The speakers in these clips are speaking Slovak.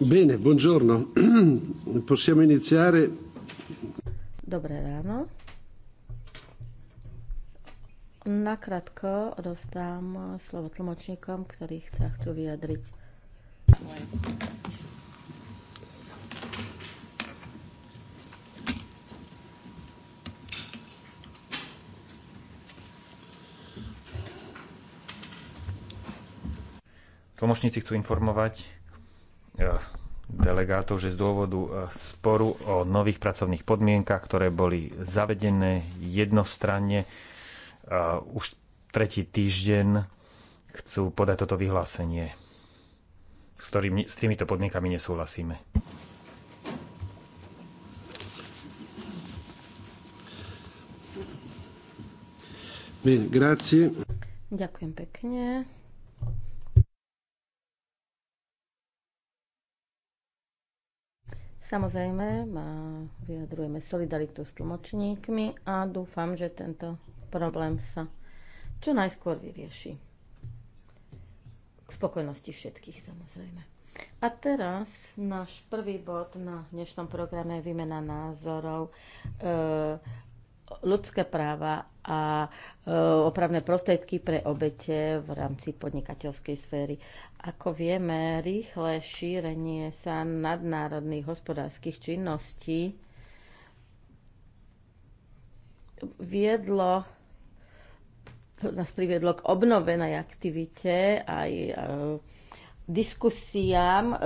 Bene, buongiorno. Possiamo iniziare. Dobré ráno. Nakrátko odovzdám slovo tlmočníkom, ktorí sa chcú vyjadriť. Tlmočníci chcú informovať E, delegátov, že z dôvodu e, sporu o nových pracovných podmienkach, ktoré boli zavedené jednostranne, e, už tretí týždeň chcú podať toto vyhlásenie, s, ktorým, s týmito podmienkami nesúhlasíme. Ďakujem pekne. Samozrejme, má, vyjadrujeme solidaritu s tlmočníkmi a dúfam, že tento problém sa čo najskôr vyrieši. K spokojnosti všetkých, samozrejme. A teraz náš prvý bod na dnešnom programe je výmena názorov e, ľudské práva a e, opravné prostriedky pre obete v rámci podnikateľskej sféry. Ako vieme, rýchle šírenie sa nadnárodných hospodárskych činností viedlo nás priviedlo k obnovenej aktivite aj e, diskusiám e,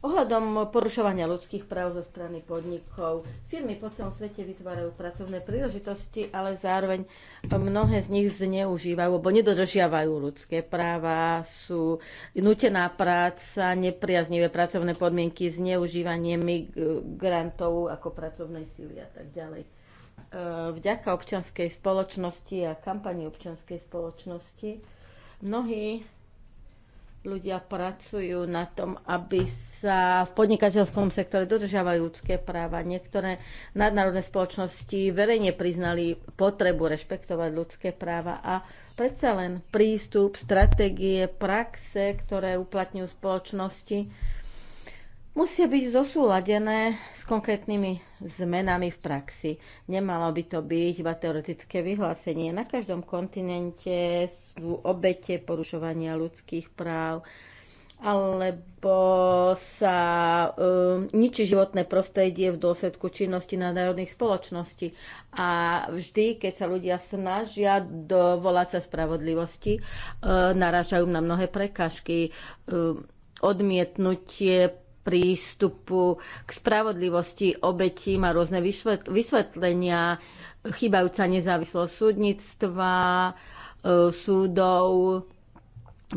Ohľadom porušovania ľudských práv zo strany podnikov, firmy po celom svete vytvárajú pracovné príležitosti, ale zároveň mnohé z nich zneužívajú, alebo nedodržiavajú ľudské práva, sú nutená práca, nepriaznivé pracovné podmienky, zneužívanie migrantov ako pracovnej síly a tak ďalej. E, vďaka občianskej spoločnosti a kampani občianskej spoločnosti mnohí ľudia pracujú na tom, aby sa v podnikateľskom sektore dodržiavali ľudské práva. Niektoré nadnárodné spoločnosti verejne priznali potrebu rešpektovať ľudské práva a predsa len prístup, stratégie, praxe, ktoré uplatňujú spoločnosti, musia byť zosúladené s konkrétnymi zmenami v praxi. Nemalo by to byť iba teoretické vyhlásenie. Na každom kontinente sú obete porušovania ľudských práv, alebo sa um, ničí životné prostredie v dôsledku činnosti nadnárodných spoločností. A vždy, keď sa ľudia snažia dovolať sa spravodlivosti, um, uh, naražajú na mnohé prekažky. Um, odmietnutie prístupu k spravodlivosti obetí má rôzne vysvetlenia, chýbajúca nezávislosť súdnictva, e, súdov,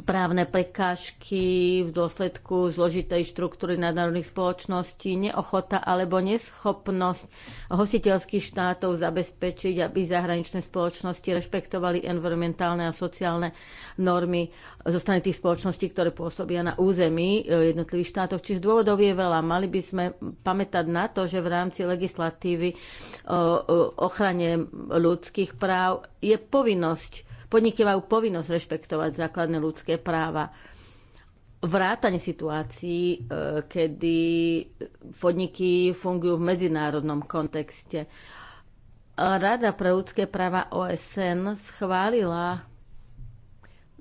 právne prekážky v dôsledku zložitej štruktúry nadnárodných spoločností, neochota alebo neschopnosť hostiteľských štátov zabezpečiť, aby zahraničné spoločnosti rešpektovali environmentálne a sociálne normy zo strany tých spoločností, ktoré pôsobia na území e, jednotlivých štátov. Čiže dôvodov je veľa. Mali by sme pamätať na to, že v rámci legislatívy o e, e, ochrane ľudských práv je povinnosť podniky majú povinnosť rešpektovať základné ľudské práva. Vrátanie situácií, e, kedy podniky fungujú v medzinárodnom kontexte. Rada pre ľudské práva OSN schválila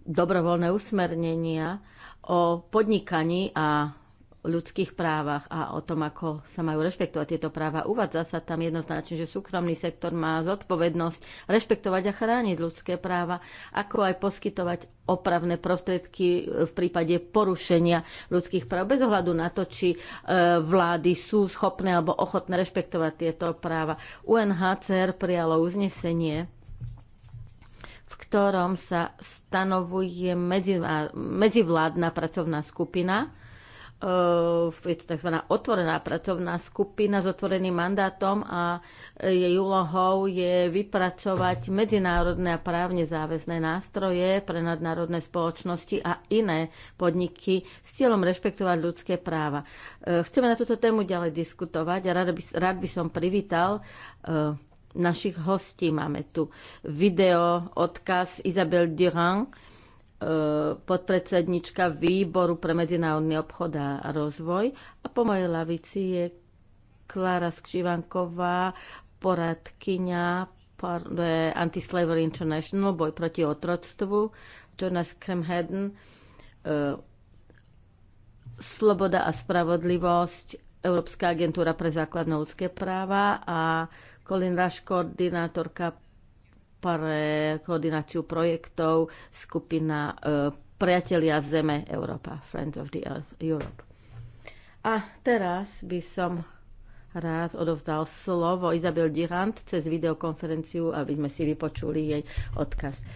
dobrovoľné usmernenia o podnikaní a ľudských právach a o tom, ako sa majú rešpektovať tieto práva. Uvádza sa tam jednoznačne, že súkromný sektor má zodpovednosť rešpektovať a chrániť ľudské práva, ako aj poskytovať opravné prostriedky v prípade porušenia ľudských práv, bez ohľadu na to, či e, vlády sú schopné alebo ochotné rešpektovať tieto práva. UNHCR prijalo uznesenie, v ktorom sa stanovuje medzivládna pracovná skupina, Ehm, je to tzv. otvorená pracovná skupina s otvoreným mandátom a jej úlohou je vypracovať medzinárodné a právne záväzné nástroje pre nadnárodné spoločnosti a iné podniky s cieľom rešpektovať ľudské práva. Ehm, chceme na túto tému ďalej diskutovať a rád by, rád by som privítal ehm, našich hostí. Máme tu video odkaz Isabel Durand, E, podpredsednička výboru pre medzinárodný obchod a rozvoj a po mojej lavici je Klára Skřivanková, poradkyňa e, Anti-Slavery International, boj proti otroctvu, Jonas Kremheden, e, Sloboda a spravodlivosť, Európska agentúra pre základné ľudské práva a Colin Rush, koordinátorka pre koordináciu projektov skupina e, Priatelia Zeme Európa, Friends of the Earth Europe. A teraz by som raz odovzdal slovo Izabel Dirant cez videokonferenciu, aby sme si vypočuli jej odkaz.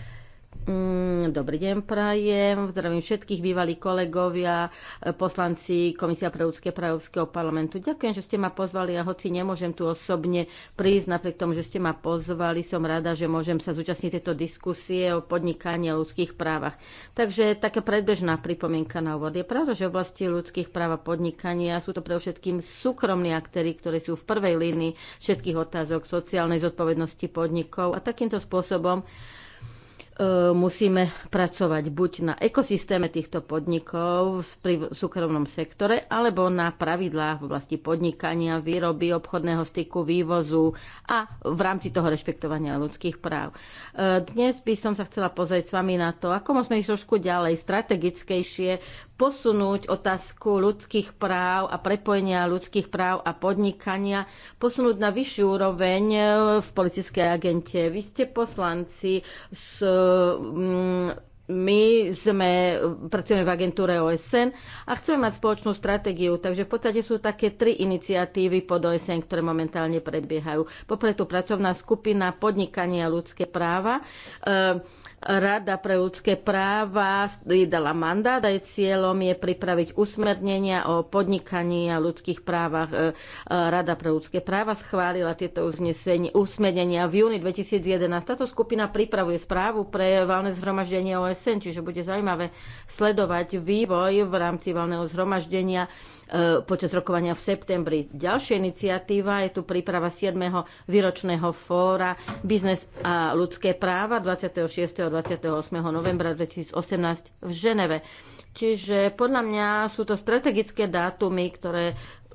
Mm, dobrý deň, prajem. Zdravím všetkých bývalí kolegovia, eh, poslanci Komisia pre ľudské práva parlamentu. Ďakujem, že ste ma pozvali a hoci nemôžem tu osobne prísť, napriek tomu, že ste ma pozvali, som rada, že môžem sa zúčastniť tejto diskusie o podnikaní a ľudských právach. Takže taká predbežná pripomienka na úvod. Je pravda, že v oblasti ľudských práv a podnikania sú to pre všetkým súkromní aktéry, ktorí sú v prvej línii všetkých otázok sociálnej zodpovednosti podnikov a takýmto spôsobom E, musíme pracovať buď na ekosystéme týchto podnikov v súkromnom sektore, alebo na pravidlách v oblasti podnikania, výroby, obchodného styku, vývozu a v rámci toho rešpektovania ľudských práv. E, dnes by som sa chcela pozrieť s vami na to, ako môžeme ísť trošku ďalej, strategickejšie, posunúť otázku ľudských práv a prepojenia ľudských práv a podnikania, posunúť na vyššiu úroveň v politickej agente. Vy ste poslanci z e, my sme, pracujeme v agentúre OSN a chceme mať spoločnú stratégiu, takže v podstate sú také tri iniciatívy pod OSN, ktoré momentálne prebiehajú. Poprvé tu pracovná skupina podnikanie a ľudské práva. E, Rada pre ľudské práva dala mandát a cieľom je pripraviť usmernenia o podnikaní a ľudských právach. E, e, Rada pre ľudské práva schválila tieto usmernenia v júni 2011. Táto skupina pripravuje správu pre valné zhromaždenie OSN OSN, čiže bude zaujímavé sledovať vývoj v rámci valného zhromaždenia e, počas rokovania v septembri. Ďalšia iniciatíva je tu príprava 7. výročného fóra Biznes a ľudské práva 26. a 28. novembra 2018 v Ženeve. Čiže podľa mňa sú to strategické dátumy, ktoré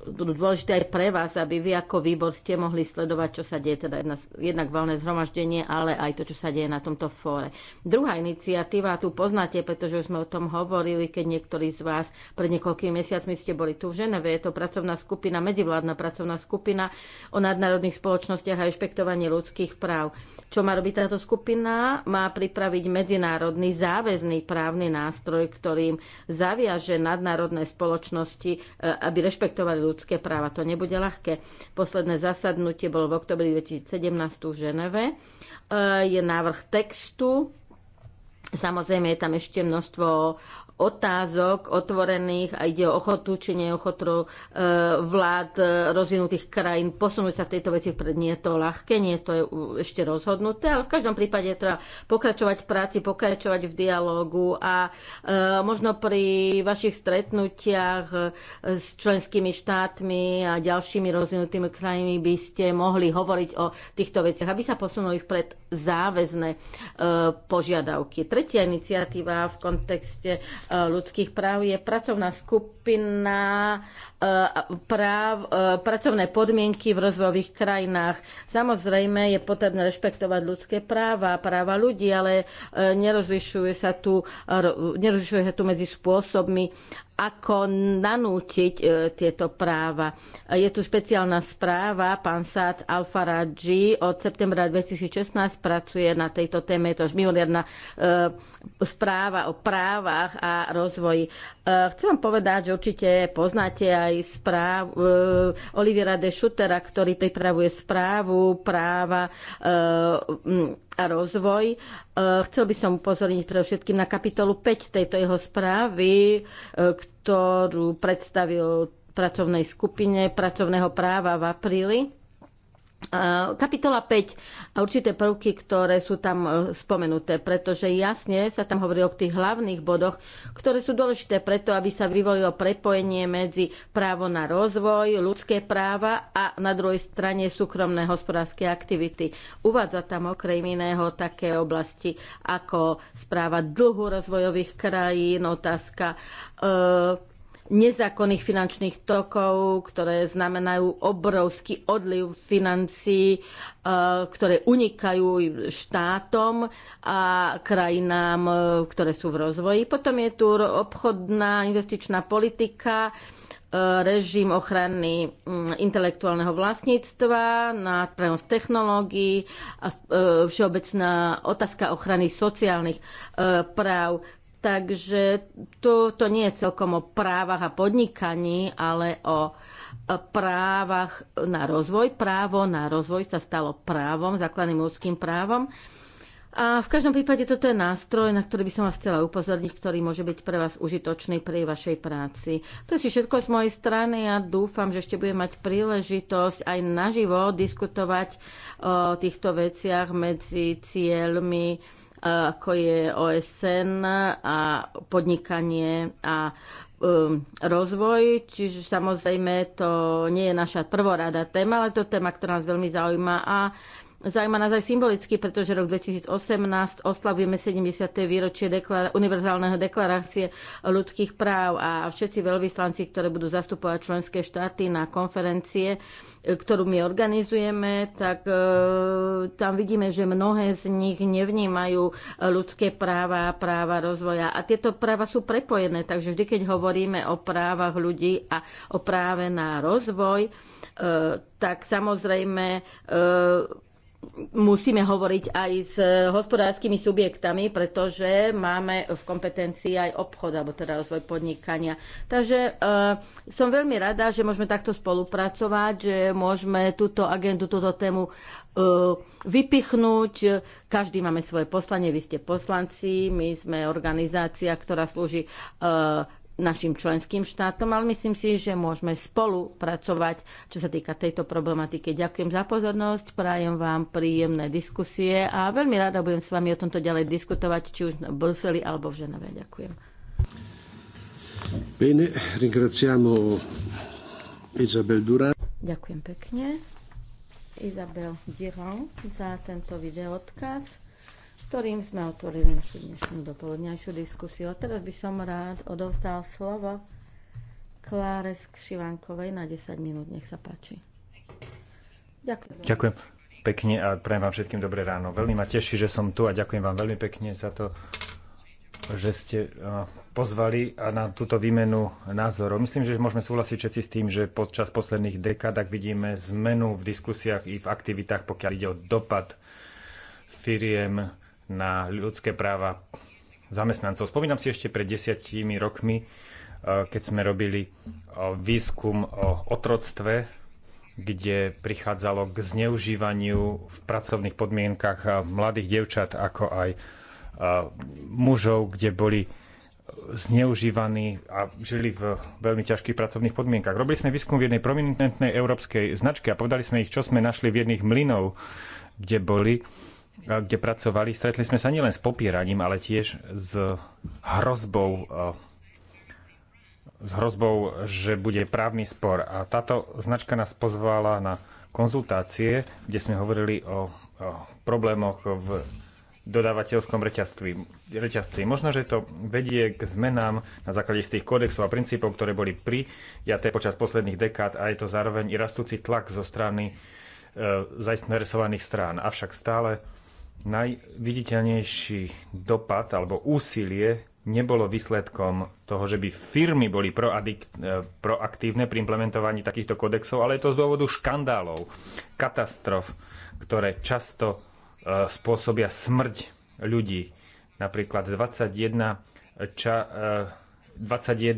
budú dôležité aj pre vás, aby vy ako výbor ste mohli sledovať, čo sa deje, teda jedna, jednak valné zhromaždenie, ale aj to, čo sa deje na tomto fóre. Druhá iniciatíva, tu poznáte, pretože už sme o tom hovorili, keď niektorí z vás pred niekoľkými mesiacmi ste boli tu v Ženeve. Je to pracovná skupina, medzivládna pracovná skupina o nadnárodných spoločnostiach a rešpektovaní ľudských práv. Čo má robiť táto skupina? Má pripraviť medzinárodný záväzný právny nástroj, ktorým zaviaže nadnárodné spoločnosti, e, aby rešpektovali ľudské ľudské práva. To nebude ľahké. Posledné zasadnutie bolo v oktobri 2017 v Ženeve. E, je návrh textu Samozrejme je tam ešte množstvo otázok otvorených a ide o ochotu či neochotu e, vlád e, rozvinutých krajín posunúť sa v tejto veci vpred. Nie je to ľahké, nie je to ešte rozhodnuté, ale v každom prípade treba pokračovať v práci, pokračovať v dialógu a e, možno pri vašich stretnutiach s členskými štátmi a ďalšími rozvinutými krajinami by ste mohli hovoriť o týchto veciach, aby sa posunuli vpred záväzné požiadavky. Tretia iniciatíva v kontexte ľudských práv je pracovná skupina skupina e, práv, e, pracovné podmienky v rozvojových krajinách. Samozrejme je potrebné rešpektovať ľudské práva, práva ľudí, ale e, nerozlišuje sa tu, nerozlišuje sa tu medzi spôsobmi, ako nanútiť tieto práva. Je tu špeciálna správa, pán Sad Alfaradži od septembra 2016 pracuje na tejto téme, je to už mimoriadná správa o právach a rozvoji Eh, chcem vám povedať, že určite poznáte aj správ eh, Olivera de Schutera, ktorý pripravuje správu práva eh, a rozvoj. Chcel by som upozorniť pre všetkým na kapitolu 5 tejto jeho správy, ktorú predstavil pracovnej skupine pracovného práva v apríli E, kapitola 5 a určité prvky, ktoré sú tam e, spomenuté, pretože jasne sa tam hovorí o tých hlavných bodoch, ktoré sú dôležité preto, aby sa vyvolilo prepojenie medzi právo na rozvoj, ľudské práva a na druhej strane súkromné hospodárske aktivity. Uvádza tam okrem iného také oblasti ako správa dlhu rozvojových krajín, otázka e nezákonných finančných tokov, ktoré znamenajú obrovský odliv financí, eh, ktoré unikajú štátom a krajinám, eh, ktoré sú v rozvoji. Potom je tu obchodná investičná politika, eh, režim ochrany mm, intelektuálneho vlastníctva, nad technológií a všeobecná otázka ochrany sociálnych práv. Takže to, to nie je celkom o právach a podnikaní, ale o právach na rozvoj. Právo na rozvoj sa stalo právom, základným ľudským právom. A v každom prípade toto je nástroj, na ktorý by som vás chcela upozorniť, ktorý môže byť pre vás užitočný pri vašej práci. To je si všetko z mojej strany a ja dúfam, že ešte budem mať príležitosť aj naživo diskutovať o týchto veciach medzi cieľmi ako je OSN a podnikanie a um, rozvoj, čiže samozrejme to nie je naša prvorada téma, ale to téma, ktorá nás veľmi zaujíma a Zaujíma nás aj symbolicky, pretože rok 2018 oslavujeme 70. výročie deklar- univerzálneho deklarácie ľudských práv a všetci veľvyslanci, ktoré budú zastupovať členské štáty na konferencie, e, ktorú my organizujeme, tak e, tam vidíme, že mnohé z nich nevnímajú e, ľudské práva a práva rozvoja. A tieto práva sú prepojené, takže vždy, keď hovoríme o právach ľudí a o práve na rozvoj, e, tak samozrejme e, musíme hovoriť aj s hospodárskymi subjektami, pretože máme v kompetencii aj obchod, alebo teda rozvoj podnikania. Takže e, som veľmi rada, že môžeme takto spolupracovať, že môžeme túto agendu, túto tému e, vypichnúť. Každý máme svoje poslanie, vy ste poslanci, my sme organizácia, ktorá slúži e, našim členským štátom, ale myslím si, že môžeme spolupracovať, čo sa týka tejto problematiky. Ďakujem za pozornosť, prajem vám príjemné diskusie a veľmi rada budem s vami o tomto ďalej diskutovať, či už v Bruseli alebo v Ženeve. Ďakujem. Bene, ringraziamo Isabel Durán. Ďakujem pekne. Isabel Diron za tento videoodkaz ktorým sme otvorili našu dnešnú dopoludňajšiu diskusiu. A teraz by som rád odovzdal slovo Kláre Skšivankovej na 10 minút. Nech sa páči. Ďakujem. Ďakujem pekne a prajem vám všetkým dobré ráno. Veľmi ma teší, že som tu a ďakujem vám veľmi pekne za to, že ste pozvali na túto výmenu názorov. Myslím, že môžeme súhlasiť všetci s tým, že počas posledných dekád ak vidíme zmenu v diskusiách i v aktivitách, pokiaľ ide o dopad firiem na ľudské práva zamestnancov. Spomínam si ešte pred desiatimi rokmi, e, keď sme robili e, výskum o otroctve, kde prichádzalo k zneužívaniu v pracovných podmienkach e, mladých dievčat, ako aj mužov, kde boli zneužívaní a žili v veľmi ťažkých pracovných podmienkach. Robili sme výskum v jednej prominentnej európskej značke a povedali sme ich, čo sme našli v jedných mlynov, kde boli kde pracovali, stretli sme sa nielen s popieraním, ale tiež s hrozbou eh, s hrozbou, že bude právny spor. A táto značka nás pozvala na konzultácie, kde sme hovorili o, o problémoch v dodávateľskom reťazství, reťazci. Možno, že to vedie k zmenám na základe z tých kódexov a princípov, ktoré boli prijaté počas posledných dekád a je to zároveň i rastúci tlak zo strany e, zainteresovaných strán. Avšak stále najviditeľnejší dopad alebo úsilie nebolo výsledkom toho, že by firmy boli e, proaktívne pri implementovaní takýchto kodexov, ale je to z dôvodu škandálov, katastrof, ktoré často e, spôsobia smrť ľudí. Napríklad 21, ča, 21 e,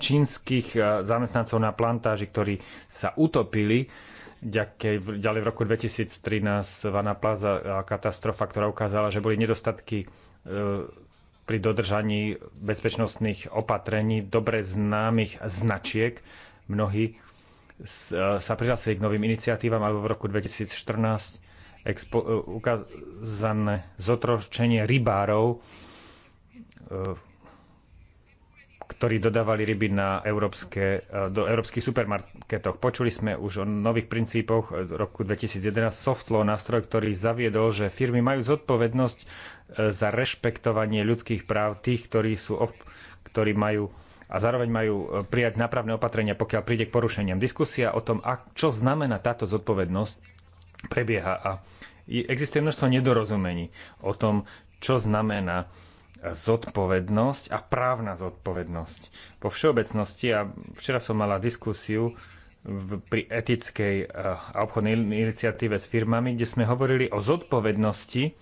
čínskych zamestnancov na plantáži, ktorí sa utopili, ďalej v roku 2013 Vana Plaza katastrofa, ktorá ukázala, že boli nedostatky e, pri dodržaní bezpečnostných opatrení dobre známych značiek. Mnohí e, sa prihlásili k novým iniciatívam alebo v roku 2014 expo- e, ukázané zotročenie rybárov ktorí dodávali ryby na európske, eh, do európskych supermarketoch. Počuli sme už o nových princípoch roku 2011 Softlaw, nástroj, ktorý zaviedol, že firmy majú zodpovednosť eh, za rešpektovanie ľudských práv tých, ktorí, sú, ktorí majú a zároveň majú eh, prijať nápravné opatrenia, pokiaľ príde k porušeniam. Diskusia o tom, čo znamená táto zodpovednosť, prebieha a existuje množstvo nedorozumení o tom, čo znamená zodpovednosť a právna zodpovednosť. Po všeobecnosti, a včera som mala diskusiu v, pri etickej eh, a obchodnej iniciatíve s firmami, kde sme hovorili o zodpovednosti,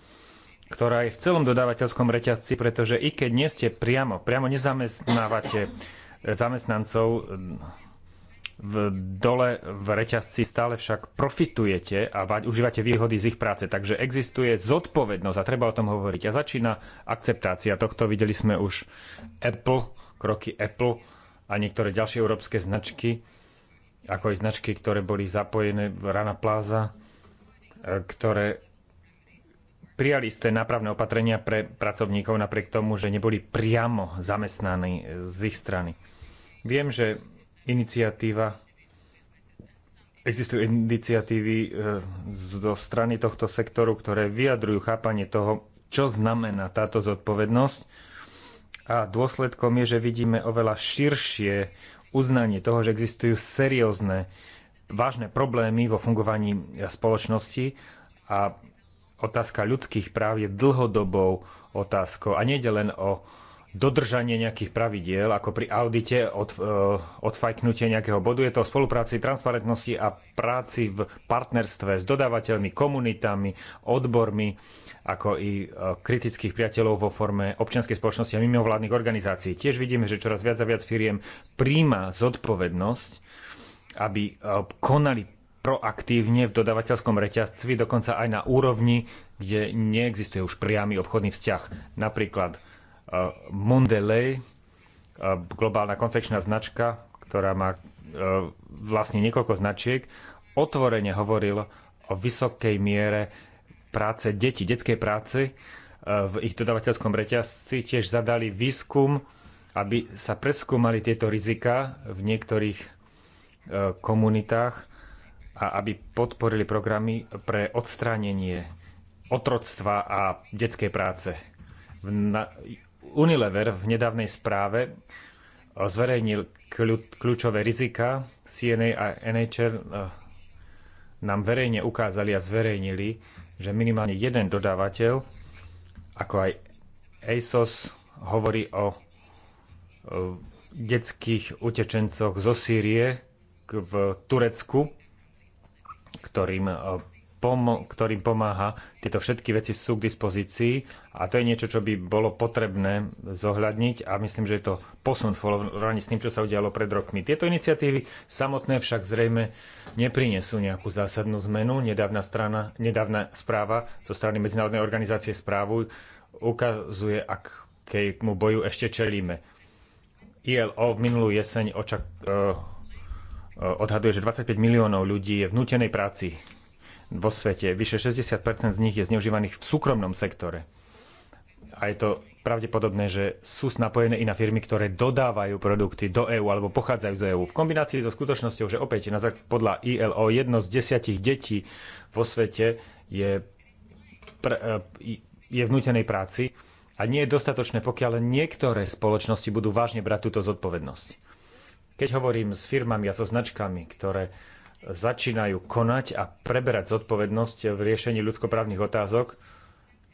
ktorá je v celom dodávateľskom reťazci, pretože i keď nie ste priamo, priamo nezamestnávate eh, zamestnancov v dole v reťazci stále však profitujete a užívate výhody z ich práce. Takže existuje zodpovednosť a treba o tom hovoriť. A začína akceptácia tohto. Videli sme už Apple, kroky Apple a niektoré ďalšie európske značky, ako aj značky, ktoré boli zapojené v Rana Plaza, e, ktoré prijali ste nápravné opatrenia pre pracovníkov napriek tomu, že neboli priamo zamestnaní z ich strany. Viem, že iniciatíva Existujú iniciatívy e, zo strany tohto sektoru, ktoré vyjadrujú chápanie toho, čo znamená táto zodpovednosť. A dôsledkom je, že vidíme oveľa širšie uznanie toho, že existujú seriózne, vážne problémy vo fungovaní e, spoločnosti a otázka ľudských práv je dlhodobou otázkou. A nejde len o dodržanie nejakých pravidiel, ako pri audite, od, e, odfajknutie nejakého bodu. Je to o spolupráci, transparentnosti a práci v partnerstve s dodávateľmi, komunitami, odbormi, ako i e, kritických priateľov vo forme občianskej spoločnosti a mimovládnych organizácií. Tiež vidíme, že čoraz viac a viac firiem príjma zodpovednosť, aby e, konali proaktívne v dodavateľskom reťazci, dokonca aj na úrovni, kde neexistuje už priamy obchodný vzťah. Napríklad uh, globálna konfekčná značka, ktorá má eh, vlastne niekoľko značiek, otvorene hovoril o vysokej miere práce detí, detskej práce v ich dodavateľskom reťazci. Tiež zadali výskum, aby sa preskúmali tieto rizika v niektorých komunitách a aby podporili programy pre odstránenie otroctva a detskej práce. V, na, Unilever v nedávnej správe zverejnil kľúčové rizika. CNA a NHL eh, nám verejne ukázali a zverejnili, že minimálne jeden dodávateľ, ako aj ASOS, hovorí o eh, detských utečencoch zo Sýrie v Turecku, ktorým eh, pomo- ktorým pomáha. Tieto všetky veci sú k dispozícii a to je niečo, čo by bolo potrebné zohľadniť a myslím, že je to posun v porovnaní s tým, čo sa udialo pred rokmi. Tieto iniciatívy samotné však zrejme neprinesú nejakú zásadnú zmenu. Nedávna, strana, nedávna správa zo strany Medzinárodnej organizácie správu ukazuje, akému boju ešte čelíme. ILO v minulú jeseň očak, uh, odhaduje, že 25 miliónov ľudí je v nutenej práci vo svete. Vyše 60 z nich je zneužívaných v súkromnom sektore. A je to pravdepodobné, že sú napojené i na firmy, ktoré dodávajú produkty do EÚ alebo pochádzajú z EÚ. V kombinácii so skutočnosťou, že opäť na, podľa ILO jedno z desiatich detí vo svete je, pr, e, je v nutenej práci a nie je dostatočné, pokiaľ niektoré spoločnosti budú vážne brať túto zodpovednosť. Keď hovorím s firmami a so značkami, ktoré začínajú konať a preberať zodpovednosť v riešení ľudskoprávnych otázok,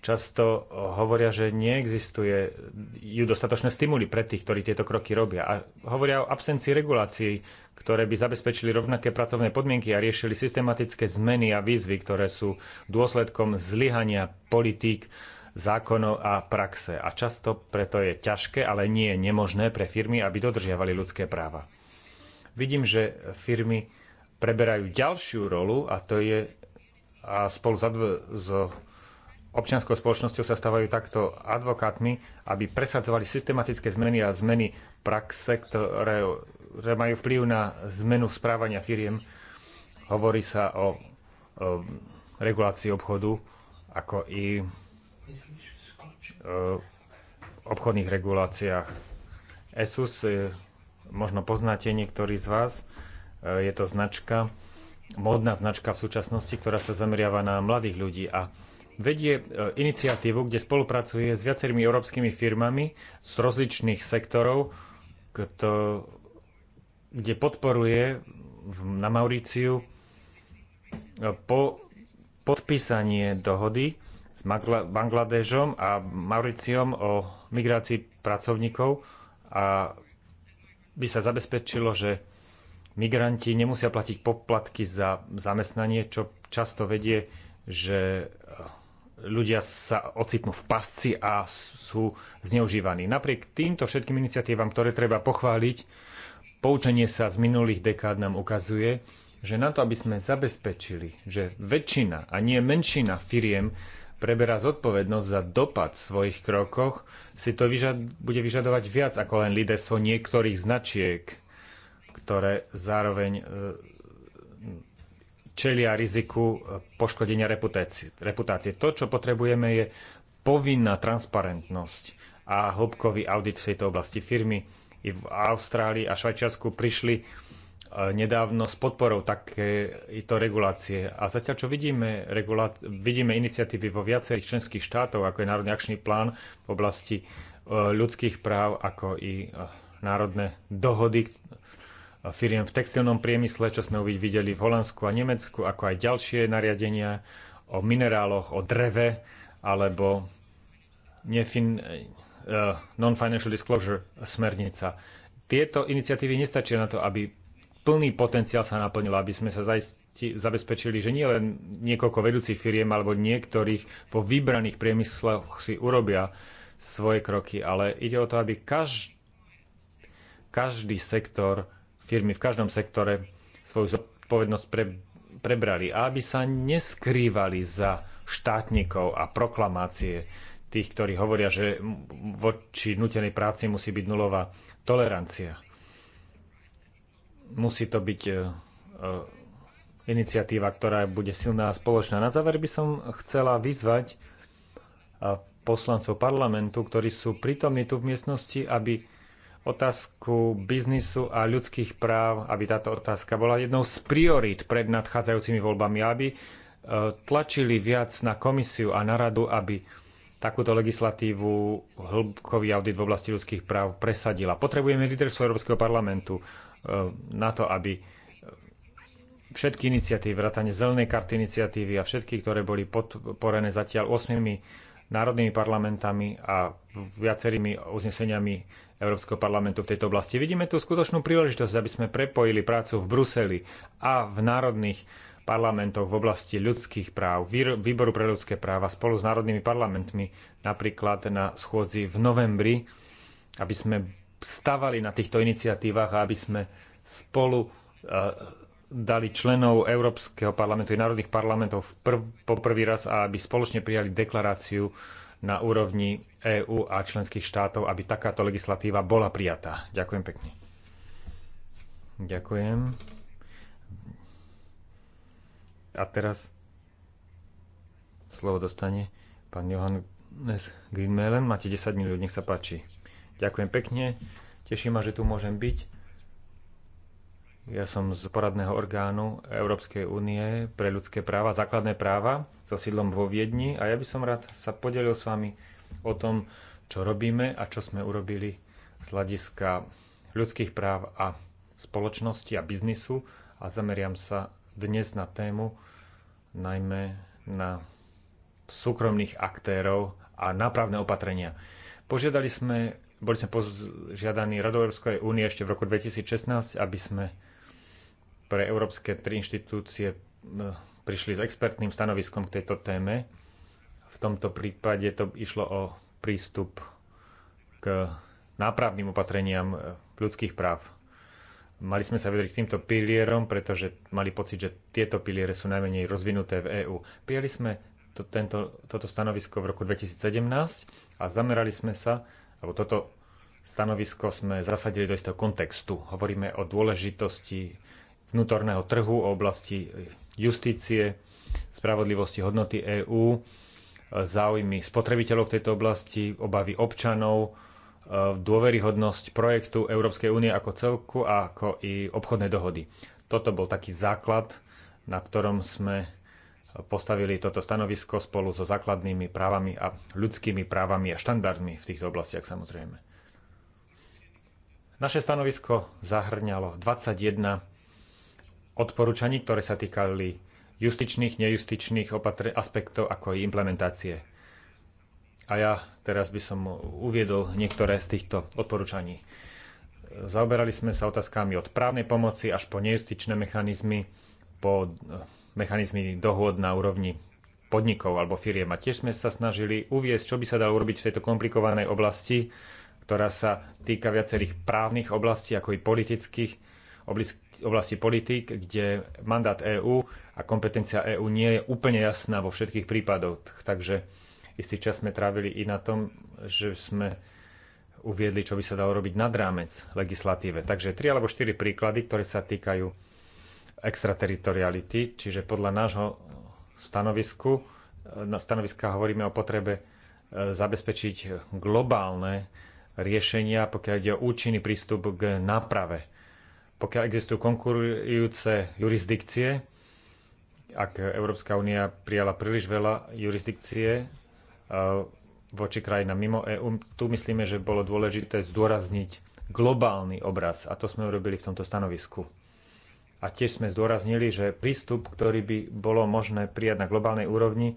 často hovoria, že neexistuje ju dostatočné stimuly pre tých, ktorí tieto kroky robia. A hovoria o absencii regulácií, ktoré by zabezpečili rovnaké pracovné podmienky a riešili systematické zmeny a výzvy, ktoré sú dôsledkom zlyhania politík, zákonov a praxe. A často preto je ťažké, ale nie je nemožné pre firmy, aby dodržiavali ľudské práva. Vidím, že firmy preberajú ďalšiu rolu a to je a spolu s, so občianskou spoločnosťou sa stávajú takto advokátmi, aby presadzovali systematické zmeny a zmeny praxe, ktoré, ktoré majú vplyv na zmenu správania firiem. Hovorí sa o, o regulácii obchodu, ako i o e, obchodných reguláciách. ESUS, e, možno poznáte niektorí z vás, E, je to značka, modná značka v súčasnosti, ktorá sa zameriava na mladých ľudí a vedie e, iniciatívu, kde spolupracuje s viacerými európskymi firmami z rozličných sektorov, kto, kde podporuje v, na Mauriciu e, po podpísanie dohody s Bangladežom a Mauriciom o migrácii pracovníkov a by sa zabezpečilo, že migranti nemusia platiť poplatky za zamestnanie, čo často vedie, že eh, ľudia sa ocitnú v pasci a sú zneužívaní. Napriek týmto všetkým iniciatívam, ktoré treba pochváliť, poučenie sa z minulých dekád nám ukazuje, že na to, aby sme zabezpečili, že väčšina a nie menšina firiem preberá zodpovednosť za dopad v svojich krokoch, si to vyžad- bude vyžadovať viac ako len líderstvo niektorých značiek ktoré zároveň e, čelia riziku e, poškodenia reputácie. reputácie. To, čo potrebujeme, je povinná transparentnosť a hĺbkový audit v tejto oblasti. Firmy i v Austrálii a Švajčiarsku prišli e, nedávno s podporou takéto regulácie. A zatiaľ, čo vidíme, regulá... vidíme iniciatívy vo viacerých členských štátoch, ako je Národný akčný plán v oblasti ľudských práv, ako i národné dohody firiem v textilnom priemysle, čo sme videli v Holandsku a Nemecku, ako aj ďalšie nariadenia o mineráloch, o dreve alebo nefin, uh, non-financial disclosure smernica. Tieto iniciatívy nestačia na to, aby plný potenciál sa naplnil, aby sme sa zaisti, zabezpečili, že nie len niekoľko vedúcich firiem alebo niektorých vo vybraných priemysloch si urobia svoje kroky, ale ide o to, aby každý, každý sektor firmy v každom sektore svoju zodpovednosť pre, prebrali a aby sa neskrývali za štátnikov a proklamácie tých, ktorí hovoria, že voči nutenej práci musí byť nulová tolerancia. Musí to byť e, e, iniciatíva, ktorá bude silná a spoločná. Na záver by som chcela vyzvať e, poslancov parlamentu, ktorí sú prítomní tu v miestnosti, aby otázku biznisu a ľudských práv, aby táto otázka bola jednou z priorít pred nadchádzajúcimi voľbami, aby e, tlačili viac na komisiu a na radu, aby takúto legislatívu hĺbkový audit v oblasti ľudských práv presadila. Potrebujeme líderstvo Európskeho parlamentu e, na to, aby všetky iniciatívy, vrátane zelenej karty iniciatívy a všetky, ktoré boli podporené zatiaľ 8 národnými parlamentami a viacerými uzneseniami Európskeho parlamentu v tejto oblasti. Vidíme tu skutočnú príležitosť, aby sme prepojili prácu v Bruseli a v národných parlamentoch v oblasti ľudských práv, Výboru pre ľudské práva spolu s národnými parlamentmi, napríklad na schôdzi v novembri, aby sme stavali na týchto iniciatívach a aby sme spolu e, dali členov Európskeho parlamentu i národných parlamentov prv, po prvý raz a aby spoločne prijali deklaráciu na úrovni EÚ a členských štátov, aby takáto legislatíva bola prijatá. Ďakujem pekne. Ďakujem. A teraz slovo dostane pán Johannes Greenmelen. Máte 10 minút, nech sa páči. Ďakujem pekne. Teším ma, že tu môžem byť ja som z poradného orgánu Európskej únie pre ľudské práva, základné práva, so sídlom vo Viedni a ja by som rád sa podelil s vami o tom, čo robíme a čo sme urobili z hľadiska ľudských práv a spoločnosti a biznisu a zameriam sa dnes na tému najmä na súkromných aktérov a nápravné opatrenia. Požiadali sme, boli sme požiadaní Radou Európskej únie ešte v roku 2016, aby sme pre európske tri inštitúcie prišli s expertným stanoviskom k tejto téme. V tomto prípade to išlo o prístup k nápravným opatreniam e, ľudských práv. Mali sme sa vedriť k týmto pilierom, pretože mali pocit, že tieto piliere sú najmenej rozvinuté v EÚ. Prijali sme to, tento, toto stanovisko v roku 2017 a zamerali sme sa, alebo toto stanovisko sme zasadili do istého kontextu. Hovoríme o dôležitosti vnútorného trhu, oblasti justície, spravodlivosti hodnoty EÚ, e, záujmy spotrebiteľov v tejto oblasti, obavy občanov, e, dôveryhodnosť projektu Európskej únie ako celku a ako i obchodné dohody. Toto bol taký základ, na ktorom sme postavili toto stanovisko spolu so základnými právami a ľudskými právami a štandardmi v týchto oblastiach samozrejme. Naše stanovisko zahrňalo 21 odporúčaní, ktoré sa týkali justičných, nejustičných opatr- aspektov, ako aj implementácie. A ja teraz by som uviedol niektoré z týchto odporúčaní. Zaoberali sme sa otázkami od právnej pomoci až po nejustičné mechanizmy, po eh, mechanizmy dohôd na úrovni podnikov alebo firiem. A tiež sme sa snažili uviesť, čo by sa dalo urobiť v tejto komplikovanej oblasti, ktorá sa týka viacerých právnych oblastí, ako i politických, oblasti politik, kde mandát EÚ a kompetencia EÚ nie je úplne jasná vo všetkých prípadoch. Takže istý čas sme trávili i na tom, že sme uviedli, čo by sa dalo robiť nad rámec legislatíve. Takže tri alebo štyri príklady, ktoré sa týkajú extrateritoriality, čiže podľa nášho stanovisku, na stanoviska hovoríme o potrebe e, zabezpečiť globálne riešenia, pokiaľ ide o účinný prístup k náprave pokiaľ existujú konkurujúce jurisdikcie, ak Európska únia prijala príliš veľa jurisdikcie e, voči krajinám mimo EÚ, tu myslíme, že bolo dôležité zdôrazniť globálny obraz a to sme urobili v tomto stanovisku. A tiež sme zdôraznili, že prístup, ktorý by bolo možné prijať na globálnej úrovni, e,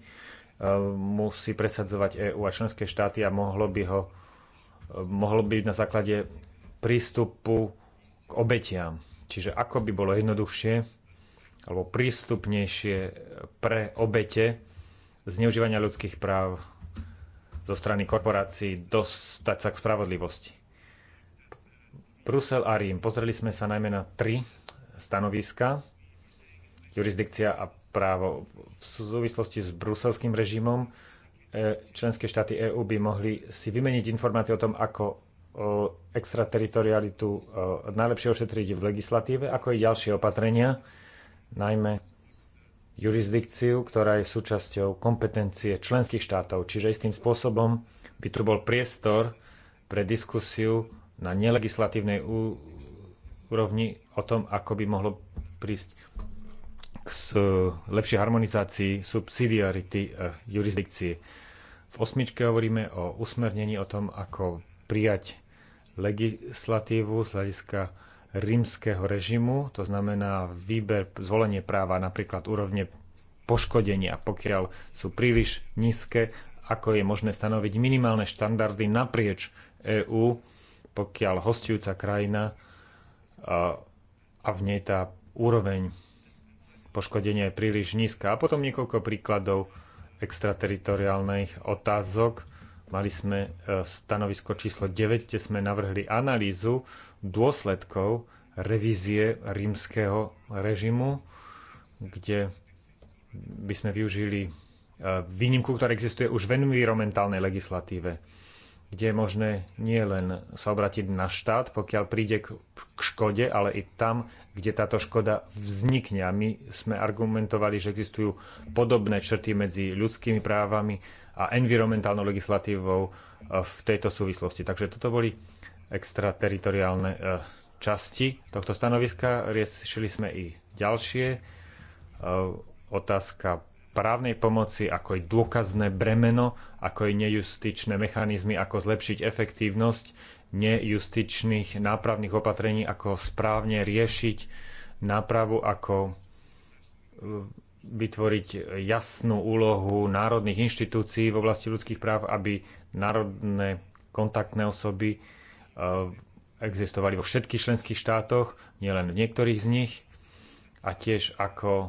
musí presadzovať EÚ a členské štáty a mohlo by ho e, mohlo by na základe prístupu k obetiam. Čiže ako by bolo jednoduchšie alebo prístupnejšie pre obete zneužívania ľudských práv zo strany korporácií dostať sa k spravodlivosti. Brusel a Rím. Pozreli sme sa najmä na tri stanoviska. Jurisdikcia a právo. V súvislosti s bruselským režimom e, členské štáty EÚ by mohli si vymeniť informácie o tom, ako extrateritorialitu najlepšie ošetriť v legislatíve, ako aj ďalšie opatrenia, najmä jurisdikciu, ktorá je súčasťou kompetencie členských štátov. Čiže istým spôsobom by tu bol priestor pre diskusiu na nelegislatívnej úrovni o tom, ako by mohlo prísť k lepšej harmonizácii subsidiarity e, jurisdikcie. V osmičke hovoríme o usmernení o tom, ako prijať legislatívu z hľadiska rímskeho režimu, to znamená výber, zvolenie práva napríklad úrovne poškodenia, pokiaľ sú príliš nízke, ako je možné stanoviť minimálne štandardy naprieč EÚ, pokiaľ hostujúca krajina a, a v nej tá úroveň poškodenia je príliš nízka. A potom niekoľko príkladov extrateritoriálnych otázok, Mali sme e, stanovisko číslo 9, kde sme navrhli analýzu dôsledkov revízie rímskeho režimu, kde by sme využili e, výnimku, ktorá existuje už v environmentálnej legislatíve, kde je možné nielen sa obratiť na štát, pokiaľ príde k škode, ale i tam, kde táto škoda vznikne. A my sme argumentovali, že existujú podobné črty medzi ľudskými právami, a environmentálnou legislatívou e, v tejto súvislosti. Takže toto boli extrateritoriálne e, časti tohto stanoviska. Riešili sme i ďalšie. E, otázka právnej pomoci, ako je dôkazné bremeno, ako je nejustičné mechanizmy, ako zlepšiť efektívnosť nejustičných nápravných opatrení, ako správne riešiť nápravu, ako vytvoriť jasnú úlohu národných inštitúcií v oblasti ľudských práv, aby národné kontaktné osoby e, existovali vo všetkých členských štátoch, nielen v niektorých z nich, a tiež ako e,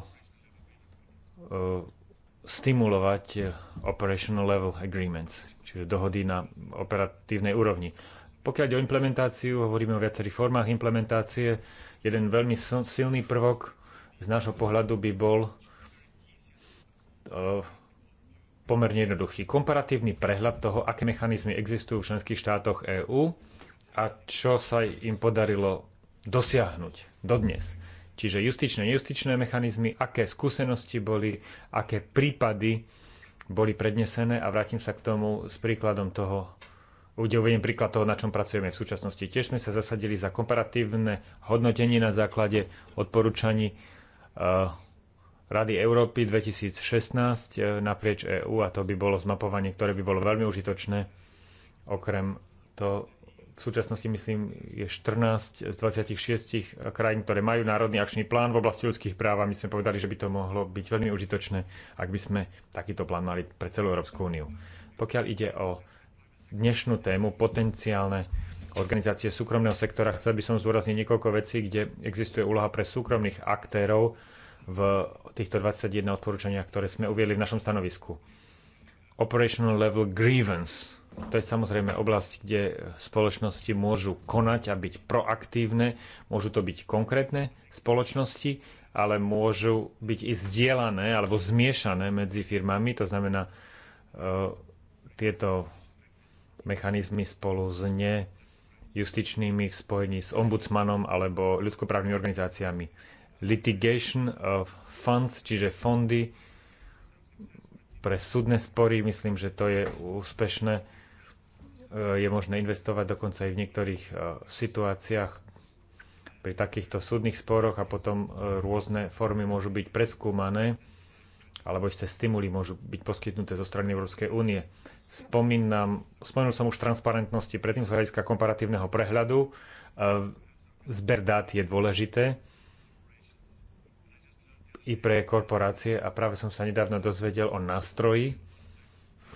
stimulovať operational level agreements, čiže dohody na operatívnej úrovni. Pokiaľ ide o implementáciu, hovoríme o viacerých formách implementácie. Jeden veľmi silný prvok z nášho pohľadu by bol Eh, pomerne jednoduchý. Komparatívny prehľad toho, aké mechanizmy existujú v členských štátoch EÚ a čo sa im podarilo dosiahnuť dodnes. Čiže justičné, nejustičné mechanizmy, aké skúsenosti boli, aké prípady boli prednesené a vrátim sa k tomu s príkladom toho, kde uvediem príklad toho, na čom pracujeme v súčasnosti. Tiež sme sa zasadili za komparatívne hodnotenie na základe odporúčaní uh, Rady Európy 2016 e, naprieč EÚ a to by bolo zmapovanie, ktoré by bolo veľmi užitočné. Okrem to v súčasnosti, myslím, je 14 z 26 krajín, ktoré majú národný akčný plán v oblasti ľudských práv a my sme povedali, že by to mohlo byť veľmi užitočné, ak by sme takýto plán mali pre celú Európsku úniu. Pokiaľ ide o dnešnú tému potenciálne organizácie súkromného sektora, chcel by som zúrazniť niekoľko vecí, kde existuje úloha pre súkromných aktérov v týchto 21 odporúčaniach, ktoré sme uviedli v našom stanovisku. Operational level grievance. To je samozrejme oblasť, kde spoločnosti môžu konať a byť proaktívne. Môžu to byť konkrétne spoločnosti, ale môžu byť i zdieľané alebo zmiešané medzi firmami. To znamená, e, tieto mechanizmy spolu s ne justičnými v spojení s ombudsmanom alebo ľudskoprávnymi organizáciami litigation of funds, čiže fondy pre súdne spory. Myslím, že to je úspešné. E, je možné investovať dokonca aj v niektorých e, situáciách pri takýchto súdnych sporoch a potom e, rôzne formy môžu byť preskúmané alebo ešte stimuly môžu byť poskytnuté zo strany Európskej únie. Spomínam, spomenul som už transparentnosti, predtým z hľadiska komparatívneho prehľadu. Zber dát je dôležité i pre korporácie a práve som sa nedávno dozvedel o nástroji,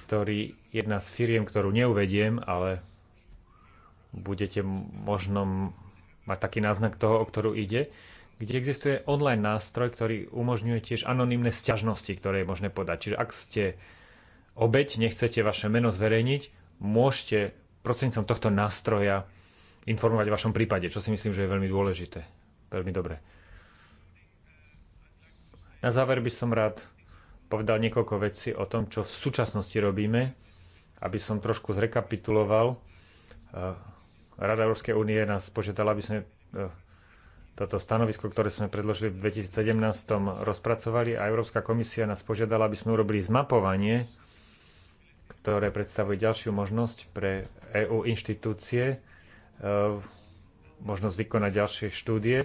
ktorý jedna z firiem, ktorú neuvediem, ale budete možno mať taký náznak toho, o ktorú ide, kde existuje online nástroj, ktorý umožňuje tiež anonimné sťažnosti, ktoré je možné podať. Čiže ak ste obeď, nechcete vaše meno zverejniť, môžete prostrednícom tohto nástroja informovať o vašom prípade, čo si myslím, že je veľmi dôležité. Veľmi dobre. Na záver by som rád povedal niekoľko vecí o tom, čo v súčasnosti robíme, aby som trošku zrekapituloval. Eh, Rada Európskej únie nás požiadala, aby sme eh, toto stanovisko, ktoré sme predložili v 2017, rozpracovali a Európska komisia nás požiadala, aby sme urobili zmapovanie, ktoré predstavuje ďalšiu možnosť pre EU inštitúcie, eh, možnosť vykonať ďalšie štúdie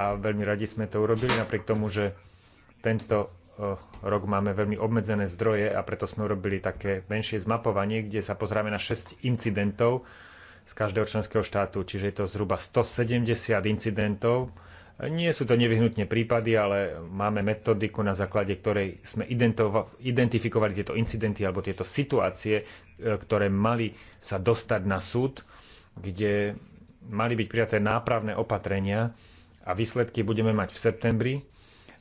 a veľmi radi sme to urobili, napriek tomu, že tento eh, rok máme veľmi obmedzené zdroje a preto sme urobili také menšie zmapovanie, kde sa pozráme na 6 incidentov z každého členského štátu, čiže je to zhruba 170 incidentov. Nie sú to nevyhnutne prípady, ale máme metodiku, na základe ktorej sme identifikovali tieto incidenty alebo tieto situácie, eh, ktoré mali sa dostať na súd, kde mali byť prijaté nápravné opatrenia a výsledky budeme mať v septembri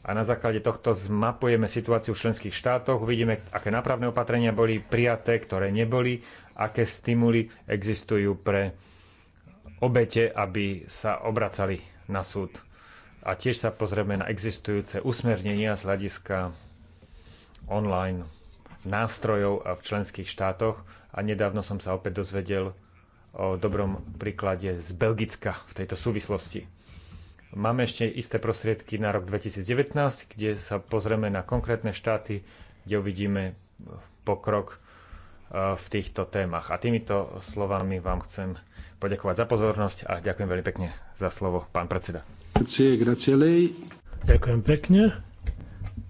a na základe tohto zmapujeme situáciu v členských štátoch, uvidíme, aké nápravné opatrenia boli prijaté, ktoré neboli, aké stimuly existujú pre obete, aby sa obracali na súd. A tiež sa pozrieme na existujúce usmernenia z hľadiska online nástrojov v členských štátoch. A nedávno som sa opäť dozvedel o dobrom príklade z Belgicka v tejto súvislosti. Máme ešte isté prostriedky na rok 2019, kde sa pozrieme na konkrétne štáty, kde uvidíme pokrok e, v týchto témach. A týmito slovami vám chcem poďakovať za pozornosť a ďakujem veľmi pekne za slovo, pán predseda. Ďakujem pekne.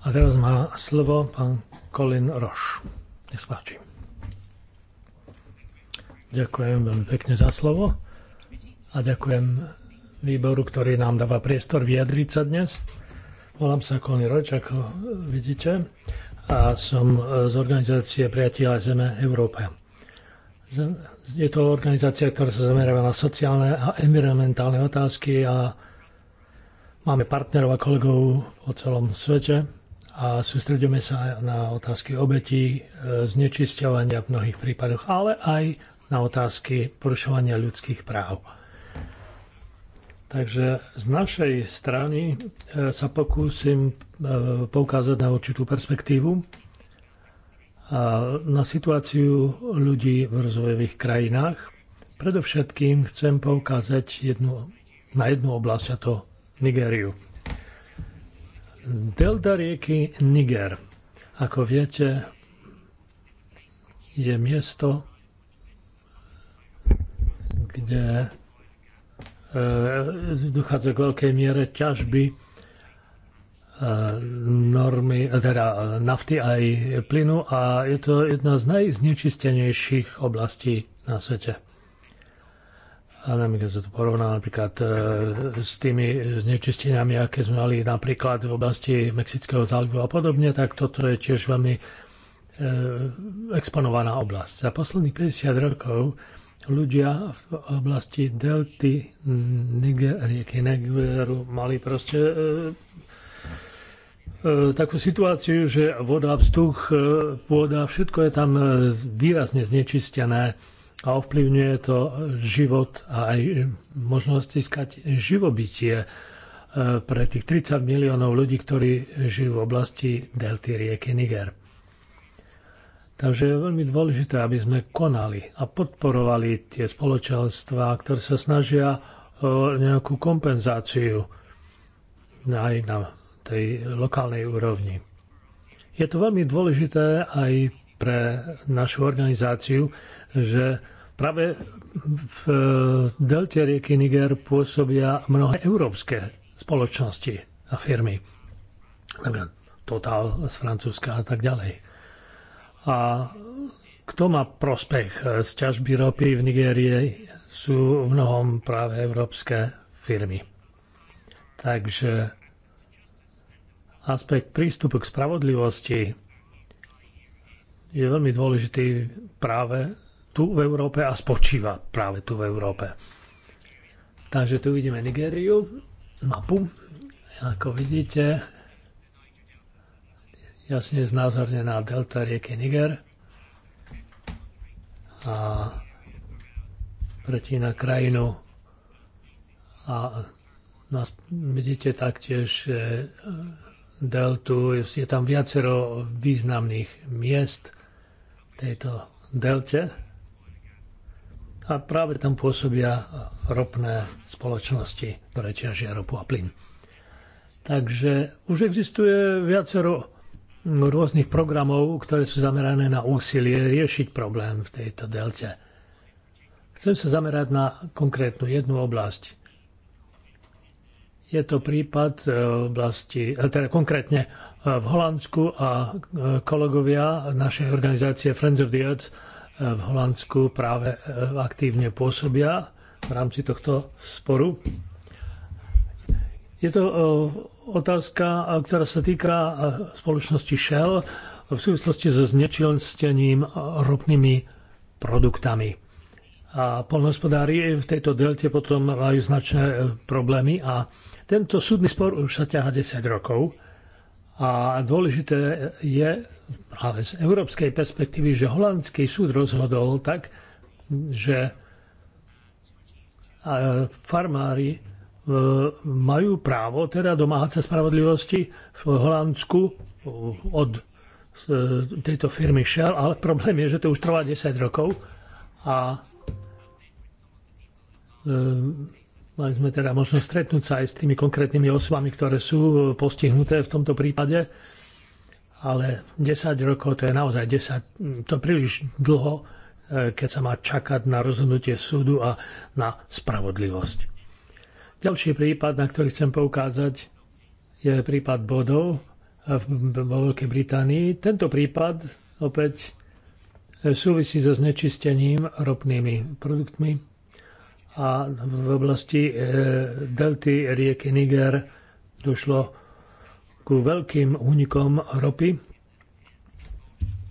A teraz má slovo pán Colin Roš. Nech Ďakujem veľmi pekne za slovo a ďakujem výboru, ktorý nám dáva priestor vyjadriť sa dnes. Volám sa Kony Roč, ako vidíte, a som z organizácie Priatelia Zeme Európa. Je to organizácia, ktorá sa zameriava na sociálne a environmentálne otázky a máme partnerov a kolegov po celom svete a sústredíme sa na otázky obetí, e, znečisťovania v mnohých prípadoch, ale aj na otázky porušovania ľudských práv. Takže z našej strany e, sa pokúsim e, poukázať na určitú perspektívu a na situáciu ľudí v rozvojových krajinách. Predovšetkým chcem poukázať jednu, na jednu oblasť, a to Nigériu. Delta rieky Niger, ako viete, je miesto, kde E, dochádza k veľkej miere ťažby e, normy, e, teda nafty aj plynu a je to jedna z najznečistenejších oblastí na svete. A neviem, keď sa to porovná napríklad s tými znečisteniami, aké sme mali napríklad v oblasti Mexického zálivu a podobne, tak toto je tiež veľmi exponovaná oblasť. Za posledných 50 rokov ľudia v oblasti delty Niger, rieky Nigeru mali proste e, e, takú situáciu, že voda, vzduch, e, pôda, všetko je tam e, výrazne znečistené a ovplyvňuje to život a aj možnosť získať živobytie e, pre tých 30 miliónov ľudí, ktorí žijú v oblasti delty rieky Niger. Takže je veľmi dôležité, aby sme konali a podporovali tie spoločenstvá, ktoré sa snažia o e, nejakú kompenzáciu aj na tej lokálnej úrovni. Je to veľmi dôležité aj pre našu organizáciu, že práve v e, delte rieky Niger pôsobia mnohé európske spoločnosti a firmy. Total z Francúzska a tak ďalej. A kto má prospech z ťažby ropy v Nigérii sú v mnohom práve európske firmy. Takže aspekt prístupu k spravodlivosti je veľmi dôležitý práve tu v Európe a spočíva práve tu v Európe. Takže tu vidíme Nigériu, mapu. Ako vidíte, jasne znázornená delta rieky Niger a pretína krajinu a nás vidíte taktiež deltu, je tam viacero významných miest v tejto delte a práve tam pôsobia ropné spoločnosti, ktoré ťažia ropu a plyn. Takže už existuje viacero rôznych programov, ktoré sú zamerané na úsilie riešiť problém v tejto delte. Chcem sa zamerať na konkrétnu jednu oblasť. Je to prípad e, oblasti, e, teda konkrétne e, v Holandsku a kolegovia našej organizácie Friends of the Earth v Holandsku práve aktívne pôsobia v rámci tohto sporu. Je to e, otázka, e, ktorá sa týka e, spoločnosti Shell v súvislosti so znečilstením ropnými produktami. A polnohospodári v tejto delte potom majú značné problémy a tento súdny spor už sa ťaha 10 rokov. A dôležité je práve z európskej perspektívy, že holandský súd rozhodol tak, že farmári E, majú právo teda domáhať sa spravodlivosti v Holandsku e, od e, tejto firmy Shell, ale problém je, že to už trvá 10 rokov a mali sme teda možnosť stretnúť sa aj s tými konkrétnymi osobami, ktoré sú postihnuté v tomto prípade, ale 10 rokov to je naozaj 10, to príliš dlho, keď sa má čakať na rozhodnutie súdu a na spravodlivosť. Ďalší prípad, na ktorý chcem poukázať, je prípad bodov vo Veľkej Británii. Tento prípad opäť súvisí so znečistením ropnými produktmi a v oblasti e, delty rieky Niger došlo ku veľkým únikom ropy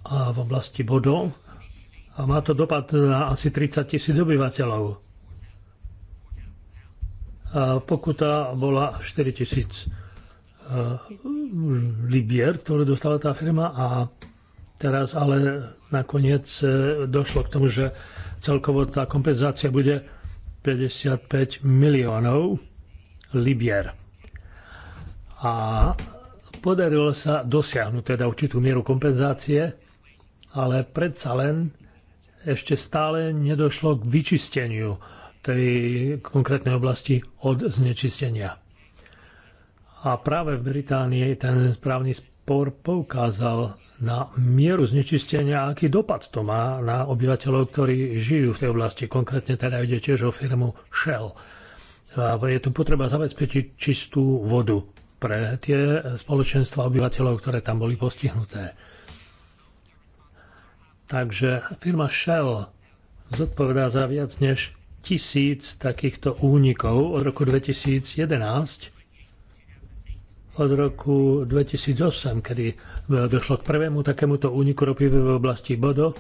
a v oblasti bodov a má to dopad na asi 30 tisíc obyvateľov a pokuta bola 4000 e, libier, ktoré dostala tá firma a teraz ale nakoniec e, došlo k tomu, že celkovo tá kompenzácia bude 55 miliónov libier. A podarilo sa dosiahnuť teda určitú mieru kompenzácie, ale predsa len ešte stále nedošlo k vyčisteniu tej konkrétnej oblasti od znečistenia. A práve v Británii ten správny spor poukázal na mieru znečistenia, aký dopad to má na obyvateľov, ktorí žijú v tej oblasti. Konkrétne teda ide tiež o firmu Shell. A je tu potreba zabezpečiť čistú vodu pre tie spoločenstva obyvateľov, ktoré tam boli postihnuté. Takže firma Shell zodpovedá za viac než tisíc takýchto únikov od roku 2011 od roku 2008, kedy došlo k prvému takémuto úniku ropy v oblasti Bodo.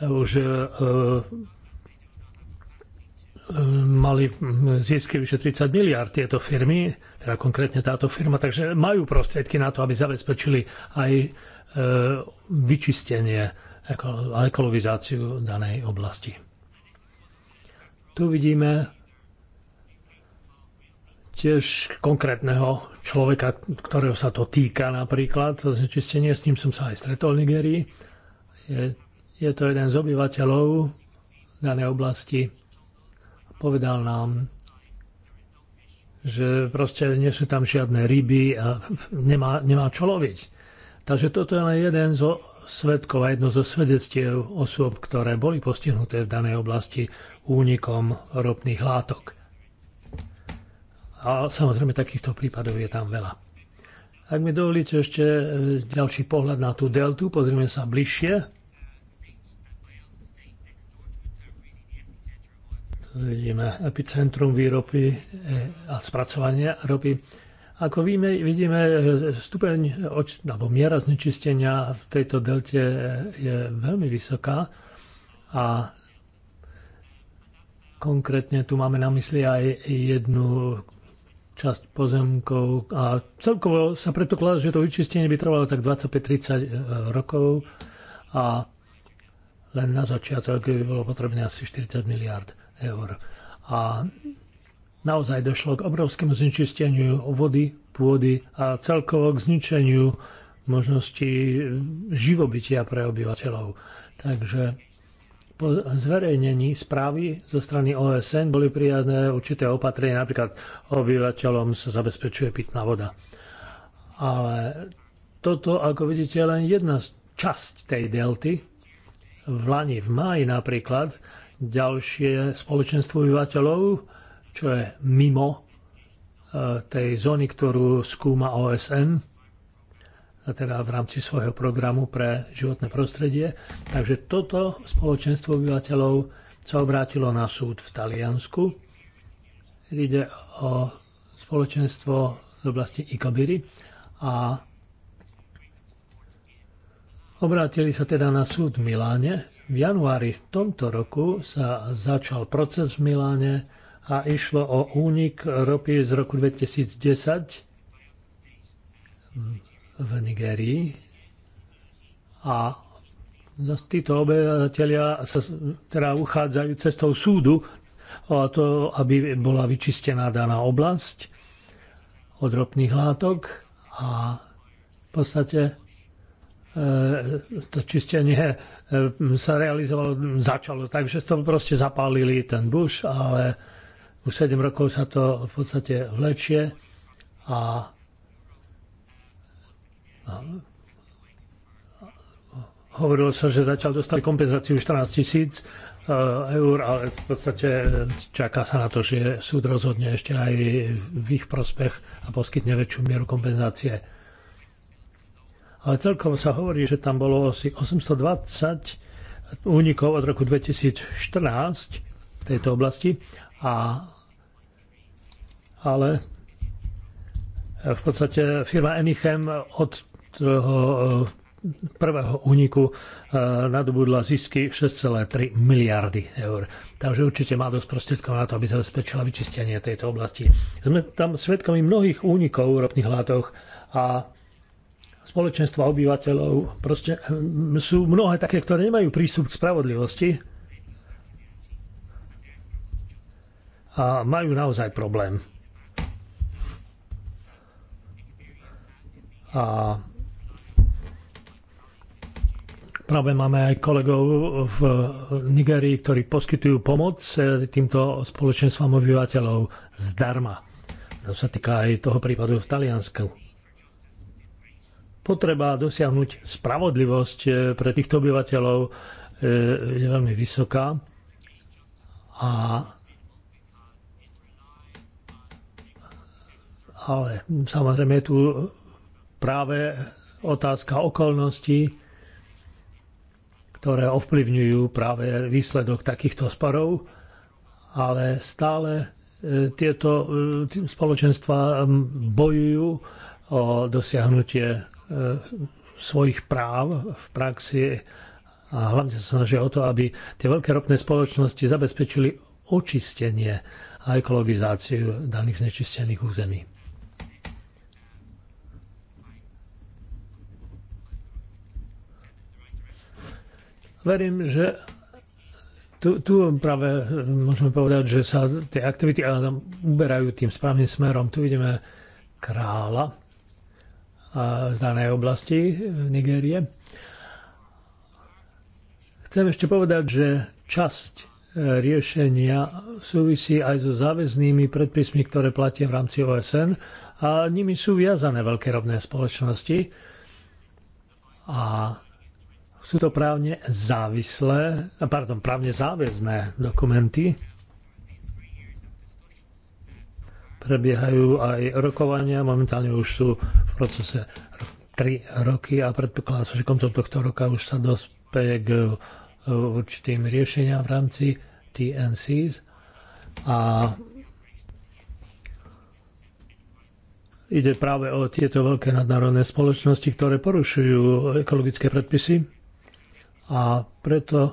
Už e, e mali zisky vyše 30 miliard tieto firmy, teda konkrétne táto firma, takže majú prostriedky na to, aby zabezpečili aj e, vyčistenie, ekologizáciu danej oblasti. Tu vidíme tiež konkrétneho človeka, ktorého sa to týka napríklad, to znečistenie, s ním som sa aj stretol v Nigerii. Je, je to jeden z obyvateľov danej oblasti. Povedal nám, že proste nie sú tam žiadne ryby a nemá, nemá čo loviť. Takže toto je len jeden z svetkov a jedno zo svedectiev osôb, ktoré boli postihnuté v danej oblasti únikom ropných látok. A samozrejme takýchto prípadov je tam veľa. Ak mi dovolíte ešte e, ďalší pohľad na tú deltu, pozrieme sa bližšie. Vidíme epicentrum výroby e, a spracovania ropy ako víme, vidíme, e, stupeň alebo miera znečistenia v tejto delte e, je veľmi vysoká a konkrétne tu máme na mysli aj jednu časť pozemkov a celkovo sa predpokladá, že to vyčistenie by trvalo tak 25-30 e, rokov a len na začiatok by bolo potrebné asi 40 miliard eur. A naozaj došlo k obrovskému znečisteniu vody, pôdy a celkovo k zničeniu možnosti živobytia pre obyvateľov. Takže po zverejnení správy zo strany OSN boli prijaté určité opatrenia, napríklad obyvateľom sa zabezpečuje pitná voda. Ale toto, ako vidíte, je len jedna časť tej delty. V Lani v máji napríklad ďalšie spoločenstvo obyvateľov čo je mimo e, tej zóny, ktorú skúma OSN, e, teda v rámci svojho programu pre životné prostredie. Takže toto spoločenstvo obyvateľov sa obrátilo na súd v Taliansku. Ide o spoločenstvo z oblasti Ikabiri a obrátili sa teda na súd v Miláne. V januári v tomto roku sa začal proces v Miláne, a išlo o únik ropy z roku 2010 v Nigerii. A títo obyvateľia sa teda uchádzajú cestou súdu o to, aby bola vyčistená daná oblasť od ropných látok a v podstate e, to čistenie e, sa realizovalo, začalo tak, že to proste zapálili ten buš, ale už 7 rokov sa to v podstate vlečie a hovorilo sa, že zatiaľ dostali kompenzáciu 14 tisíc e, eur, ale v podstate čaká sa na to, že súd rozhodne ešte aj v ich prospech a poskytne väčšiu mieru kompenzácie. Ale celkom sa hovorí, že tam bolo asi 820 únikov od roku 2014 v tejto oblasti a ale eh, v podstate firma Enichem od toho eh, prvého úniku eh, nadobudla zisky 6,3 miliardy eur. Takže určite má dosť prostriedkov na to, aby zabezpečila vyčistenie tejto oblasti. Sme tam svedkami mnohých únikov v ropných látoch a spoločenstva obyvateľov proste sú mnohé také, ktoré nemajú prístup k spravodlivosti a majú naozaj problém. A práve máme aj kolegov v Nigerii, ktorí poskytujú pomoc e, týmto spoločenstvám obyvateľov zdarma. To sa týka aj toho prípadu v Taliansku. Potreba dosiahnuť spravodlivosť e, pre týchto obyvateľov e, je veľmi vysoká a ale samozrejme je tu práve otázka okolností, ktoré ovplyvňujú práve výsledok takýchto sporov, ale stále e, tieto e, spoločenstva bojujú o dosiahnutie e, svojich práv v praxi a hlavne sa snažia o to, aby tie veľké ropné spoločnosti zabezpečili očistenie a ekologizáciu daných znečistených území. Verím, že tu, tu práve eh, môžeme povedať, že sa tie aktivity eh, uberajú tým správnym smerom. Tu vidíme kráľa eh, z danej oblasti Nigérie. Chcem ešte povedať, že časť riešenia súvisí aj so záväznými predpismi, ktoré platia v rámci OSN a nimi sú viazané veľké robné spoločnosti a sú to právne závislé, pardon, právne záväzné dokumenty. Prebiehajú aj rokovania, momentálne už sú v procese 3 roky a predpokladá sa, že koncom tohto roka už sa dospeje k e, určitým riešeniam v rámci TNCs. A ide práve o tieto veľké nadnárodné spoločnosti, ktoré porušujú ekologické predpisy a preto e,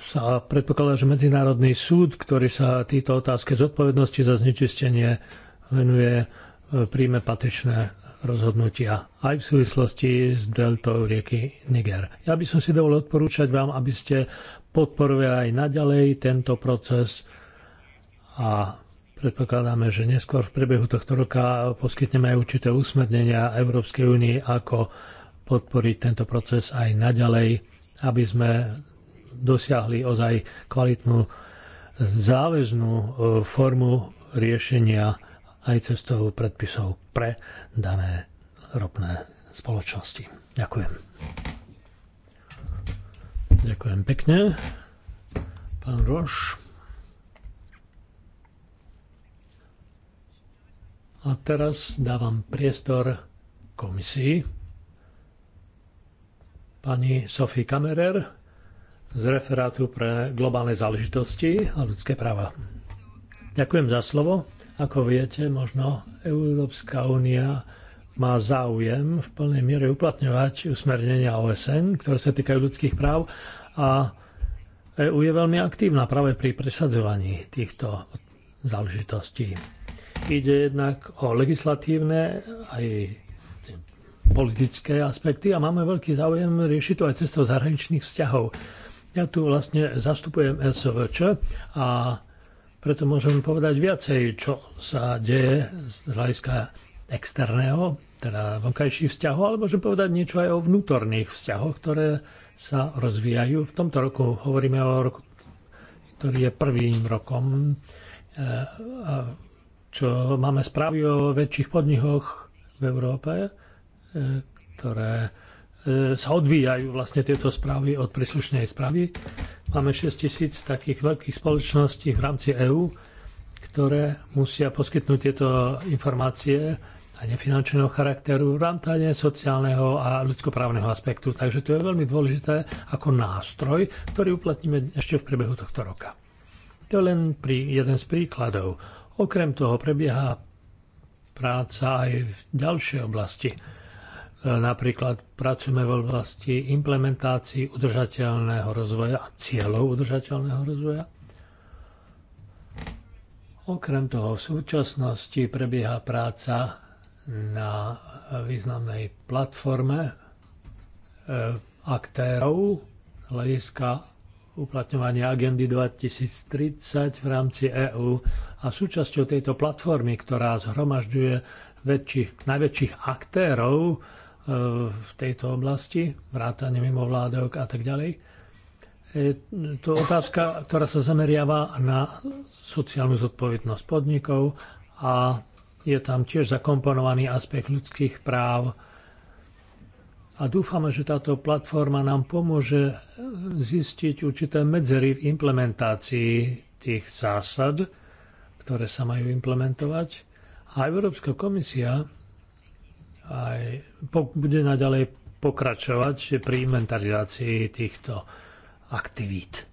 sa predpokladá, že Medzinárodný súd, ktorý sa týto otázke zodpovednosti za znečistenie venuje, e, príjme patričné rozhodnutia aj v súvislosti s deltou rieky Niger. Ja by som si dovolil odporúčať vám, aby ste podporovali aj naďalej tento proces a predpokladáme, že neskôr v priebehu tohto roka poskytneme aj určité usmernenia Európskej únie, ako podporiť tento proces aj naďalej, aby sme dosiahli ozaj kvalitnú záväznú e, formu riešenia aj cestou predpisov pre dané ropné spoločnosti. Ďakujem. Ďakujem pekne. Pán Roš. A teraz dávam priestor komisii pani Sophie Kamerer z referátu pre globálne záležitosti a ľudské práva. Ďakujem za slovo. Ako viete, možno Európska únia má záujem v plnej miere uplatňovať usmernenia OSN, ktoré sa týkajú ľudských práv a EU je veľmi aktívna práve pri presadzovaní týchto záležitostí. Ide jednak o legislatívne aj politické aspekty a máme veľký záujem riešiť to aj cestou zahraničných vzťahov. Ja tu vlastne zastupujem SVČ a preto môžem povedať viacej, čo sa deje z hľadiska externého, teda vonkajších vzťahov, ale môžem povedať niečo aj o vnútorných vzťahoch, ktoré sa rozvíjajú. V tomto roku hovoríme o roku, ktorý je prvým rokom, eh, čo máme správy o väčších podnihoch v Európe ktoré e, sa odvíjajú vlastne tieto správy od príslušnej správy. Máme 6 tisíc takých veľkých spoločností v rámci EÚ, ktoré musia poskytnúť tieto informácie a nefinančného charakteru v rámci sociálneho a ľudskoprávneho aspektu. Takže to je veľmi dôležité ako nástroj, ktorý uplatníme ešte v priebehu tohto roka. To je len pri jeden z príkladov. Okrem toho prebieha práca aj v ďalšej oblasti E, napríklad pracujeme v oblasti implementácií udržateľného rozvoja, a cieľov udržateľného rozvoja. Okrem toho v súčasnosti prebieha práca na významnej platforme e, aktérov hľadiska uplatňovania agendy 2030 v rámci EÚ a súčasťou tejto platformy, ktorá zhromažďuje väčších, najväčších aktérov v tejto oblasti, vrátane mimovládok a tak ďalej. Je to otázka, ktorá sa zameriava na sociálnu zodpovednosť podnikov a je tam tiež zakomponovaný aspekt ľudských práv. A dúfame, že táto platforma nám pomôže zistiť určité medzery v implementácii tých zásad, ktoré sa majú implementovať. A Európska komisia aj bude naďalej pokračovať pri inventarizácii týchto aktivít.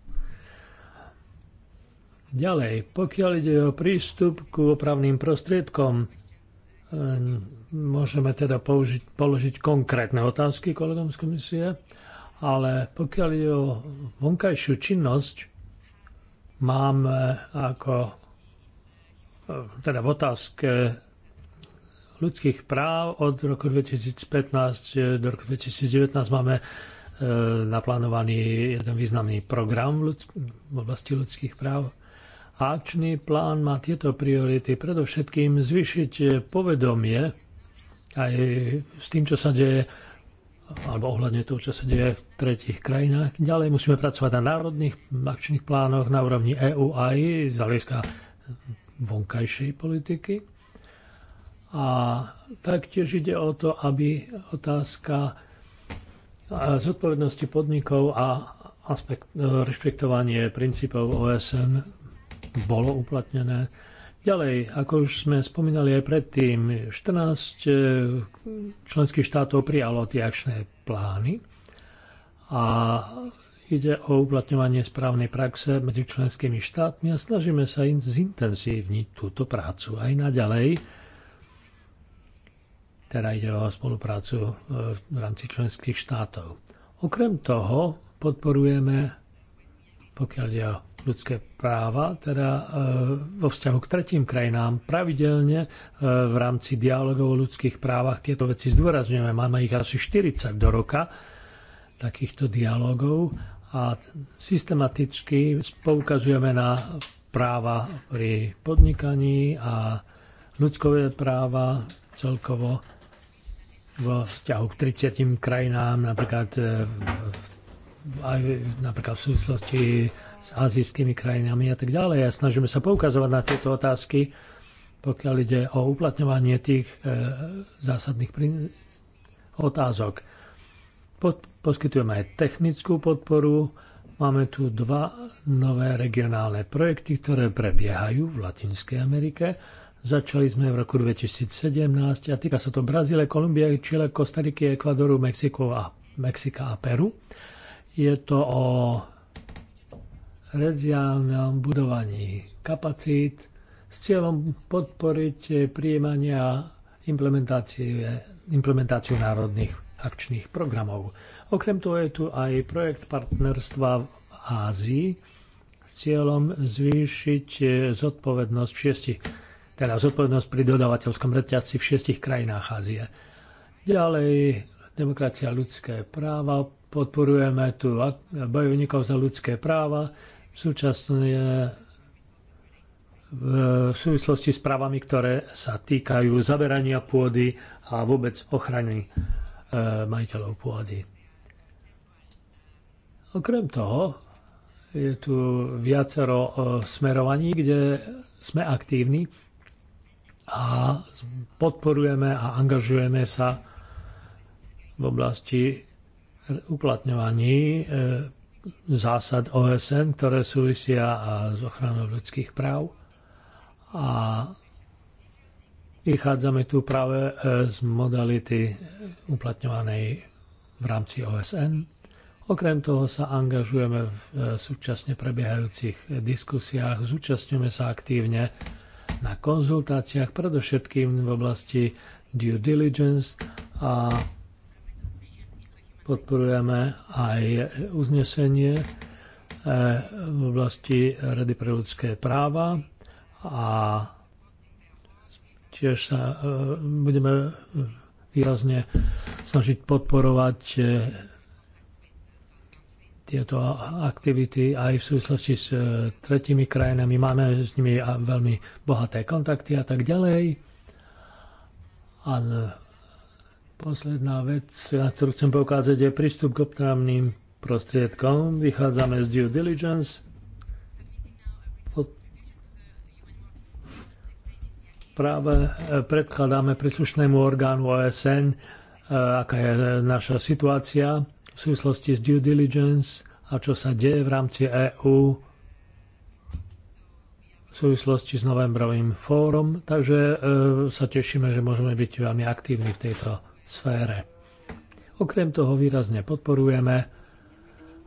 Ďalej, pokiaľ ide o prístup k opravným prostriedkom, ehm, môžeme teda použiť, položiť konkrétne otázky kolegom z komisie, ale pokiaľ ide o vonkajšiu činnosť, máme ako ehm, teda v otázke ľudských práv od roku 2015 eh, do roku 2019 máme eh, naplánovaný jeden významný program v oblasti ľudských práv. Akčný plán má tieto priority predovšetkým zvýšiť eh, povedomie aj s tým, čo sa deje alebo ohľadne toho, čo sa deje v tretich krajinách. Ďalej musíme pracovať na národných akčných plánoch na úrovni EU aj z hľadiska vonkajšej politiky. A taktiež ide o to, aby otázka zodpovednosti podnikov a aspekt, e, rešpektovanie princípov OSN bolo uplatnené. Ďalej, ako už sme spomínali aj predtým, 14 e, členských štátov prijalo tie akčné plány a ide o uplatňovanie správnej praxe medzi členskými štátmi a snažíme sa im zintenzívniť túto prácu aj naďalej teda ide o spoluprácu e, v rámci členských štátov. Okrem toho podporujeme, pokiaľ ide o ľudské práva, teda e, vo vzťahu k tretím krajinám pravidelne e, v rámci dialogov o ľudských právach tieto veci zdôrazňujeme. Máme ich asi 40 do roka takýchto dialogov a systematicky poukazujeme na práva pri podnikaní a ľudské práva celkovo vo vzťahu k 30 krajinám, napríklad e, aj napríklad v súvislosti s azijskými krajinami a tak ďalej. A snažíme sa poukazovať na tieto otázky, pokiaľ ide o uplatňovanie tých e, zásadných otázok. poskytujeme aj technickú podporu. Máme tu dva nové regionálne projekty, ktoré prebiehajú v Latinskej Amerike Začali sme v roku 2017 a týka sa to Brazílie, Kolumbie, Čile, Kostariky, Ekvadoru, Mexiko a Mexika a Peru. Je to o reziálnom budovaní kapacít s cieľom podporiť prijímanie a implementáciu národných akčných programov. Okrem toho je tu aj projekt partnerstva v Ázii s cieľom zvýšiť zodpovednosť v šiestich teda zodpovednosť pri dodávateľskom reťazci v šiestich krajinách Ázie. Ďalej, demokracia ľudské práva, podporujeme tu bojovníkov za ľudské práva, súčasne v súvislosti s právami, ktoré sa týkajú zaberania pôdy a vôbec ochrany e, majiteľov pôdy. Okrem toho je tu viacero e, smerovaní, kde sme aktívni a podporujeme a angažujeme sa v oblasti uplatňovaní e, zásad OSN, ktoré súvisia s ochranou ľudských práv. A vychádzame tu práve e, z modality uplatňovanej v rámci OSN. Okrem toho sa angažujeme v e, súčasne prebiehajúcich diskusiách, zúčastňujeme sa aktívne na konzultáciách, predovšetkým v oblasti due diligence a podporujeme aj uznesenie eh, v oblasti Rady pre ľudské práva a tiež sa eh, budeme výrazne snažiť podporovať eh, tieto aktivity aj v súvislosti s e, tretimi krajinami. Máme s nimi veľmi bohaté kontakty a tak ďalej. A posledná vec, na ktorú chcem poukázať, je prístup k obtávnym prostriedkom. Vychádzame z due diligence, práve e, predkladáme príslušnému orgánu OSN, e, aká je naša situácia v súvislosti s due diligence a čo sa deje v rámci EÚ v súvislosti s novembrovým fórom, takže e, sa tešíme, že môžeme byť veľmi aktívni v tejto sfére. Okrem toho výrazne podporujeme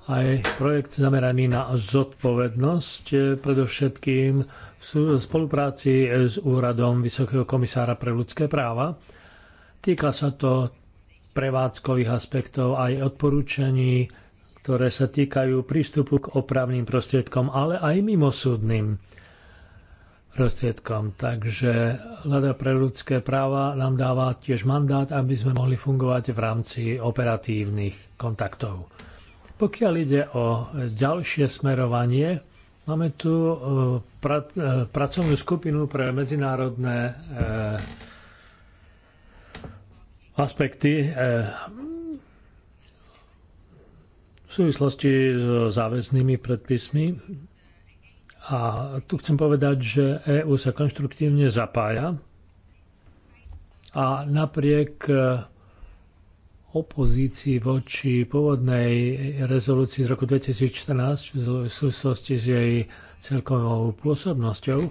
aj projekt zameraný na zodpovednosť, e, predovšetkým v spolupráci s Úradom Vysokého komisára pre ľudské práva. Týka sa to prevádzkových aspektov, aj odporúčaní, ktoré sa týkajú prístupu k opravným prostriedkom, ale aj mimosúdnym prostriedkom. Takže Lada pre ľudské práva nám dáva tiež mandát, aby sme mohli fungovať v rámci operatívnych kontaktov. Pokiaľ ide o ďalšie smerovanie, máme tu eh, eh, pracovnú skupinu pre medzinárodné eh, aspekty eh, v súvislosti so záväznými predpismi. A tu chcem povedať, že EÚ sa konštruktívne zapája a napriek eh, opozícii voči pôvodnej rezolúcii z roku 2014 v súvislosti s jej celkovou pôsobnosťou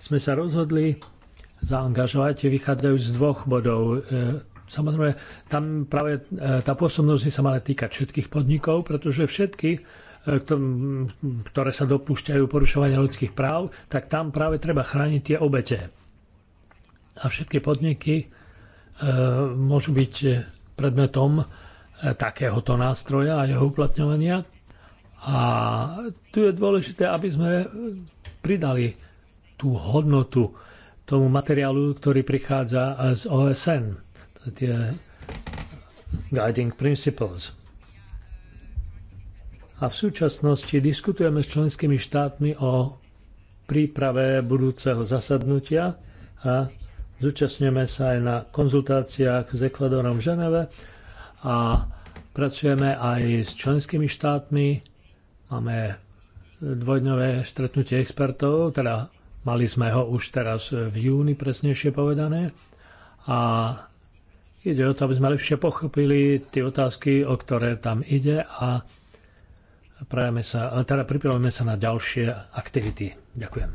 sme sa rozhodli zaangažovať vychádzajúc z dvoch bodov. Eh, Samozrejme, tam práve e, tá pôsobnosť sa mala týkať všetkých podnikov, pretože všetky, e, ktoré sa dopúšťajú porušovania ľudských práv, tak tam práve treba chrániť tie obete. A všetky podniky e, môžu byť predmetom takéhoto nástroja a jeho uplatňovania. A tu je dôležité, aby sme pridali tú hodnotu tomu materiálu, ktorý prichádza z OSN tie guiding principles. A v súčasnosti diskutujeme s členskými štátmi o príprave budúceho zasadnutia a zúčastňujeme sa aj na konzultáciách s Ekvadorom v Ženeve a pracujeme aj s členskými štátmi. Máme dvojdňové stretnutie expertov, teda mali sme ho už teraz v júni, presnejšie povedané. A Ide o to, aby sme lepšie pochopili tie otázky, o ktoré tam ide a prajeme sa, teda pripravujeme sa na ďalšie aktivity. Ďakujem.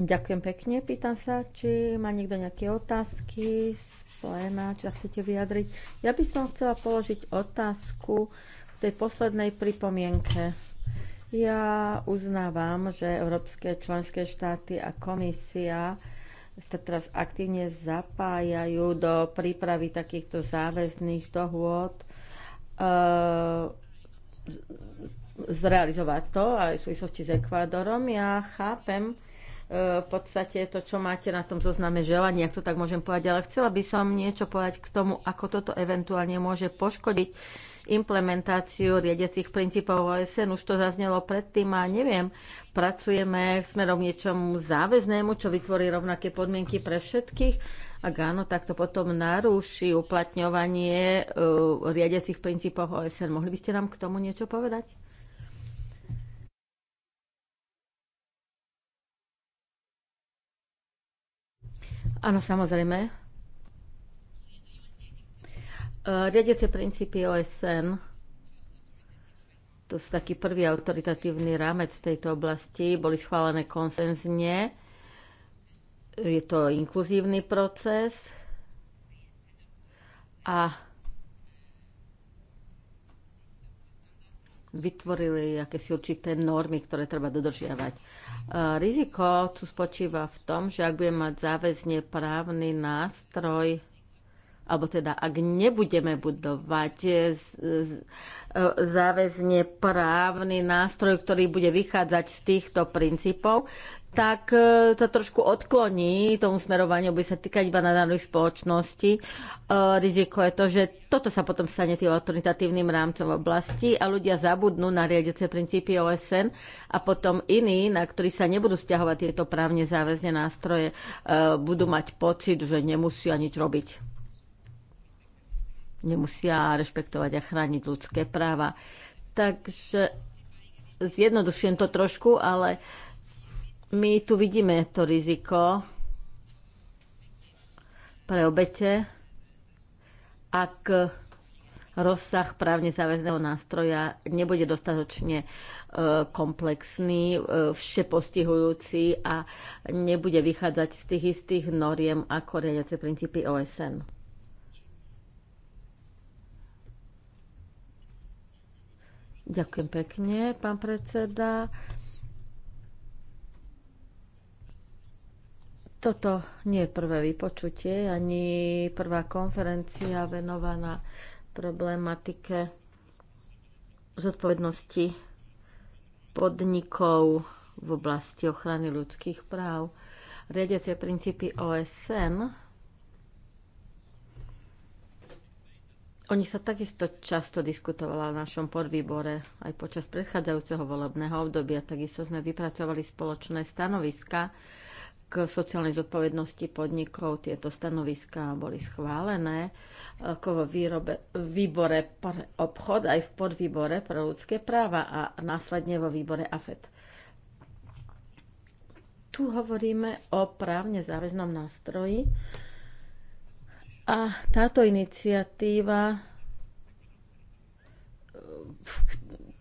Ďakujem pekne. Pýtam sa, či má niekto nejaké otázky z pléna, či sa chcete vyjadriť. Ja by som chcela položiť otázku v tej poslednej pripomienke. Ja uznávam, že európske členské štáty a komisia sa teraz aktívne zapájajú do prípravy takýchto záväzných dohôd, e, zrealizovať to aj v súvislosti s Ekvádorom. Ja chápem, e, v podstate to, čo máte na tom zozname želaní, ak to tak môžem povedať, ale chcela by som niečo povedať k tomu, ako toto eventuálne môže poškodiť implementáciu riadiacich princípov OSN. Už to zaznelo predtým a neviem, pracujeme smerom niečomu záväznému, čo vytvorí rovnaké podmienky pre všetkých. Ak áno, tak to potom narúši uplatňovanie e, riadiacich princípov OSN. Mohli by ste nám k tomu niečo povedať? Áno, samozrejme. Eh, riadiace princípy OSN, to sú taký prvý autoritatívny rámec v tejto oblasti, boli schválené konsenzne. Je to inkluzívny proces a vytvorili akési určité normy, ktoré treba dodržiavať. Eh, riziko tu spočíva v tom, že ak budeme mať záväzne právny nástroj, alebo teda ak nebudeme budovať e, e, záväzne právny nástroj, ktorý bude vychádzať z týchto princípov, tak e, to trošku odkloní tomu smerovaniu, by sa týkať iba nadnárodných spoločnosti. Riziko je to, že toto sa potom stane tým autoritatívnym rámcom oblasti a ľudia zabudnú na riadiace princípy OSN a potom iní, na ktorí sa nebudú stiahovať tieto právne záväzne nástroje, budú mať pocit, že nemusia nič robiť nemusia rešpektovať a chrániť ľudské práva. Takže zjednodušujem to trošku, ale my tu vidíme to riziko pre obete, ak rozsah právne záväzného nástroja nebude dostatočne e, komplexný, e, všepostihujúci a nebude vychádzať z tých istých noriem ako riadiace princípy OSN. Ďakujem pekne, pán predseda. Toto nie je prvé vypočutie, ani prvá konferencia venovaná problematike zodpovednosti podnikov v oblasti ochrany ľudských práv. Riadiacie princípy OSN O nich sa takisto často diskutovala v našom podvýbore aj počas predchádzajúceho volebného obdobia. Takisto sme vypracovali spoločné stanoviska k sociálnej zodpovednosti podnikov. Tieto stanoviska boli schválené e, ako vo výrobe, výbore pre obchod aj v podvýbore pre ľudské práva a následne vo výbore AFET. Tu hovoríme o právne záväznom nástroji, a táto iniciatíva, v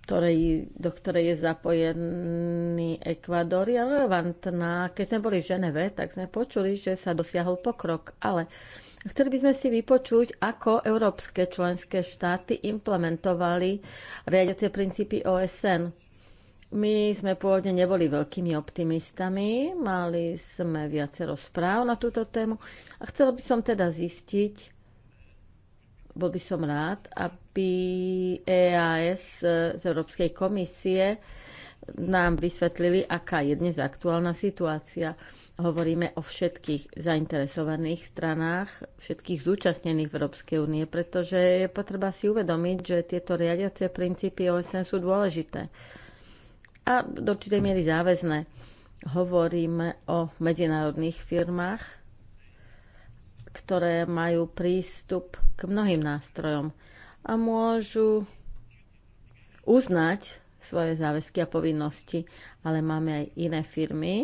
ktorej, do ktorej je zapojený Ekvador, je relevantná. Keď sme boli v Ženeve, tak sme počuli, že sa dosiahol pokrok, ale chceli by sme si vypočuť, ako európske členské štáty implementovali riadiace princípy OSN my sme pôvodne neboli veľkými optimistami, mali sme viacero správ na túto tému a chcela by som teda zistiť, bol by som rád, aby EAS z Európskej komisie nám vysvetlili, aká je dnes aktuálna situácia. Hovoríme o všetkých zainteresovaných stranách, všetkých zúčastnených v Európskej únie, pretože je potreba si uvedomiť, že tieto riadiace princípy OSN sú dôležité a do určitej miery záväzné. Hovoríme o medzinárodných firmách, ktoré majú prístup k mnohým nástrojom a môžu uznať svoje záväzky a povinnosti, ale máme aj iné firmy,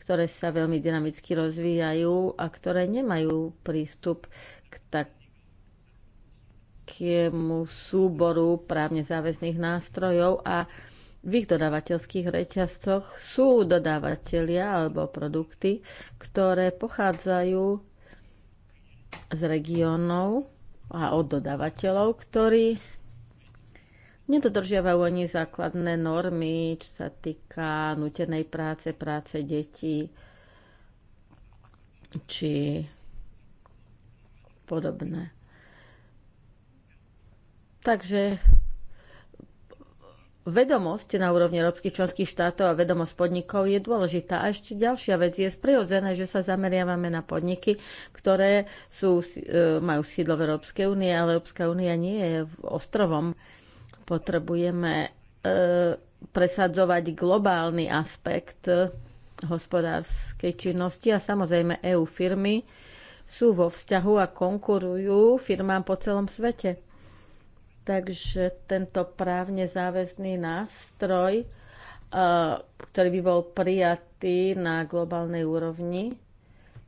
ktoré sa veľmi dynamicky rozvíjajú a ktoré nemajú prístup k takému súboru právne záväzných nástrojov a v ich dodávateľských reťazcoch sú dodávateľia alebo produkty, ktoré pochádzajú z regiónov a od dodávateľov, ktorí nedodržiavajú ani základné normy, čo sa týka nutenej práce, práce detí či podobné. Takže vedomosť na úrovni európskych členských štátov a vedomosť podnikov je dôležitá. A ešte ďalšia vec je prirodzené, že sa zameriavame na podniky, ktoré sú, e, majú sídlo v Európskej únie, ale Európska únia nie je ostrovom. Potrebujeme e, presadzovať globálny aspekt e, hospodárskej činnosti a samozrejme EU firmy sú vo vzťahu a konkurujú firmám po celom svete Takže tento právne záväzný nástroj, e, ktorý by bol prijatý na globálnej úrovni,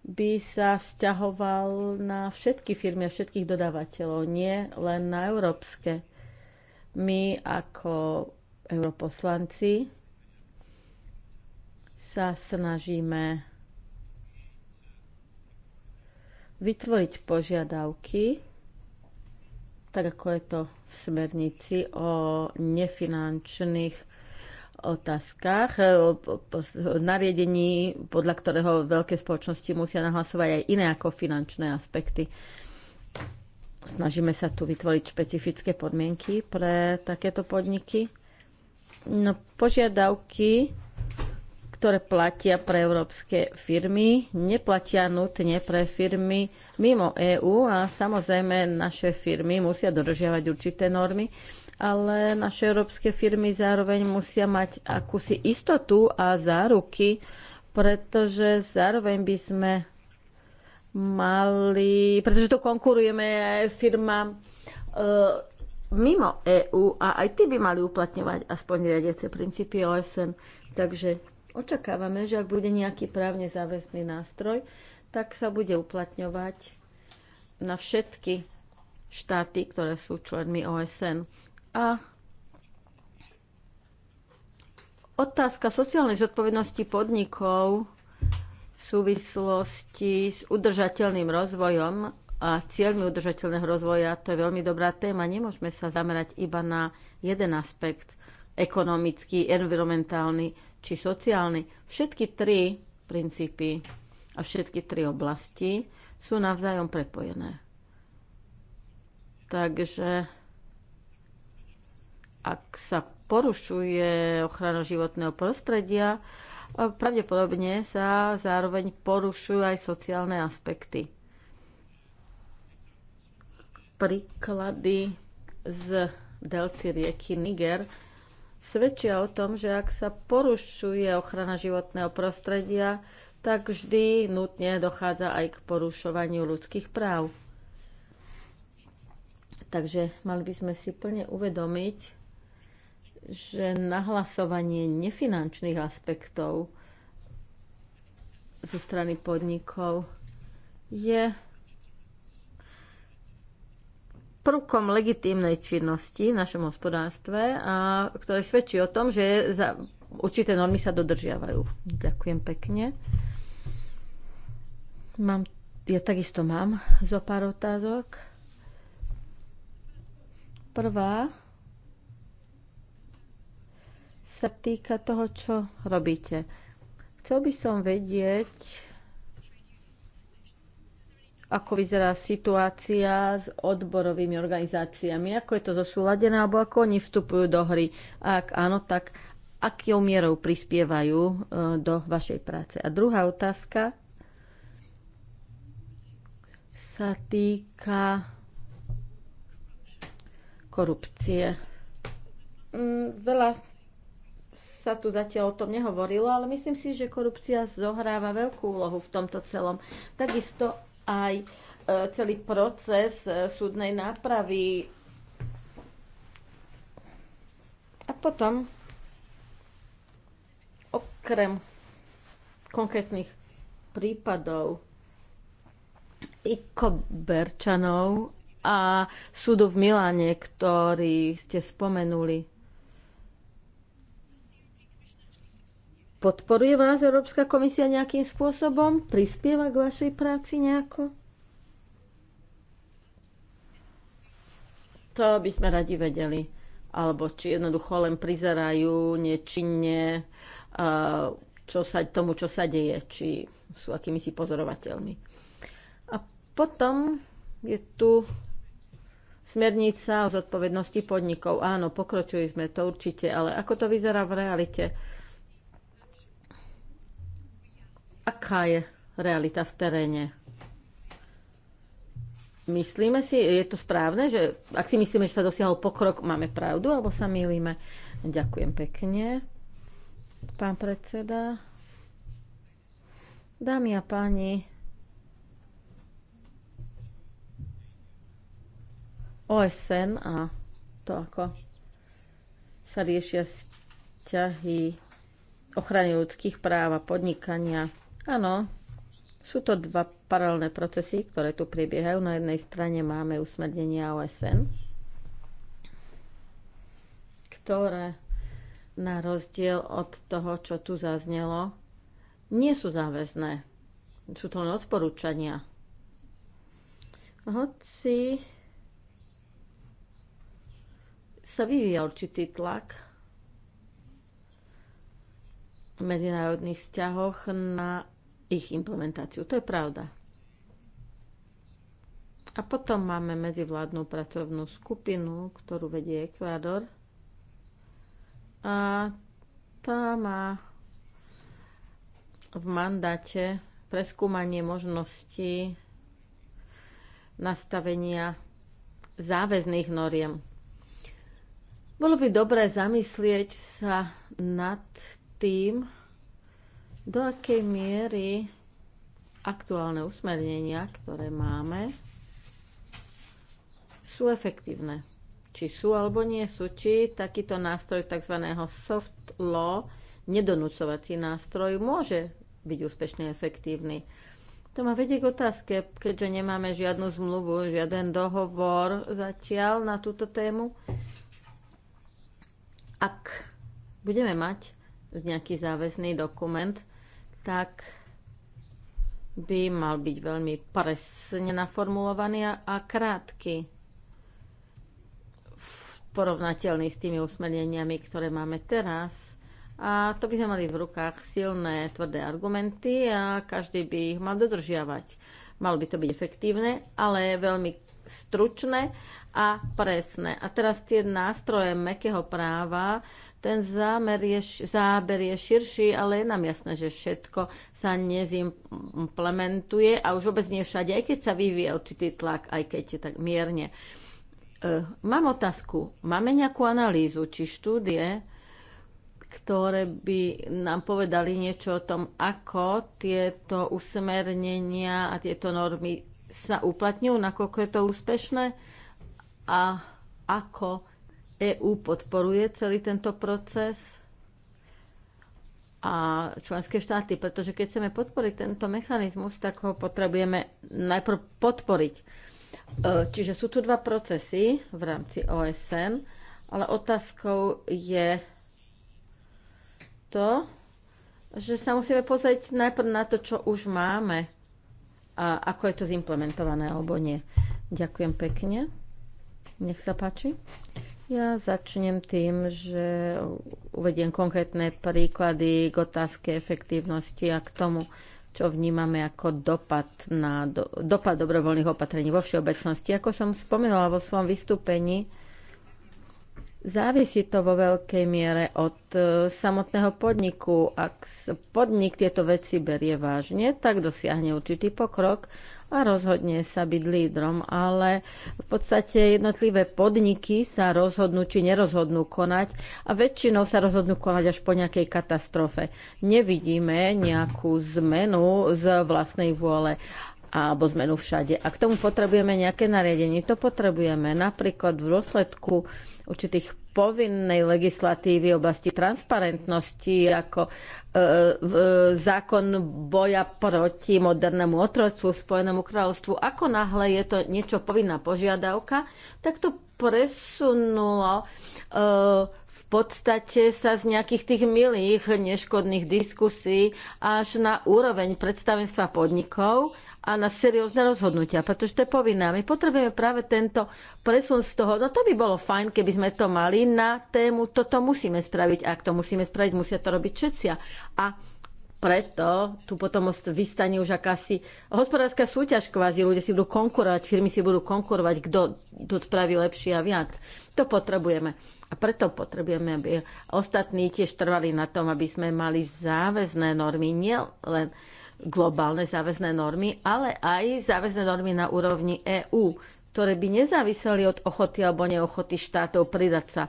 by sa vzťahoval na všetky firmy a všetkých dodávateľov, nie len na európske. My ako europoslanci sa snažíme vytvoriť požiadavky, tak ako je to v smernici o nefinančných otázkach, nariadení, podľa ktorého veľké spoločnosti musia nahlasovať aj iné ako finančné aspekty. Snažíme sa tu vytvoriť špecifické podmienky pre takéto podniky. No, požiadavky ktoré platia pre európske firmy, neplatia nutne pre firmy mimo EÚ a samozrejme naše firmy musia dodržiavať určité normy, ale naše európske firmy zároveň musia mať akúsi istotu a záruky, pretože zároveň by sme mali, pretože tu konkurujeme firma e, mimo EÚ a aj tí by mali uplatňovať aspoň riadiace princípy OSN. Takže Očakávame, že ak bude nejaký právne záväzný nástroj, tak sa bude uplatňovať na všetky štáty, ktoré sú členmi OSN. A otázka sociálnej zodpovednosti podnikov v súvislosti s udržateľným rozvojom a cieľmi udržateľného rozvoja, to je veľmi dobrá téma. Nemôžeme sa zamerať iba na jeden aspekt, ekonomický, environmentálny, či sociálny. Všetky tri princípy a všetky tri oblasti sú navzájom prepojené. Takže ak sa porušuje ochrana životného prostredia, pravdepodobne sa zároveň porušujú aj sociálne aspekty. Príklady z delty rieky Niger svedčia o tom, že ak sa porušuje ochrana životného prostredia, tak vždy nutne dochádza aj k porušovaniu ľudských práv. Takže mali by sme si plne uvedomiť, že nahlasovanie nefinančných aspektov zo strany podnikov je prvkom legitímnej činnosti v našom hospodárstve, a ktoré svedčí o tom, že za určité normy sa dodržiavajú. Ďakujem pekne. Mám, ja takisto mám zo pár otázok. Prvá sa týka toho, čo robíte. Chcel by som vedieť, ako vyzerá situácia s odborovými organizáciami, ako je to zosúladené, alebo ako oni vstupujú do hry. A Ak áno, tak akou mierou prispievajú e, do vašej práce. A druhá otázka sa týka korupcie. Mm, veľa sa tu zatiaľ o tom nehovorilo, ale myslím si, že korupcia zohráva veľkú úlohu v tomto celom. Takisto aj e, celý proces e, súdnej nápravy. A potom, okrem konkrétnych prípadov i Koberčanov a súdu v Miláne, ktorý ste spomenuli, Podporuje vás Európska komisia nejakým spôsobom? Prispieva k vašej práci nejako? To by sme radi vedeli. Alebo či jednoducho len prizerajú nečinne čo sa, tomu, čo sa deje, či sú si pozorovateľmi. A potom je tu smernica o zodpovednosti podnikov. Áno, pokročili sme to určite, ale ako to vyzerá v realite? aká je realita v teréne? Myslíme si, je to správne, že ak si myslíme, že sa dosiahol pokrok, máme pravdu, alebo sa milíme? Ďakujem pekne, pán predseda. Dámy a páni, OSN a to, ako sa riešia vzťahy ochrany ľudských práv a podnikania Áno, sú to dva paralelné procesy, ktoré tu prebiehajú. Na jednej strane máme usmernenie OSN, ktoré na rozdiel od toho, čo tu zaznelo, nie sú záväzné. Sú to len odporúčania. Hoci sa vyvíja určitý tlak v medzinárodných vzťahoch na ich implementáciu. To je pravda. A potom máme medzivládnu pracovnú skupinu, ktorú vedie Ekvádor. A tá má v mandáte preskúmanie možností nastavenia záväzných noriem. Bolo by dobré zamyslieť sa nad tým, do akej miery aktuálne usmernenia, ktoré máme, sú efektívne. Či sú alebo nie sú, či takýto nástroj tzv. soft law, nedonúcovací nástroj, môže byť úspešne efektívny. To ma vedie k otázke, keďže nemáme žiadnu zmluvu, žiaden dohovor zatiaľ na túto tému. Ak budeme mať nejaký záväzný dokument, tak by mal byť veľmi presne naformulovaný a krátky porovnateľný s tými usmerneniami, ktoré máme teraz. A to by sme mali v rukách silné, tvrdé argumenty a každý by ich mal dodržiavať. Malo by to byť efektívne, ale veľmi stručné a presné. A teraz tie nástroje mekého práva ten zámer je, záber je širší, ale je nám jasné, že všetko sa nezimplementuje a už vôbec nie všade, aj keď sa vyvíja určitý tlak, aj keď je tak mierne. E, mám otázku. Máme nejakú analýzu či štúdie, ktoré by nám povedali niečo o tom, ako tieto usmernenia a tieto normy sa uplatňujú, nakoľko je to úspešné a ako EÚ podporuje celý tento proces a členské štáty, pretože keď chceme podporiť tento mechanizmus, tak ho potrebujeme najprv podporiť. E, čiže sú tu dva procesy v rámci OSN, ale otázkou je to, že sa musíme pozrieť najprv na to, čo už máme a ako je to zimplementované alebo nie. Ďakujem pekne. Nech sa páči. Ja začnem tým, že uvediem konkrétne príklady k otázke efektívnosti a k tomu, čo vnímame ako dopad, na, do, dopad dobrovoľných opatrení vo všeobecnosti. Ako som spomenula vo svojom vystúpení, závisí to vo veľkej miere od e, samotného podniku. Ak podnik tieto veci berie vážne, tak dosiahne určitý pokrok a rozhodne sa byť lídrom, ale v podstate jednotlivé podniky sa rozhodnú či nerozhodnú konať a väčšinou sa rozhodnú konať až po nejakej katastrofe. Nevidíme nejakú zmenu z vlastnej vôle alebo zmenu všade. A k tomu potrebujeme nejaké nariadenie. To potrebujeme napríklad v dôsledku určitých povinnej legislatívy v oblasti transparentnosti, ako e, e, zákon boja proti modernému otroctvu v Spojenom kráľovstvu. Ako náhle je to niečo povinná požiadavka, tak to presunulo e, v podstate sa z nejakých tých milých, neškodných diskusí až na úroveň predstavenstva podnikov a na seriózne rozhodnutia, pretože to je povinné. My potrebujeme práve tento presun z toho, no to by bolo fajn, keby sme to mali na tému, toto musíme spraviť. Ak to musíme spraviť, musia to robiť všetci. A preto tu potom vystane už akási hospodárska súťaž kvázi. Ľudia si budú konkurovať, firmy si budú konkurovať, kto to spraví lepšie a viac. To potrebujeme. A preto potrebujeme, aby ostatní tiež trvali na tom, aby sme mali záväzné normy, nielen globálne záväzné normy, ale aj záväzné normy na úrovni EÚ, ktoré by nezáviseli od ochoty alebo neochoty štátov pridať sa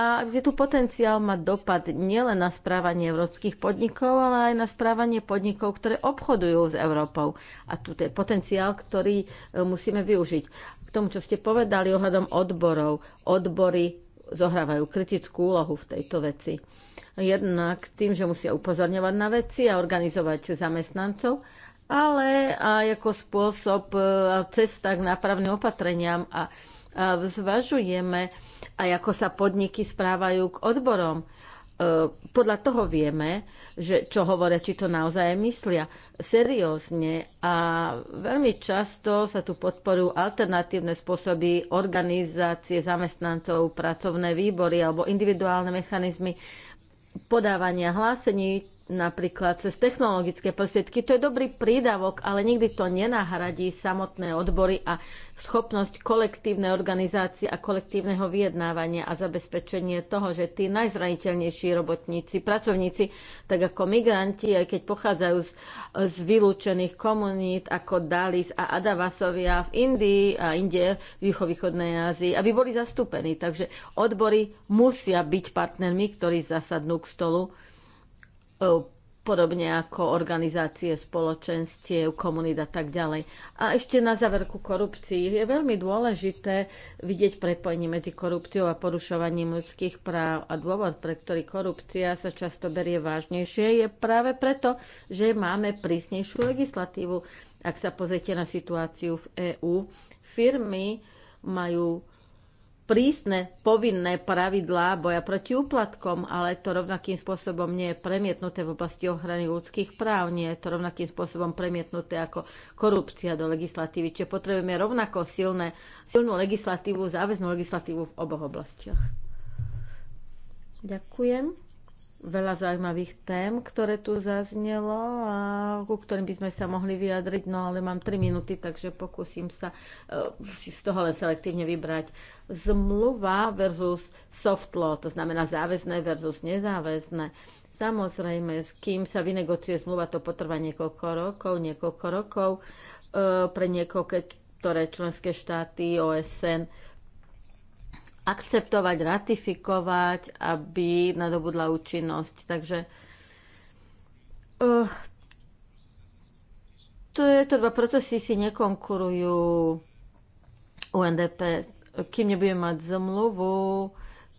a je tu potenciál mať dopad nielen na správanie európskych podnikov, ale aj na správanie podnikov, ktoré obchodujú s Európou. A tu je potenciál, ktorý e, musíme využiť. K tomu, čo ste povedali ohľadom odborov, odbory zohrávajú kritickú úlohu v tejto veci. Jednak tým, že musia upozorňovať na veci a organizovať zamestnancov, ale aj ako spôsob e, cesta k nápravným opatreniam a opatreniam zvažujeme a ako sa podniky správajú k odborom. E, podľa toho vieme, že čo hovoria, či to naozaj myslia seriózne a veľmi často sa tu podporujú alternatívne spôsoby organizácie zamestnancov, pracovné výbory alebo individuálne mechanizmy podávania hlásení, napríklad cez technologické prostriedky. To je dobrý prídavok, ale nikdy to nenahradí samotné odbory a schopnosť kolektívnej organizácie a kolektívneho vyjednávania a zabezpečenie toho, že tí najzraniteľnejší robotníci, pracovníci, tak ako migranti, aj keď pochádzajú z, z vylúčených komunít ako Dalis a Adavasovia v Indii a Indie, v juchovýchodnej Ázii, aby boli zastúpení. Takže odbory musia byť partnermi, ktorí zasadnú k stolu E, podobne ako organizácie, spoločenstiev, komunít a tak ďalej. A ešte na záverku korupcii. Je veľmi dôležité vidieť prepojenie medzi korupciou a porušovaním ľudských práv a dôvod, pre ktorý korupcia sa často berie vážnejšie, je práve preto, že máme prísnejšiu legislatívu. Ak sa pozrite na situáciu v EÚ, firmy majú prísne povinné pravidlá boja proti úplatkom, ale to rovnakým spôsobom nie je premietnuté v oblasti ochrany ľudských práv, nie je to rovnakým spôsobom premietnuté ako korupcia do legislatívy. Čiže potrebujeme rovnako silné, silnú legislatívu, záväznú legislatívu v oboch oblastiach. Ďakujem veľa zaujímavých tém, ktoré tu zaznelo a ku ktorým by sme sa mohli vyjadriť, no ale mám 3 minúty, takže pokúsim sa uh, z toho len selektívne vybrať. Zmluva versus soft law, to znamená záväzné versus nezáväzné. Samozrejme, s kým sa vynegocuje zmluva, to potrvá niekoľko rokov, niekoľko rokov eh, pre niekoľko, ktoré členské štáty, OSN, akceptovať, ratifikovať, aby nadobudla účinnosť. Takže uh, to je, to dva procesy si nekonkurujú UNDP. Kým nebudeme mať zmluvu,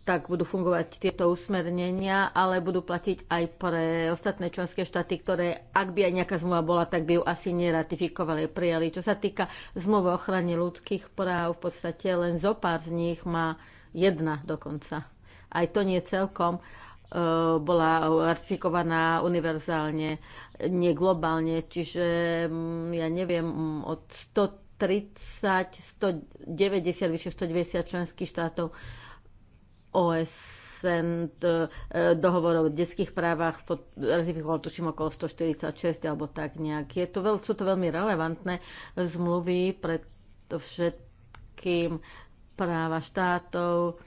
tak budú fungovať tieto usmernenia, ale budú platiť aj pre ostatné členské štáty, ktoré, ak by aj nejaká zmluva bola, tak by ju asi neratifikovali, prijali. Čo sa týka zmluvy o ochrane ľudských práv, v podstate len zo pár z nich má jedna dokonca. Aj to nie celkom e, bola ratifikovaná univerzálne, nie globálne, čiže mm, ja neviem, od 130, 190, vyše 190 členských štátov OSN e, dohovorov o detských právach ratifikoval tuším okolo 146 alebo tak nejak. Je to veľ, sú to veľmi relevantné zmluvy pre všetkým práva štátov,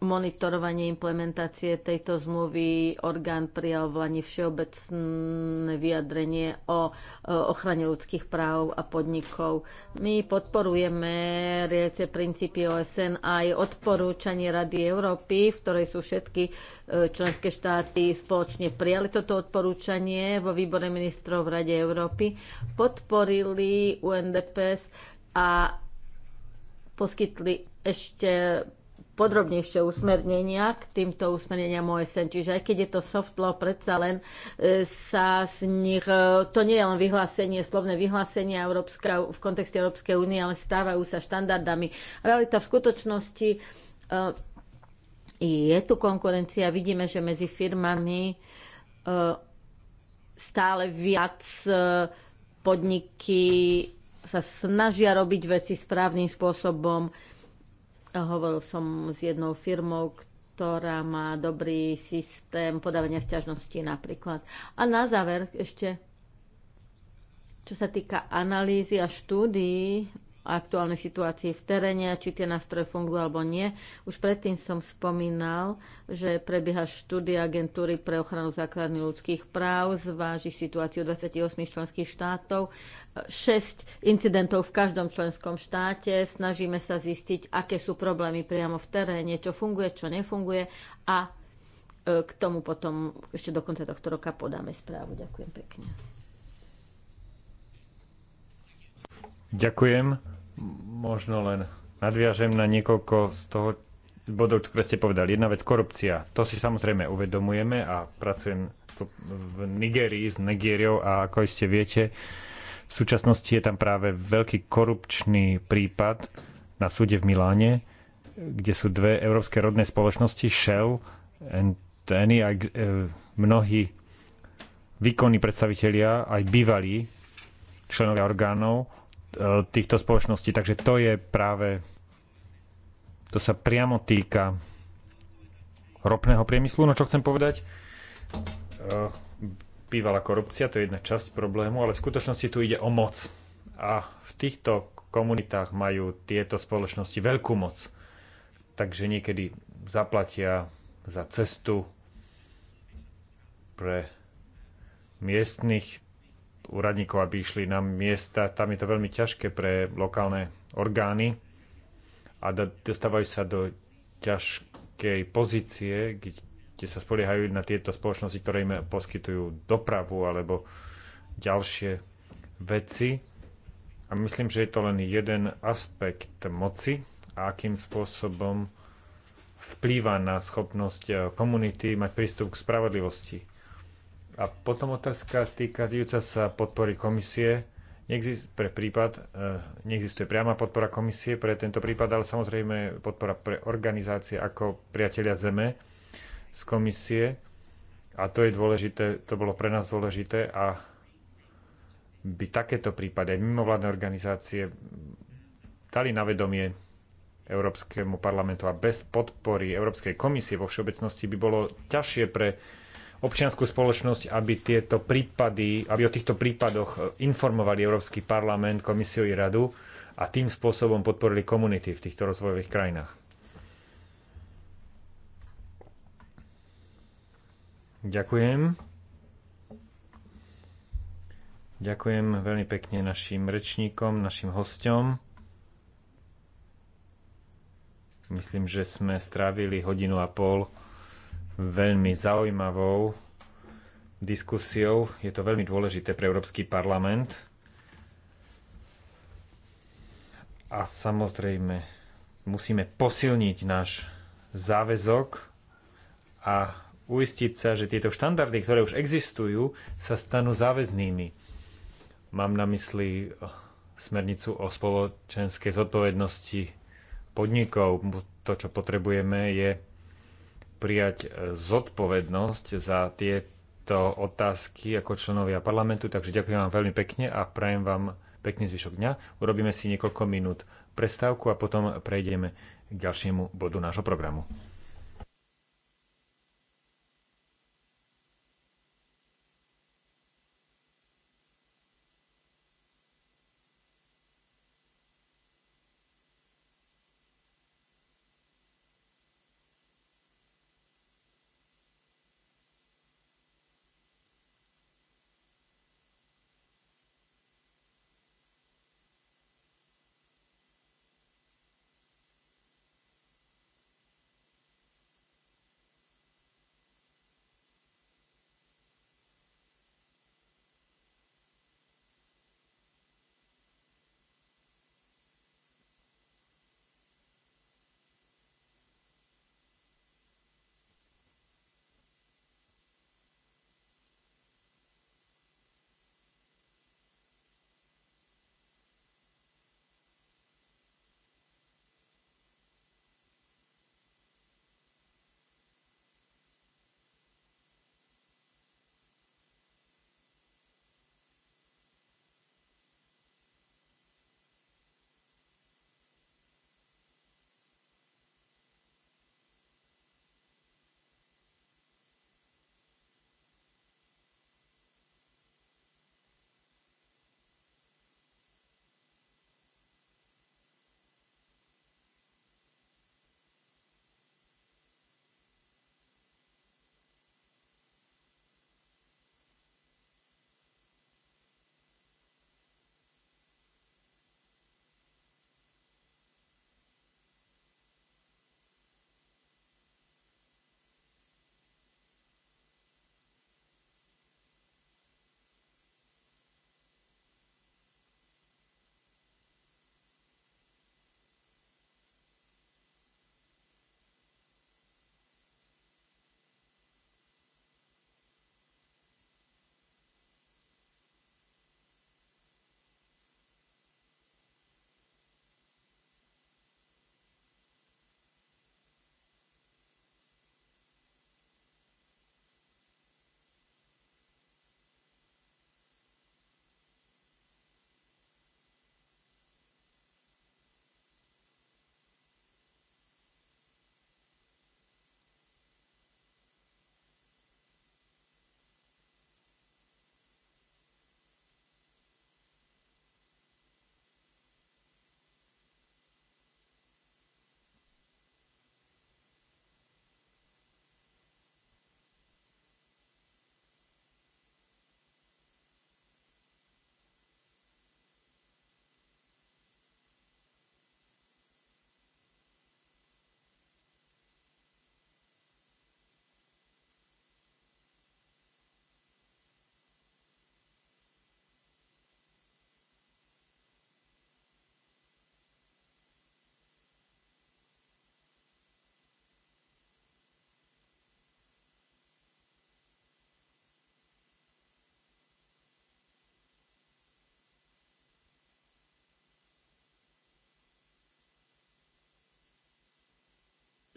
monitorovanie implementácie tejto zmluvy orgán prijal v Lani všeobecné vyjadrenie o e, ochrane ľudských práv a podnikov. My podporujeme riece princípy OSN aj odporúčanie Rady Európy, v ktorej sú všetky e, členské štáty spoločne prijali toto odporúčanie vo výbore ministrov v Rade Európy, podporili UNDPS a poskytli ešte podrobnejšie usmernenia k týmto usmerneniam OSN. Čiže aj keď je to soft law, predsa len e, sa z nich, e, to nie je len vyhlásenie, slovné vyhlásenie Európska, v kontexte Európskej únie, ale stávajú sa štandardami. Realita v skutočnosti e, je tu konkurencia, vidíme, že medzi firmami stále viac podniky sa snažia robiť veci správnym spôsobom, Hovoril som s jednou firmou, ktorá má dobrý systém podávania sťažností napríklad. A na záver ešte, čo sa týka analýzy a štúdií aktuálnej situácii v teréne, či tie nástroje fungujú alebo nie. Už predtým som spomínal, že prebieha štúdia agentúry pre ochranu základných ľudských práv, zváži situáciu 28 členských štátov, 6 incidentov v každom členskom štáte, snažíme sa zistiť, aké sú problémy priamo v teréne, čo funguje, čo nefunguje a e, k tomu potom ešte do konca tohto roka podáme správu. Ďakujem pekne. Ďakujem. Možno len nadviažem na niekoľko z toho bodov, ktoré ste povedali. Jedna vec, korupcia. To si samozrejme uvedomujeme a pracujem v Nigerii s Nigériou a ako ste viete, v súčasnosti je tam práve veľký korupčný prípad na súde v Miláne, kde sú dve európske rodné spoločnosti, Shell and Eni a e, mnohí výkonní predstavitelia, aj bývalí členovia orgánov Eh, týchto spoločností. Takže to je práve, to sa priamo týka ropného priemyslu. No čo chcem povedať, eh, bývala korupcia, to je jedna časť problému, ale v skutočnosti tu ide o moc. A v týchto komunitách majú tieto spoločnosti veľkú moc. Takže niekedy zaplatia za cestu pre miestnych úradníkov, aby išli na miesta. Tam je to veľmi ťažké pre lokálne orgány a dostávajú sa do ťažkej pozície, kde sa spoliehajú na tieto spoločnosti, ktoré im poskytujú dopravu alebo ďalšie veci. A myslím, že je to len jeden aspekt moci a akým spôsobom vplýva na schopnosť komunity mať prístup k spravodlivosti. A potom otázka týkajúca sa podpory komisie. Neexist- pre prípad, eh, neexistuje priama podpora komisie pre tento prípad, ale samozrejme podpora pre organizácie ako Priatelia Zeme z komisie. A to je dôležité, to bolo pre nás dôležité a by takéto prípady aj mimovládne organizácie dali na vedomie Európskemu parlamentu a bez podpory Európskej komisie vo všeobecnosti by bolo ťažšie pre občianskú spoločnosť, aby tieto prípady, aby o týchto prípadoch eh, informovali Európsky parlament, komisiu i radu a tým spôsobom podporili komunity v týchto rozvojových krajinách. Ďakujem. Ďakujem veľmi pekne našim rečníkom, našim hosťom. Myslím, že sme strávili hodinu a pol veľmi zaujímavou diskusiou. Je to veľmi dôležité pre Európsky parlament. A samozrejme, musíme posilniť náš záväzok a uistiť sa, že tieto štandardy, ktoré už existujú, sa stanú záväznými. Mám na mysli smernicu o spoločenskej zodpovednosti podnikov. To, čo potrebujeme, je prijať e, zodpovednosť za tieto otázky ako členovia parlamentu, takže ďakujem vám veľmi pekne a prajem vám pekný zvyšok dňa. Urobíme si niekoľko minút prestávku a potom prejdeme k ďalšiemu bodu nášho programu.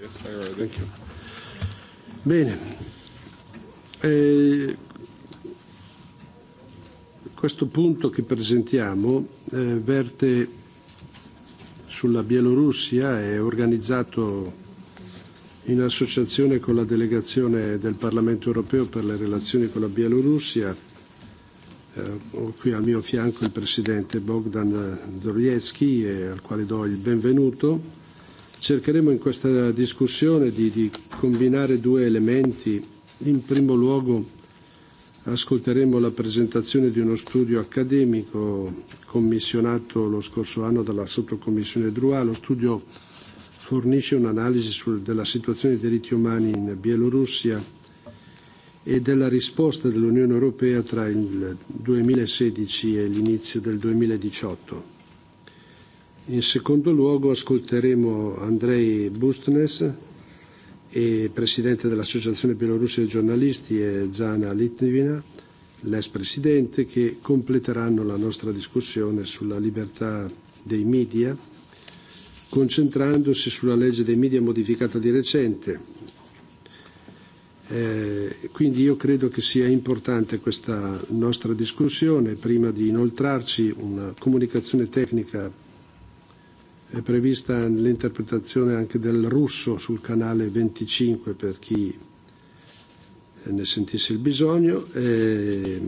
Yes, I heard Thank you. Bene. E questo punto che presentiamo eh, verte sulla Bielorussia è organizzato in associazione con la delegazione del Parlamento europeo per le relazioni con la Bielorussia. Eh, ho qui al mio fianco il presidente Bogdan Dorievski, eh, al quale do il benvenuto Cercheremo in questa discussione di, di combinare due elementi. In primo luogo ascolteremo la presentazione di uno studio accademico commissionato lo scorso anno dalla sottocommissione Drua. Lo studio fornisce un'analisi sul, della situazione dei diritti umani in Bielorussia e della risposta dell'Unione Europea tra il 2016 e l'inizio del 2018. In secondo luogo ascolteremo Andrei Bustnes, e presidente dell'Associazione Bielorussa dei giornalisti, e Zana Litvina, l'ex presidente, che completeranno la nostra discussione sulla libertà dei media, concentrandosi sulla legge dei media modificata di recente. Eh, quindi io credo che sia importante questa nostra discussione. Prima di inoltrarci una comunicazione tecnica È prevista l'interpretazione anche del russo sul canale 25 per chi ne sentisse il bisogno. E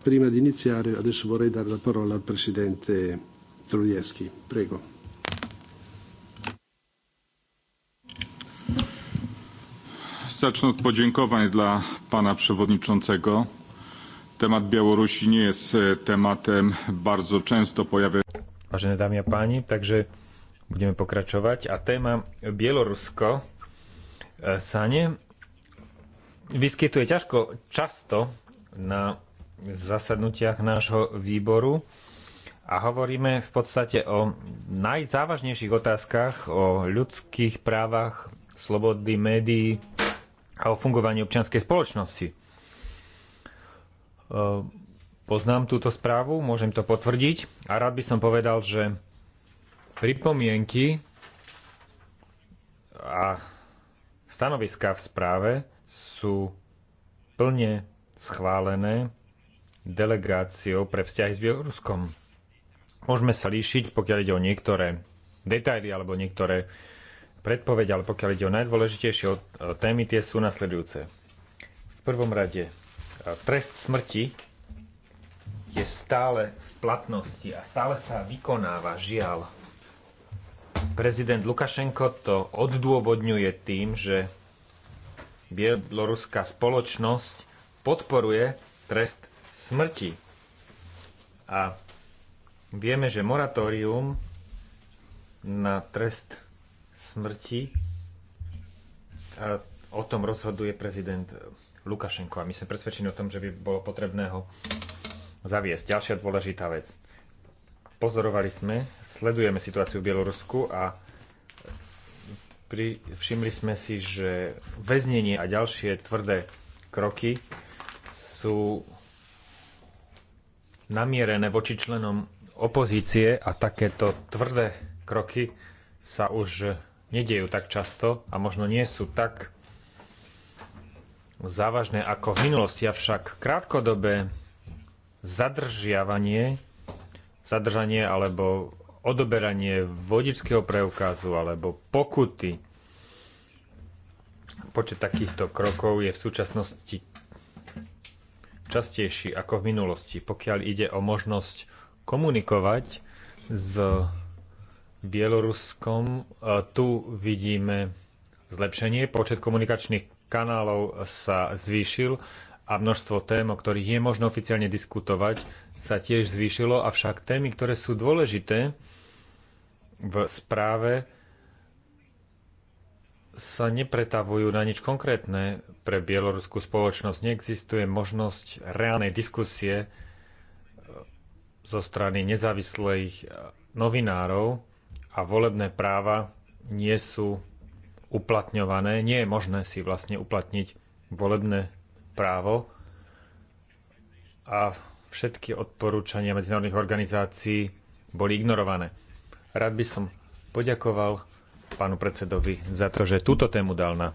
prima di iniziare adesso vorrei dare la parola al Presidente Troieschi. Prego. Zacznę od podziękowań dla pana przewodniczącego. Temat Białorusi nie jest e, tematem bardzo często pojawiającym vážené dámy a páni. Takže budeme pokračovať. A téma Bielorusko e, sa ne vyskytuje ťažko často na zasadnutiach nášho výboru a hovoríme v podstate o najzávažnejších otázkach, o ľudských právach, slobody médií a o fungovaní občianskej spoločnosti. E, Poznám túto správu, môžem to potvrdiť a rád by som povedal, že pripomienky a stanoviská v správe sú plne schválené delegáciou pre vzťahy s Bieloruskom. Môžeme sa líšiť, pokiaľ ide o niektoré detaily alebo niektoré predpovede, ale pokiaľ ide o najdôležitejšie témy, tie sú nasledujúce. V prvom rade e, trest smrti je stále v platnosti a stále sa vykonáva, žiaľ. Prezident Lukašenko to odôvodňuje tým, že bieloruská spoločnosť podporuje trest smrti. A vieme, že moratórium na trest smrti a o tom rozhoduje prezident Lukašenko. A my sme presvedčení o tom, že by bolo potrebné ho zaviesť. Ďalšia dôležitá vec. Pozorovali sme, sledujeme situáciu v Bielorusku a pri, všimli sme si, že väznenie a ďalšie tvrdé kroky sú namierené voči členom opozície a takéto tvrdé kroky sa už nedejú tak často a možno nie sú tak závažné ako v minulosti, avšak krátkodobé zadržiavanie, zadržanie alebo odoberanie vodičského preukazu alebo pokuty. Počet takýchto krokov je v súčasnosti častejší ako v minulosti, pokiaľ ide o možnosť komunikovať s Bieloruskom. E, tu vidíme zlepšenie. Počet komunikačných kanálov sa zvýšil a množstvo tém, o ktorých je možno oficiálne diskutovať, sa tiež zvýšilo, avšak témy, ktoré sú dôležité v správe, sa nepretavujú na nič konkrétne pre bieloruskú spoločnosť. Neexistuje možnosť reálnej diskusie e, zo strany nezávislých e, novinárov a volebné práva nie sú uplatňované. Nie je možné si vlastne uplatniť volebné právo a všetky odporúčania medzinárodných organizácií boli ignorované. Rád by som poďakoval pánu predsedovi za to, že túto tému dal na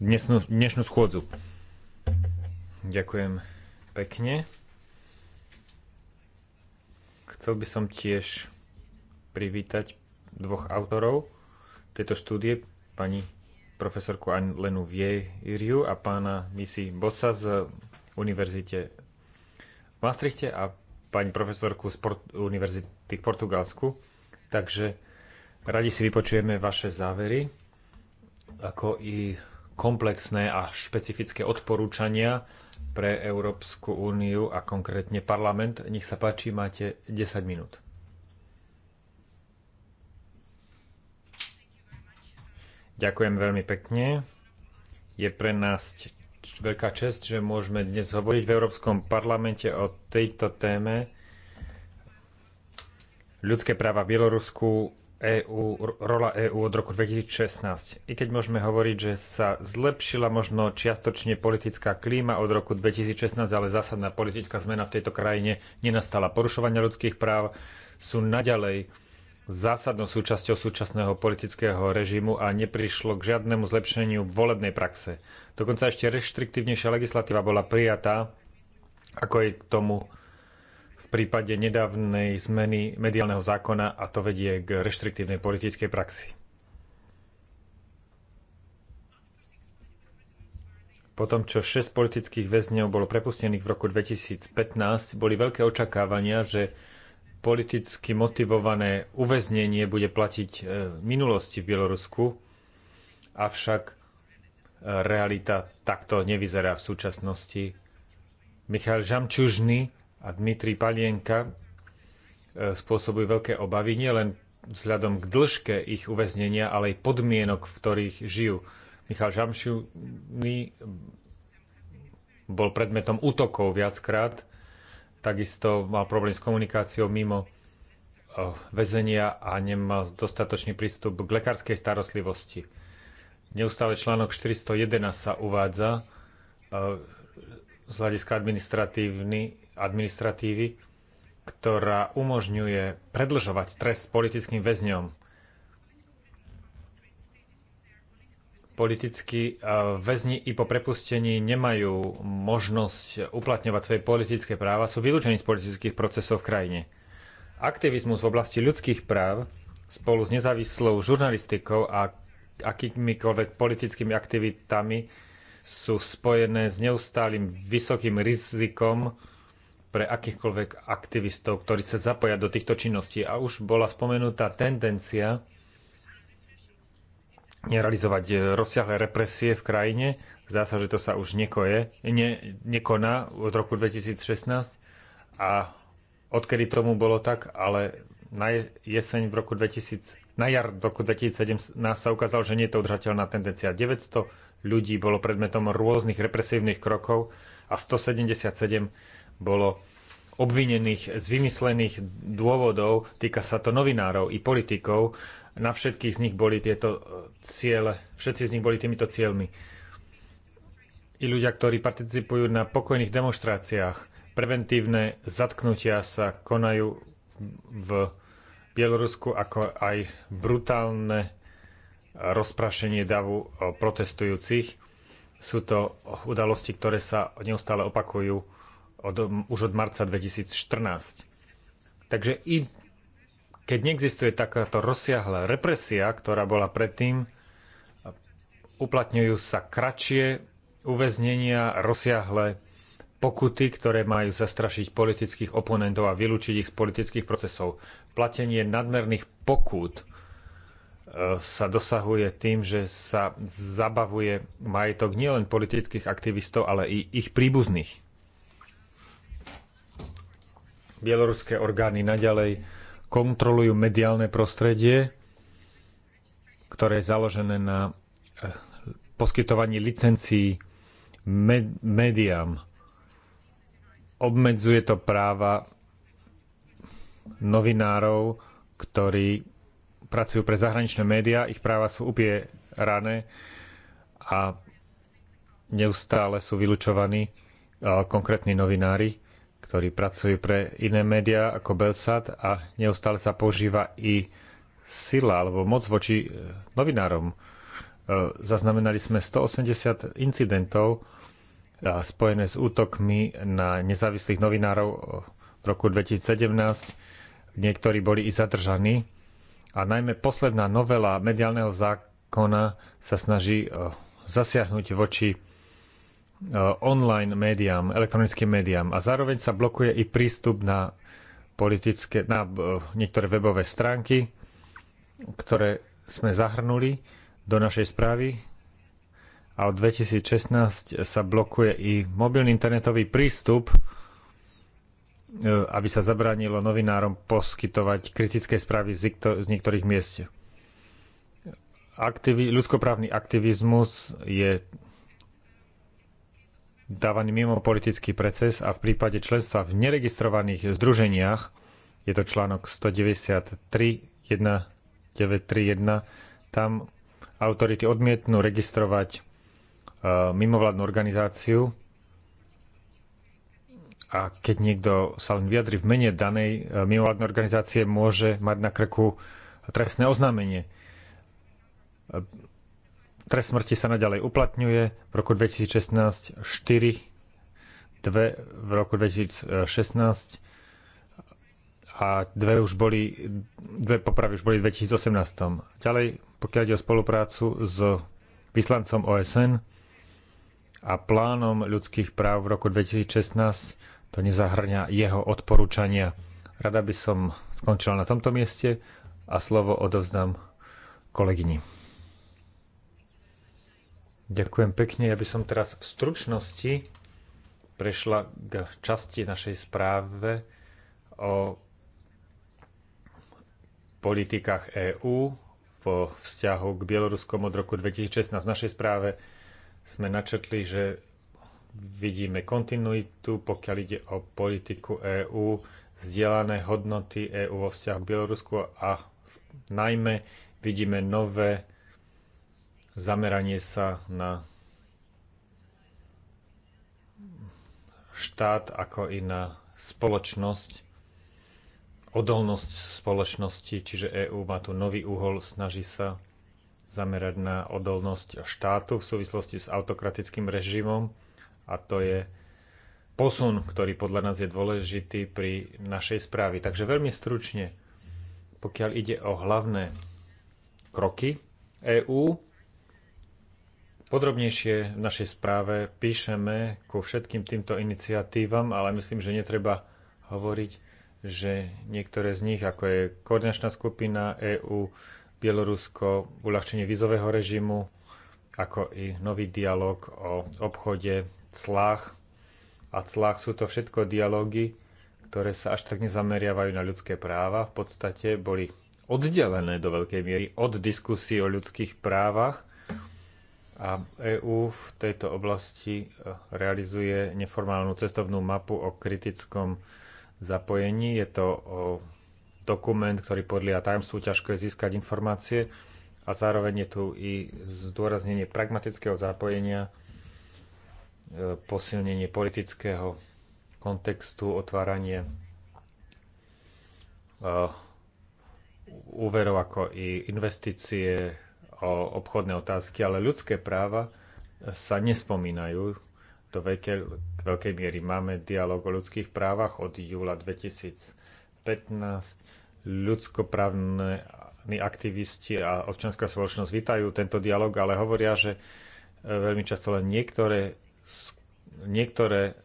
dnesnú, dnešnú schôdzu. Ďakujem pekne. Chcel by som tiež privítať dvoch autorov tejto štúdie, pani profesorku Lenu Vieriu a pána Misi Bossa z Univerzite v Maastrichte a pani profesorku z Port- Univerzity v Portugalsku. Takže radi si vypočujeme vaše závery, ako i komplexné a špecifické odporúčania pre Európsku úniu a konkrétne parlament. Nech sa páči, máte 10 minút. Ďakujem veľmi pekne. Je pre nás veľká čest, že môžeme dnes hovoriť v Európskom parlamente o tejto téme. Ľudské práva v Bielorusku, EU, rola EÚ od roku 2016. I keď môžeme hovoriť, že sa zlepšila možno čiastočne politická klíma od roku 2016, ale zásadná politická zmena v tejto krajine nenastala. Porušovania ľudských práv sú naďalej zásadnou súčasťou súčasného politického režimu a neprišlo k žiadnemu zlepšeniu volebnej praxe. Dokonca ešte reštriktívnejšia legislatíva bola prijatá, ako je k tomu v prípade nedávnej zmeny mediálneho zákona a to vedie k reštriktívnej politickej praxi. Potom, čo 6 politických väzňov bolo prepustených v roku 2015, boli veľké očakávania, že politicky motivované uväznenie bude platiť e, v minulosti v Bielorusku, avšak e, realita takto nevyzerá v súčasnosti. Michal Žamčužny a Dmitri Palienka e, spôsobujú veľké obavy nielen vzhľadom k dĺžke ich uväznenia, ale aj podmienok, v ktorých žijú. Michal Žamčužny bol predmetom útokov viackrát takisto mal problém s komunikáciou mimo eh, väzenia a nemal dostatočný prístup k lekárskej starostlivosti. Neustále článok 411 sa uvádza eh, z hľadiska administratívy, ktorá umožňuje predlžovať trest politickým väzňom Politicky väzni i po prepustení nemajú možnosť uplatňovať svoje politické práva, sú vylúčení z politických procesov v krajine. Aktivizmus v oblasti ľudských práv spolu s nezávislou žurnalistikou a akýmikoľvek politickými aktivitami sú spojené s neustálým vysokým rizikom pre akýchkoľvek aktivistov, ktorí sa zapoja do týchto činností. A už bola spomenutá tendencia Nerealizovať e, rozsiahle represie v krajine. Zdá sa, že to sa už nekoje, ne, nekoná od roku 2016 a odkedy tomu bolo tak, ale na jeseň v roku 2000, na jar v roku 2017 sa ukázalo, že nie je to udržateľná tendencia. 900 ľudí bolo predmetom rôznych represívnych krokov a 177 bolo obvinených z vymyslených dôvodov, týka sa to novinárov i politikov, na všetkých z nich boli tieto e, ciele, všetci z nich boli týmito cieľmi. I ľudia, ktorí participujú na pokojných demonstráciách, preventívne zatknutia sa konajú v Bielorusku, ako aj brutálne rozprašenie davu e, protestujúcich. Sú to udalosti, ktoré sa neustále opakujú od, už od marca 2014. Takže i keď neexistuje takáto rozsiahla represia, ktorá bola predtým, uplatňujú sa kratšie uväznenia, rozsiahle pokuty, ktoré majú zastrašiť politických oponentov a vylúčiť ich z politických procesov. Platenie nadmerných pokút e, sa dosahuje tým, že sa zabavuje majetok nielen politických aktivistov, ale i ich príbuzných bieloruské orgány naďalej kontrolujú mediálne prostredie, ktoré je založené na eh, poskytovaní licencií médiám. Obmedzuje to práva novinárov, ktorí pracujú pre zahraničné médiá, ich práva sú upierané a neustále sú vylučovaní eh, konkrétni novinári ktorý pracujú pre iné médiá ako Belsat a neustále sa používa i sila alebo moc voči e, novinárom. E, zaznamenali sme 180 incidentov e, spojené s útokmi na nezávislých novinárov v roku 2017. Niektorí boli i zadržaní. A najmä posledná novela mediálneho zákona sa snaží zasiahnuť voči Eh, online médiám, elektronickým médiám a zároveň sa blokuje i prístup na politické, na eh, niektoré webové stránky, ktoré sme zahrnuli do našej správy a od 2016 sa blokuje i mobilný internetový prístup, eh, aby sa zabránilo novinárom poskytovať kritické správy z niektorých miest. Aktivi- ľudskoprávny aktivizmus je dávaný mimo politický proces a v prípade členstva v neregistrovaných združeniach je to článok 193.1.9.3.1, 1931 tam autority odmietnú registrovať e, mimovládnu organizáciu a keď niekto sa len vyjadri v mene danej e, mimovládnej organizácie, môže mať na krku trestné oznámenie. E, Trest smrti sa naďalej uplatňuje. V roku 2016 4, 2 v roku 2016 a dve už boli, dve popravy už boli v 2018. Ďalej, pokiaľ ide o spoluprácu s vyslancom OSN a plánom ľudských práv v roku 2016, to nezahrňa jeho odporúčania. Rada by som skončila na tomto mieste a slovo odovzdám kolegyni. Ďakujem pekne. Ja by som teraz v stručnosti prešla k časti našej správe o politikách EÚ vo vzťahu k Bieloruskom od roku 2016. V našej správe sme načetli, že vidíme kontinuitu, pokiaľ ide o politiku EÚ, vzdielané hodnoty EÚ vo vzťahu k Bielorusku a najmä vidíme nové zameranie sa na štát ako i na spoločnosť, odolnosť spoločnosti, čiže EÚ má tu nový úhol, snaží sa zamerať na odolnosť štátu v súvislosti s autokratickým režimom a to je posun, ktorý podľa nás je dôležitý pri našej správe. Takže veľmi stručne, pokiaľ ide o hlavné kroky EÚ, Podrobnejšie v našej správe píšeme ku všetkým týmto iniciatívam, ale myslím, že netreba hovoriť, že niektoré z nich, ako je koordinačná skupina EÚ, Bielorusko, uľahčenie vizového režimu, ako i nový dialog o obchode, clách a clách sú to všetko dialógy, ktoré sa až tak nezameriavajú na ľudské práva. V podstate boli oddelené do veľkej miery od diskusí o ľudských právach a EÚ v tejto oblasti e, realizuje neformálnu cestovnú mapu o kritickom zapojení. Je to e, dokument, ktorý podľa tajomstvu ťažko je získať informácie a zároveň je tu i zdôraznenie pragmatického zapojenia, e, posilnenie politického kontextu, otváranie úverov ako i investície, o obchodné otázky, ale ľudské práva sa nespomínajú do veľkej, veľkej miery. Máme dialog o ľudských právach od júla 2015. Ľudskoprávni aktivisti a občianská spoločnosť vítajú tento dialog, ale hovoria, že e, veľmi často len niektoré, niektoré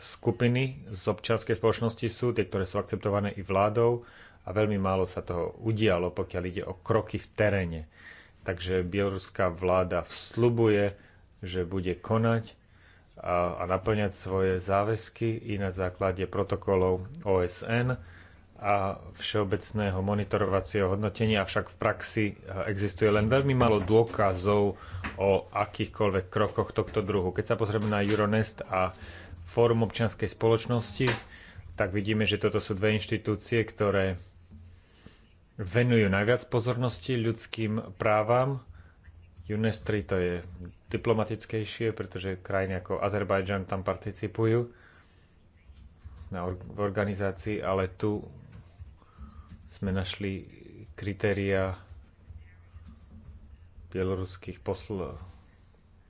skupiny z občianskej spoločnosti sú tie, ktoré sú akceptované i vládou a veľmi málo sa toho udialo, pokiaľ ide o kroky v teréne Takže bieloruská vláda vslubuje, že bude konať a, a naplňať svoje záväzky i na základe protokolov OSN a všeobecného monitorovacieho hodnotenia, avšak v praxi eh, existuje len veľmi malo dôkazov o akýchkoľvek krokoch tohto druhu. Keď sa pozrieme na Euronest a Fórum občianskej spoločnosti, tak vidíme, že toto sú dve inštitúcie, ktoré venujú najviac pozornosti ľudským právam. UNES-3 to je diplomatickejšie, pretože krajiny ako Azerbajdžan tam participujú na or- v organizácii, ale tu sme našli kritéria bieloruských posl-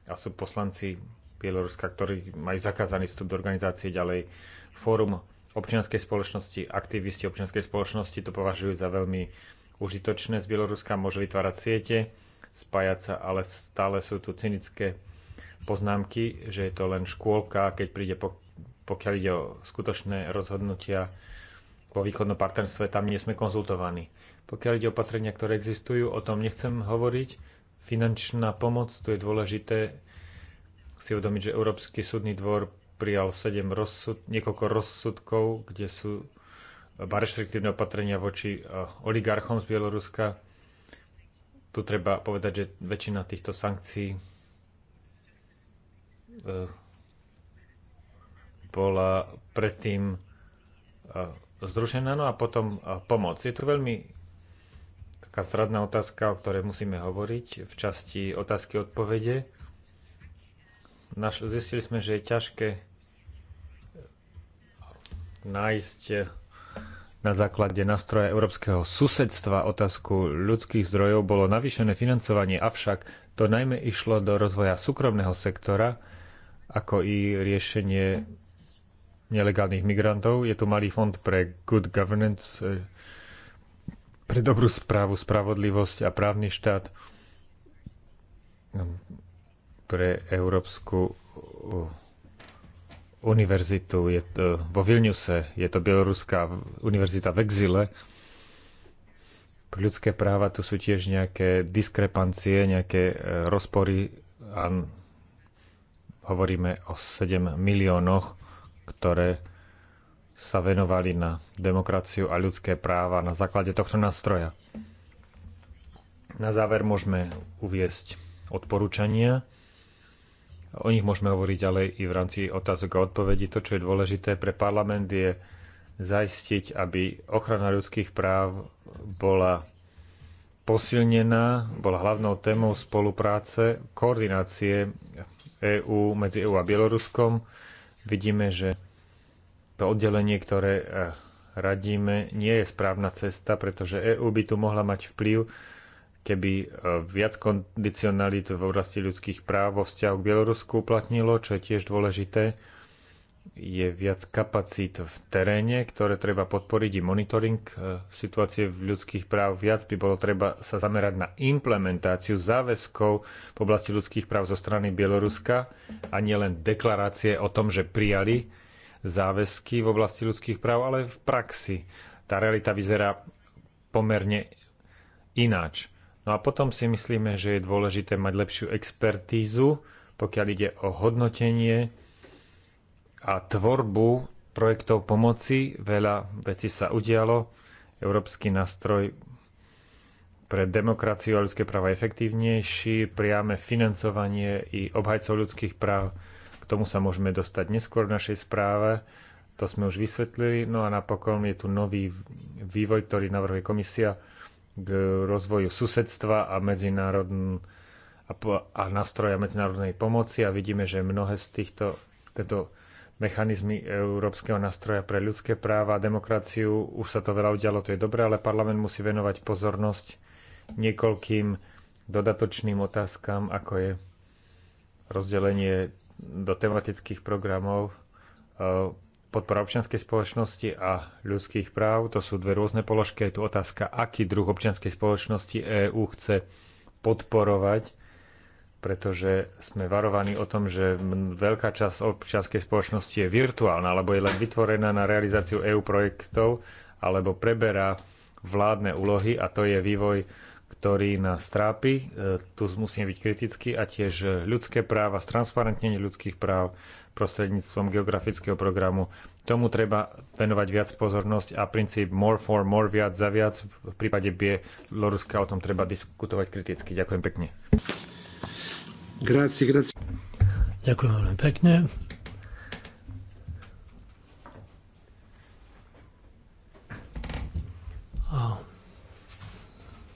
a sú poslanci Bieloruska, ktorí majú zakázaný vstup do organizácie ďalej. Fórum občianskej spoločnosti, aktivisti občianskej spoločnosti to považujú za veľmi užitočné z Bieloruska, môže vytvárať siete, spájať sa, ale stále sú tu cynické poznámky, že je to len škôlka, keď príde po, pokiaľ ide o skutočné rozhodnutia po východnom partnerstve, tam nie sme konzultovaní. Pokiaľ ide o opatrenia, ktoré existujú, o tom nechcem hovoriť. Finančná pomoc, tu je dôležité si uvedomiť, že Európsky súdny dvor prijal 7 rozsud, niekoľko rozsudkov, kde sú eh, reštriktívne opatrenia voči eh, oligarchom z Bieloruska. Tu treba povedať, že väčšina týchto sankcií eh, bola predtým zrušená, no a potom pomoc. Je tu veľmi taká stradná otázka, o ktorej musíme hovoriť v časti otázky odpovede Naš, zistili sme, že je ťažké nájsť eh, na základe nástroja európskeho susedstva otázku ľudských zdrojov bolo navýšené financovanie, avšak to najmä išlo do rozvoja súkromného sektora, ako i riešenie nelegálnych migrantov. Je tu malý fond pre good governance, eh, pre dobrú správu, spravodlivosť a právny štát hm pre Európsku uh, univerzitu je to, vo Vilniuse. Je to Bieloruská univerzita v exile. Pre ľudské práva tu sú tiež nejaké diskrepancie, nejaké eh, rozpory a hovoríme o 7 miliónoch, ktoré sa venovali na demokraciu a ľudské práva na základe tohto nástroja. Na záver môžeme uviesť odporúčania O nich môžeme hovoriť ale i v rámci otázok a odpovedí. To, čo je dôležité pre parlament, je zaistiť, aby ochrana ľudských práv bola posilnená, bola hlavnou témou spolupráce, koordinácie EÚ medzi EÚ a Bieloruskom. Vidíme, že to oddelenie, ktoré eh, radíme, nie je správna cesta, pretože EÚ by tu mohla mať vplyv keby e, viac kondicionalit v oblasti ľudských práv vo vzťahu k Bielorusku uplatnilo, čo je tiež dôležité, je viac kapacít v teréne, ktoré treba podporiť i monitoring e, situácie v ľudských práv. Viac by bolo treba sa zamerať na implementáciu záväzkov v oblasti ľudských práv zo strany Bieloruska a nielen deklarácie o tom, že prijali záväzky v oblasti ľudských práv, ale v praxi. Tá realita vyzerá pomerne ináč No a potom si myslíme, že je dôležité mať lepšiu expertízu, pokiaľ ide o hodnotenie a tvorbu projektov pomoci. Veľa vecí sa udialo. Európsky nástroj pre demokraciu a ľudské práva efektívnejší, priame financovanie i obhajcov ľudských práv. K tomu sa môžeme dostať neskôr v našej správe. To sme už vysvetlili. No a napokon je tu nový vývoj, ktorý navrhuje komisia k rozvoju susedstva a, medzinárodn- a, po- a nástroja medzinárodnej pomoci a vidíme, že mnohé z týchto tieto mechanizmy Európskeho nástroja pre ľudské práva a demokraciu, už sa to veľa udialo, to je dobré, ale parlament musí venovať pozornosť niekoľkým dodatočným otázkam, ako je rozdelenie do tematických programov, e, podpora občianskej spoločnosti a ľudských práv. To sú dve rôzne položky. Je tu otázka, aký druh občianskej spoločnosti EÚ chce podporovať, pretože sme varovaní o tom, že veľká časť občianskej spoločnosti je virtuálna, alebo je len vytvorená na realizáciu EÚ projektov, alebo preberá vládne úlohy a to je vývoj ktorý nás trápi. E, tu musíme byť kritický a tiež e, ľudské práva, stransparentnenie ľudských práv prostredníctvom geografického programu. Tomu treba venovať viac pozornosť a princíp more for more viac za viac v prípade Bieloruska o tom treba diskutovať kriticky. Ďakujem pekne. Grazie, grazie. Ďakujem veľmi pekne.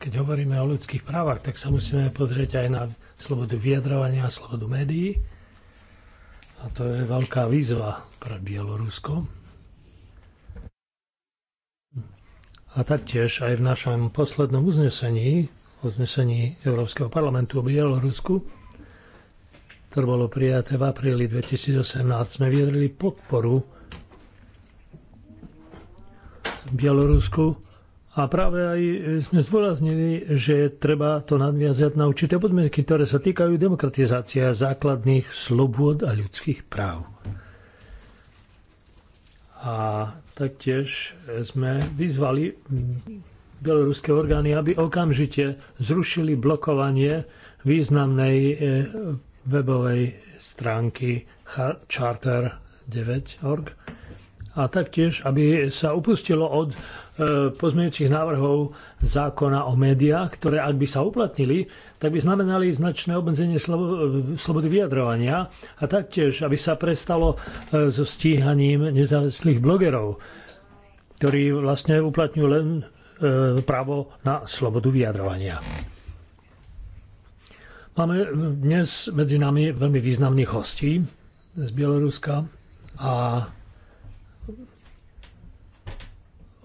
keď hovoríme o ľudských právach, tak sa musíme pozrieť aj na slobodu vyjadrovania a slobodu médií. A to je veľká výzva pre Bielorusko. A taktiež aj v našom poslednom uznesení, uznesení Európskeho parlamentu o Bielorusku, ktoré bolo prijaté v apríli 2018, sme vyjadrili podporu Bielorusku a práve aj sme zdôraznili, že treba to nadviazať na určité podmienky, ktoré sa týkajú demokratizácia základných slobôd a ľudských práv. A taktiež sme vyzvali bieloruské orgány, aby okamžite zrušili blokovanie významnej e, webovej stránky charter9.org a taktiež, aby sa upustilo od e, pozmeňujúcich návrhov zákona o médiách, ktoré ak by sa uplatnili, tak by znamenali značné obmedzenie slobody vyjadrovania a taktiež, aby sa prestalo e, so stíhaním nezávislých blogerov, ktorí vlastne uplatňujú len e, právo na slobodu vyjadrovania. Máme dnes medzi nami veľmi významných hostí z Bieloruska a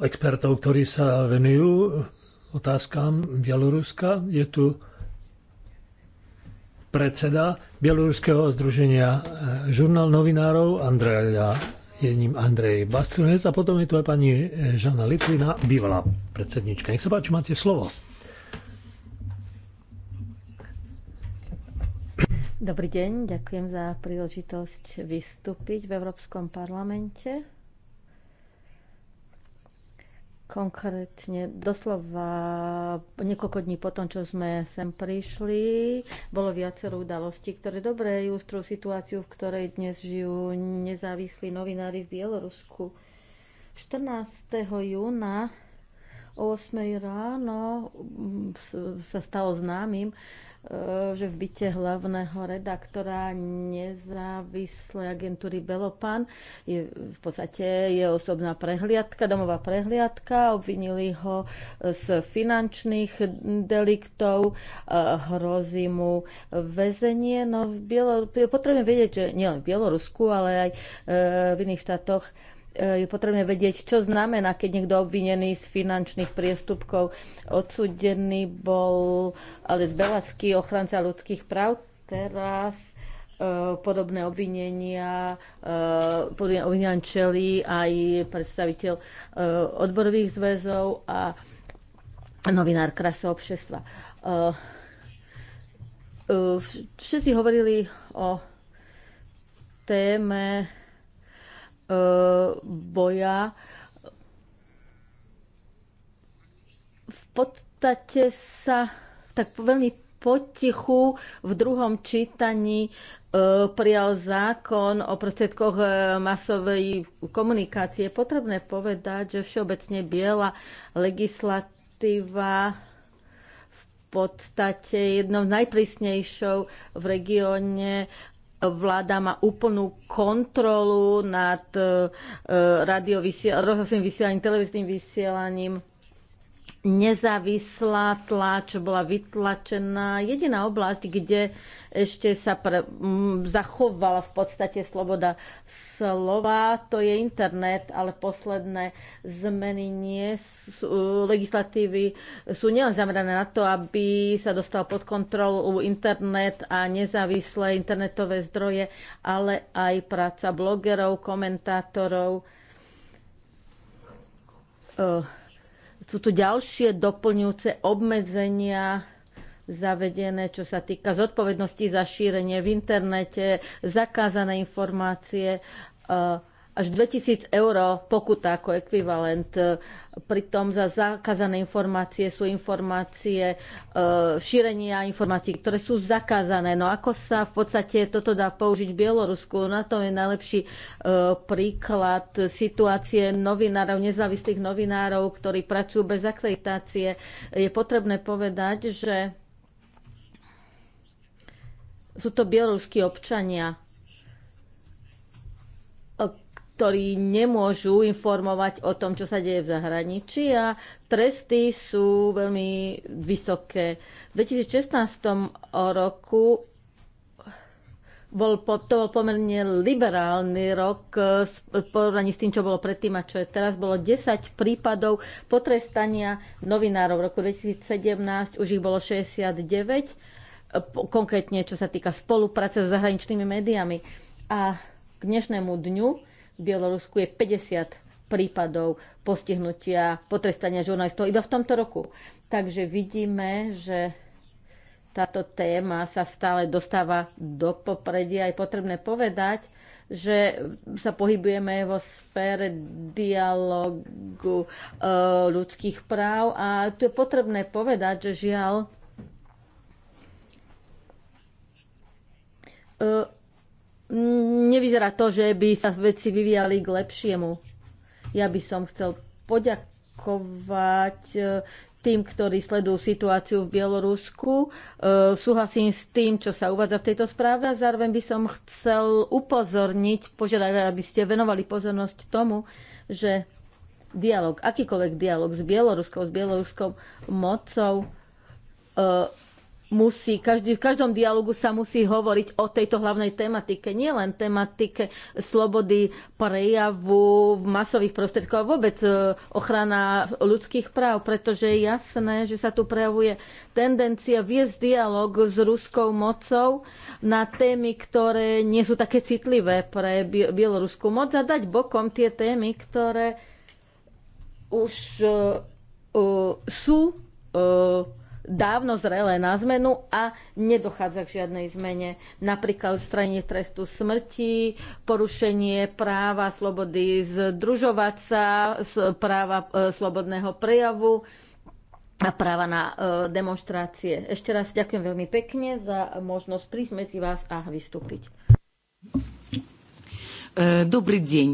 expertov, ktorí sa venujú otázkam Bieloruska. Je tu predseda Bieloruského združenia e, žurnál novinárov Andreja je ním Andrej Bastunec a potom je tu aj pani e, Žana Litvina, bývalá predsednička. Nech sa páči, máte slovo. Dobrý deň, ďakujem za príležitosť vystúpiť v Európskom parlamente. Konkrétne, doslova niekoľko dní po tom, čo sme sem prišli, bolo viacero udalostí, ktoré dobre ilustrujú situáciu, v ktorej dnes žijú nezávislí novinári v Bielorusku. 14. júna o 8 ráno mm, sa stalo známym, E, že v byte hlavného redaktora nezávislej agentúry Belopan je, v podstate je osobná prehliadka, domová prehliadka. Obvinili ho z finančných deliktov, e, hrozí mu väzenie. No v Bielor- potrebujem vedieť, že nielen v Bielorusku, ale aj e, v iných štátoch E, je potrebné vedieť, čo znamená, keď niekto obvinený z finančných priestupkov odsudený bol ale z Belacký, ochranca ľudských práv, teraz e, podobné obvinenia e, obvinenia aj predstaviteľ e, odborových zväzov a novinár krasov obšestva. Všetci hovorili o téme Eh, boja v podstate sa tak veľmi potichu v druhom čítaní eh, prijal zákon o prostriedkoch eh, masovej komunikácie. Je potrebné povedať, že všeobecne biela legislatíva v podstate jednou z najprísnejšou v regióne Vláda má úplnú kontrolu nad eh, eh, rozhlasovým vysielaním, televíznym vysielaním nezávislá tlač bola vytlačená. Jediná oblasť, kde ešte sa pre, m, zachovala v podstate sloboda slova, to je internet, ale posledné zmeny nie sú, legislatívy sú nielen zamerané na to, aby sa dostal pod kontrolu internet a nezávislé internetové zdroje, ale aj práca blogerov, komentátorov. Uh sú tu ďalšie doplňujúce obmedzenia zavedené, čo sa týka zodpovednosti za šírenie v internete, zakázané informácie, Uh, až 2000 eur pokuta ako ekvivalent. E, pritom za zakázané informácie sú informácie e, šírenia informácií, ktoré sú zakázané. No ako sa v podstate toto dá použiť v Bielorusku? Na to je najlepší e, príklad situácie novinárov, nezávislých novinárov, ktorí pracujú bez akreditácie. Je potrebné povedať, že sú to bieloruskí občania, ktorí nemôžu informovať o tom, čo sa deje v zahraničí a tresty sú veľmi vysoké. V 2016 roku bol, to bol pomerne liberálny rok eh, v porovnaní s tým, čo bolo predtým a čo je teraz. Bolo 10 prípadov potrestania novinárov. V roku 2017 už ich bolo 69, eh, konkrétne čo sa týka spolupráce so zahraničnými médiami. A k dnešnému dňu v Bielorusku je 50 prípadov postihnutia, potrestania žurnalistov iba v tomto roku. Takže vidíme, že táto téma sa stále dostáva do popredia. Je potrebné povedať, že sa pohybujeme vo sfére dialogu e, ľudských práv a tu je potrebné povedať, že žiaľ e, nevyzerá to, že by sa veci vyvíjali k lepšiemu. Ja by som chcel poďakovať e, tým, ktorí sledujú situáciu v Bielorusku. E, súhlasím s tým, čo sa uvádza v tejto správe a zároveň by som chcel upozorniť, požiadať, aby ste venovali pozornosť tomu, že dialog, akýkoľvek dialog s Bieloruskou, s bieloruskou mocou e, musí, každý, v každom dialogu sa musí hovoriť o tejto hlavnej tematike, nie len tematike slobody prejavu v masových prostriedkoch, ale vôbec e, ochrana ľudských práv, pretože je jasné, že sa tu prejavuje tendencia viesť dialog s ruskou mocou na témy, ktoré nie sú také citlivé pre bieloruskú moc a dať bokom tie témy, ktoré už uh, uh, sú uh, dávno zrelé na zmenu a nedochádza k žiadnej zmene. Napríklad odstranenie trestu smrti, porušenie práva slobody združovať sa, práva e, slobodného prejavu a práva na e, demonstrácie. Ešte raz ďakujem veľmi pekne za možnosť prísť medzi vás a vystúpiť. Dobrý deň.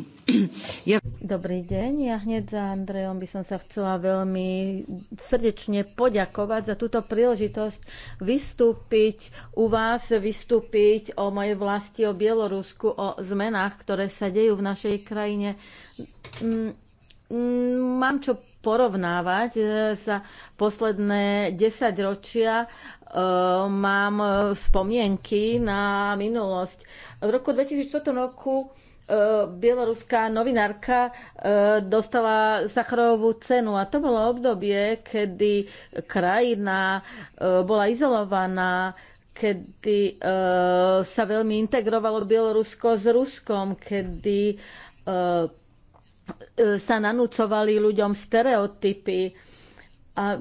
Ja... Dobrý deň, ja hneď za Andrejom by som sa chcela veľmi srdečne poďakovať za túto príležitosť vystúpiť u vás, vystúpiť o mojej vlasti, o Bielorusku, o zmenách, ktoré sa dejú v našej krajine. Mm, mám čo porovnávať e, za posledné 10 ročia e, mám e, spomienky na minulosť. V roku 2004 roku E, bieloruská novinárka e, dostala Sacharovú cenu a to bolo obdobie, kedy krajina e, bola izolovaná, kedy sa veľmi integrovalo Bielorusko s Ruskom, kedy sa nanúcovali ľuďom stereotypy a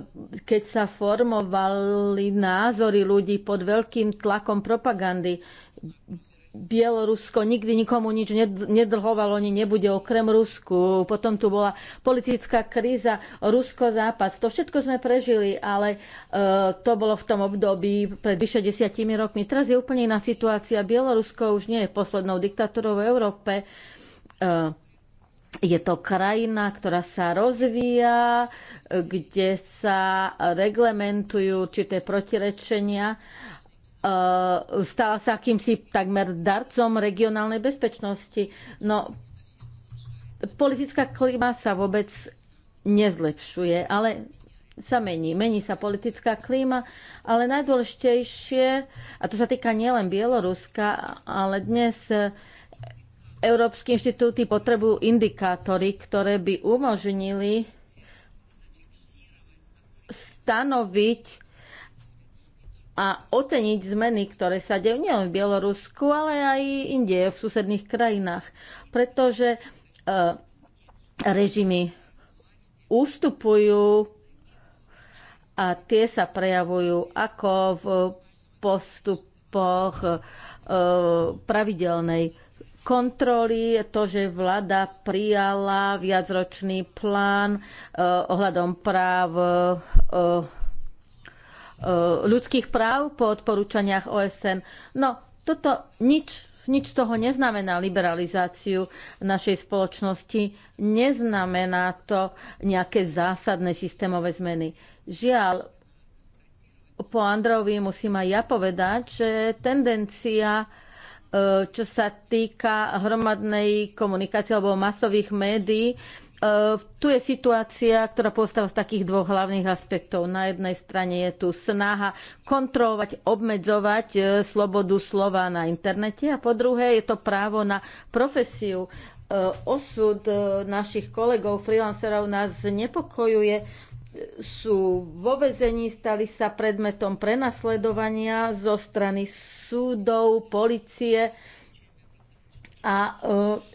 keď sa formovali názory ľudí pod veľkým tlakom propagandy Bielorusko nikdy nikomu nič nedlhovalo, ani nebude okrem Rusku. Potom tu bola politická kríza, Rusko-Západ. To všetko sme prežili, ale uh, to bolo v tom období pred vyše desiatimi rokmi. Teraz je úplne iná situácia. Bielorusko už nie je poslednou diktatúrou v Európe. Uh, je to krajina, ktorá sa rozvíja, e, kde sa reglementujú určité protirečenia E, stala sa akýmsi takmer darcom regionálnej bezpečnosti. No, politická klíma sa vôbec nezlepšuje, ale sa mení. Mení sa politická klíma, ale najdôležitejšie, a to sa týka nielen Bieloruska, ale dnes Európske inštitúty potrebujú indikátory, ktoré by umožnili stanoviť a oceniť zmeny, ktoré sa dejú nielen v Bielorusku, ale aj inde, v susedných krajinách. Pretože e, režimy ústupujú a tie sa prejavujú ako v postupoch e, pravidelnej kontroly, to, že vláda prijala viacročný plán e, ohľadom práv e, Eh, ľudských práv po odporúčaniach OSN. No, toto nič, nič z toho neznamená liberalizáciu našej spoločnosti, neznamená to nejaké zásadné systémové zmeny. Žiaľ, po Androvi musím aj ja povedať, že tendencia eh, čo sa týka hromadnej komunikácie alebo masových médií, Eh, tu je situácia, ktorá postáva z takých dvoch hlavných aspektov. Na jednej strane je tu snaha kontrolovať, obmedzovať eh, slobodu slova na internete a po druhé je to právo na profesiu. Eh, osud našich kolegov, freelancerov nás znepokojuje. Sú vo vezení, stali sa predmetom prenasledovania zo strany súdov, policie a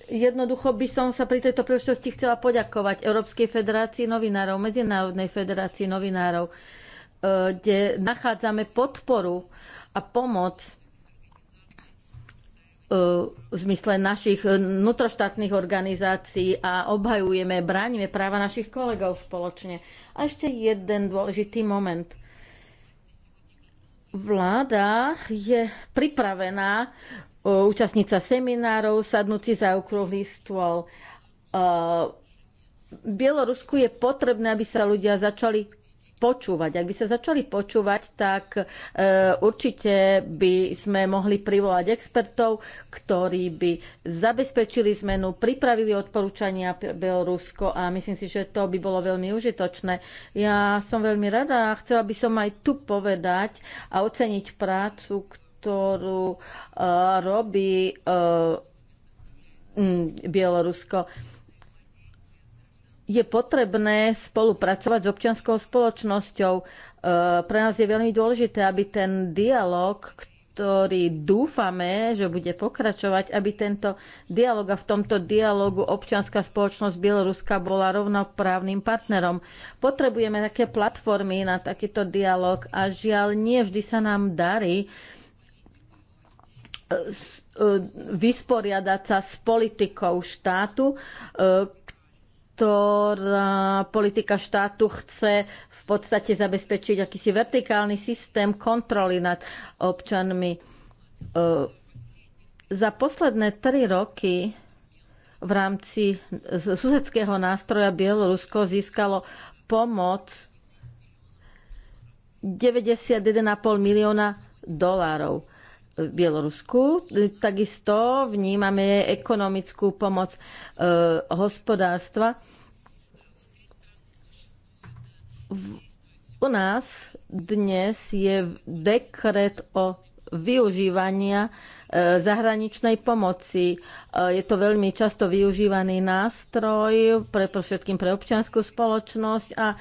e, jednoducho by som sa pri tejto príležitosti chcela poďakovať Európskej federácii novinárov, Medzinárodnej federácii novinárov, e, kde nachádzame podporu a pomoc e, v zmysle našich vnútroštátnych organizácií a obhajujeme, bránime práva našich kolegov spoločne. A ešte jeden dôležitý moment. Vláda je pripravená účastnica seminárov, sadnúci za okrúhly stôl. V Bielorusku je potrebné, aby sa ľudia začali počúvať. Ak by sa začali počúvať, tak e, určite by sme mohli privolať expertov, ktorí by zabezpečili zmenu, pripravili odporúčania pre Bielorusko a myslím si, že to by bolo veľmi užitočné. Ja som veľmi rada a chcela by som aj tu povedať a oceniť prácu, ktorú ktorú e, robí e, Bielorusko. Je potrebné spolupracovať s občianskou spoločnosťou. E, pre nás je veľmi dôležité, aby ten dialog, ktorý dúfame, že bude pokračovať, aby tento dialog a v tomto dialogu občianská spoločnosť Bieloruska bola rovnoprávnym partnerom. Potrebujeme také platformy na takýto dialog a žiaľ nie vždy sa nám darí uh, E, e, vysporiadať sa s politikou štátu, e, ktorá politika štátu chce v podstate zabezpečiť akýsi vertikálny systém kontroly nad občanmi. Za posledné tri roky v rámci susedského nástroja Bielorusko získalo pomoc 91,5 milióna dolárov Bielorusku. Takisto vnímame ekonomickú pomoc e, hospodárstva. V, u nás dnes je dekret o využívania e, zahraničnej pomoci. E, je to veľmi často využívaný nástroj pre všetkým pre občianskú spoločnosť a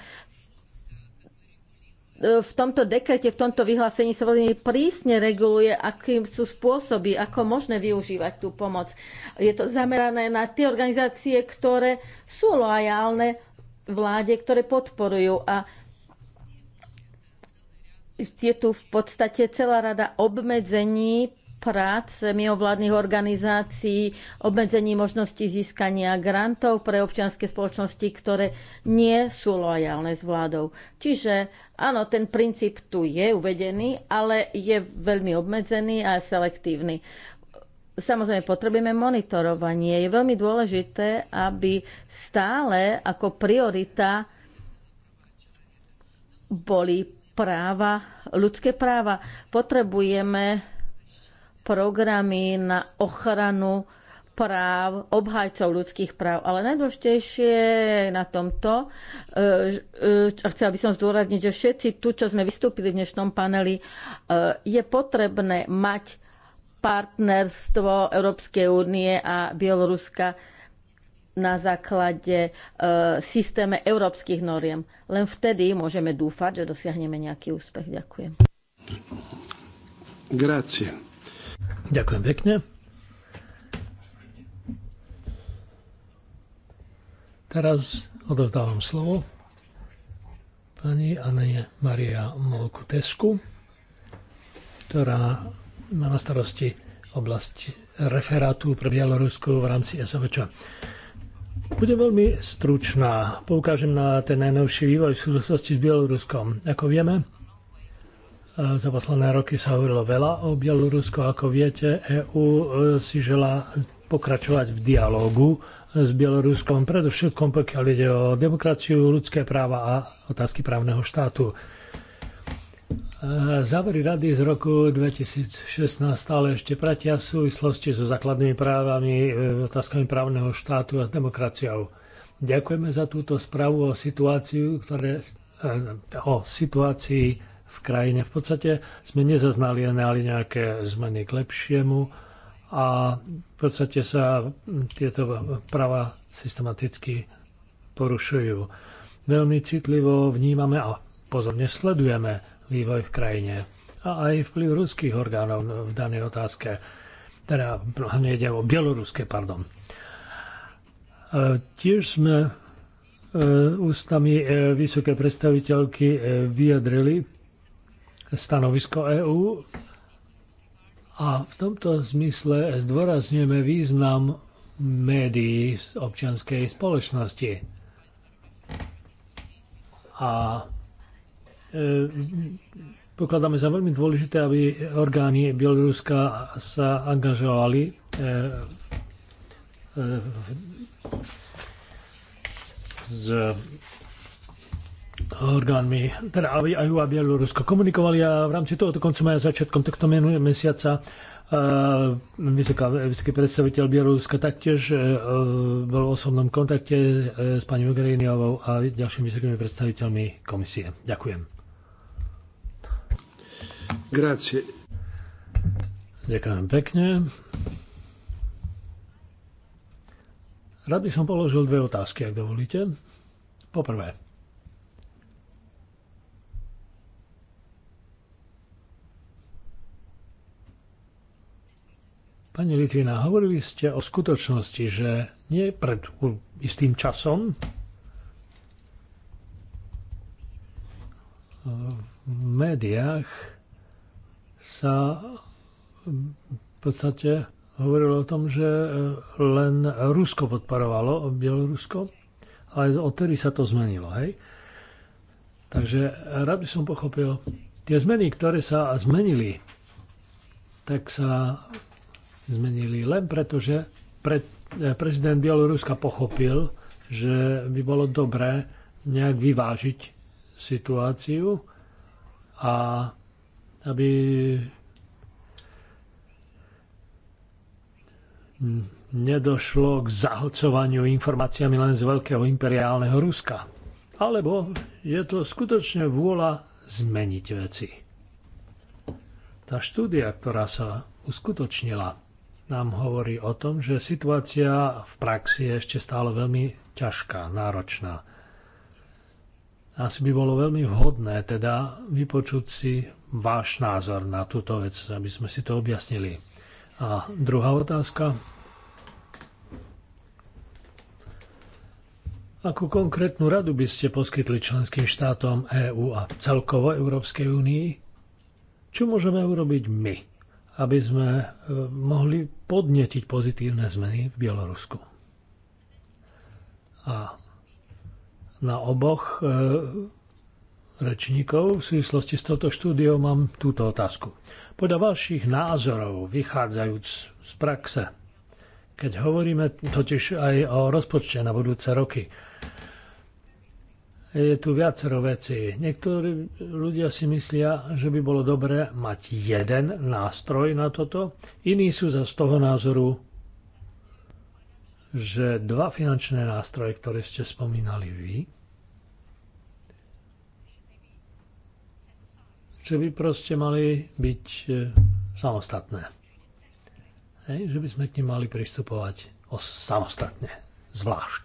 v tomto dekrete, v tomto vyhlásení sa veľmi prísne reguluje, akým sú spôsoby, ako možné využívať tú pomoc. Je to zamerané na tie organizácie, ktoré sú lojálne vláde, ktoré podporujú a je tu v podstate celá rada obmedzení prác mimovládnych organizácií, obmedzení možnosti získania grantov pre občianske spoločnosti, ktoré nie sú lojálne s vládou. Čiže áno, ten princíp tu je uvedený, ale je veľmi obmedzený a selektívny. Samozrejme, potrebujeme monitorovanie. Je veľmi dôležité, aby stále ako priorita boli práva, ľudské práva. Potrebujeme programy na ochranu práv, obhajcov ľudských práv. Ale najdôležitejšie na tomto, e, e, a chcela by som zdôrazniť, že všetci tu, čo sme vystúpili v dnešnom paneli, e, je potrebné mať partnerstvo Európskej únie a Bieloruska na základe e, systéme európskych noriem. Len vtedy môžeme dúfať, že dosiahneme nejaký úspech. Ďakujem. Grazie. Ďakujem pekne. Teraz odovzdávam slovo pani Anne Maria Molkutesku, ktorá má na starosti oblasť referátu pre Bielorusku v rámci SVČ. Bude veľmi stručná. Poukážem na ten najnovší vývoj v súvislosti s Bieloruskom. Ako vieme, E, za posledné roky sa hovorilo veľa o Bielorusku. Ako viete, EÚ e, si želá pokračovať v dialogu e, s Bieloruskom, predovšetkom pokiaľ ide o demokraciu, ľudské práva a otázky právneho štátu. Závery rady z roku 2016 stále ešte pratia v súvislosti so základnými právami, otázkami právneho štátu a s demokraciou. Ďakujeme za túto správu o situácii, ktoré, o situácii v krajine. V podstate sme nezaznali ani nejaké zmeny k lepšiemu a v podstate sa tieto práva systematicky porušujú. Veľmi citlivo vnímame a pozorne sledujeme vývoj v krajine a aj vplyv ruských orgánov v danej otázke. Teda hlavne ide o bieloruské, pardon. E, tiež sme e, ústami e, vysoké predstaviteľky vyjadrili stanovisko EÚ a v tomto zmysle zdôrazňujeme význam médií z občianskej spoločnosti. A e, pokladáme za veľmi dôležité, aby orgány Bieloruska sa angažovali e, e, z orgánmi, teda aby EU a Bielorusko komunikovali a v rámci toho dokonca maja začiatkom tohto mesiaca e, vysoká, vysoký predstaviteľ Bieloruska taktiež e, bol v osobnom kontakte e, s pani Mogheriniovou a ďalšími vysokými predstaviteľmi komisie. Ďakujem. Grazie. Ďakujem pekne. Rád by som položil dve otázky, ak dovolíte. Poprvé, Pani Litvina, hovorili ste o skutočnosti, že nie pred istým časom e, v médiách sa v podstate hovorilo o tom, že e, len Rusko podporovalo Bielorusko, ale odtedy sa to zmenilo. Hej? Takže rád by som pochopil, tie zmeny, ktoré sa zmenili, tak sa zmenili len preto, že pre, eh, prezident Bieloruska pochopil, že by bolo dobré nejak vyvážiť situáciu a aby nedošlo k zahlcovaniu informáciami len z veľkého imperiálneho Ruska. Alebo je to skutočne vôľa zmeniť veci. Tá štúdia, ktorá sa uskutočnila nám hovorí o tom, že situácia v praxi je ešte stále veľmi ťažká, náročná. Asi by bolo veľmi vhodné teda vypočuť si váš názor na túto vec, aby sme si to objasnili. A druhá otázka. Akú konkrétnu radu by ste poskytli členským štátom EÚ a celkovo Európskej únii? Čo môžeme urobiť my? aby sme e, mohli podnetiť pozitívne zmeny v Bielorusku. A na oboch e, rečníkov v súvislosti s touto štúdiou mám túto otázku. Podľa vašich názorov, vychádzajúc z praxe, keď hovoríme totiž aj o rozpočte na budúce roky, je tu viacero vecí. Niektorí ľudia si myslia, že by bolo dobré mať jeden nástroj na toto. Iní sú za z toho názoru, že dva finančné nástroje, ktoré ste spomínali vy, že by proste mali byť e, samostatné. Hej, že by sme k nim mali pristupovať samostatne, zvlášť.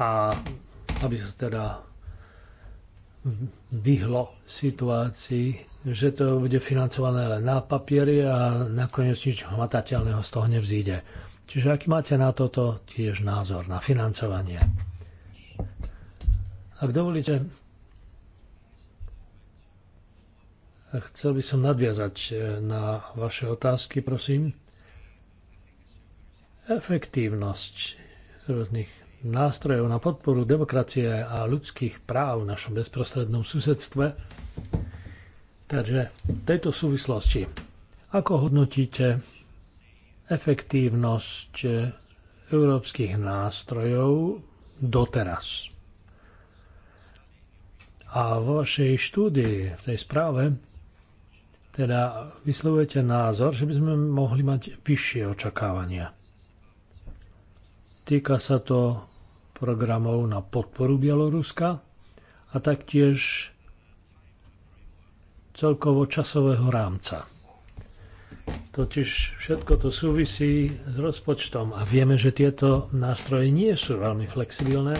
A aby sa teda vyhlo situácii, že to bude financované len na papieri a nakoniec nič hmatateľného z toho nevzíde. Čiže aký máte na toto tiež názor, na financovanie? Ak dovolíte, chcel by som nadviazať e, na vaše otázky, prosím. Efektívnosť rôznych nástrojov na podporu demokracie a ľudských práv v našom bezprostrednom susedstve. Takže v tejto súvislosti, ako hodnotíte efektívnosť európskych nástrojov doteraz? A vo vašej štúdii, v tej správe, teda vyslovujete názor, že by sme mohli mať vyššie očakávania. Týka sa to programov na podporu Bieloruska a taktiež celkovo časového rámca. Totiž všetko to súvisí s rozpočtom a vieme, že tieto nástroje nie sú veľmi flexibilné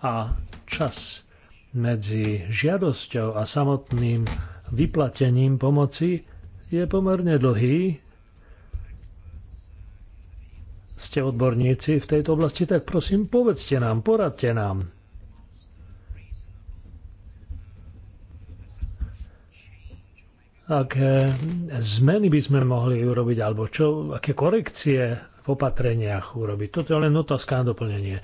a čas medzi žiadosťou a samotným vyplatením pomoci je pomerne dlhý ste odborníci v tejto oblasti, tak prosím, povedzte nám, poradte nám. Aké zmeny by sme mohli urobiť, alebo čo, aké korekcie v opatreniach urobiť. Toto je len otázka na doplnenie.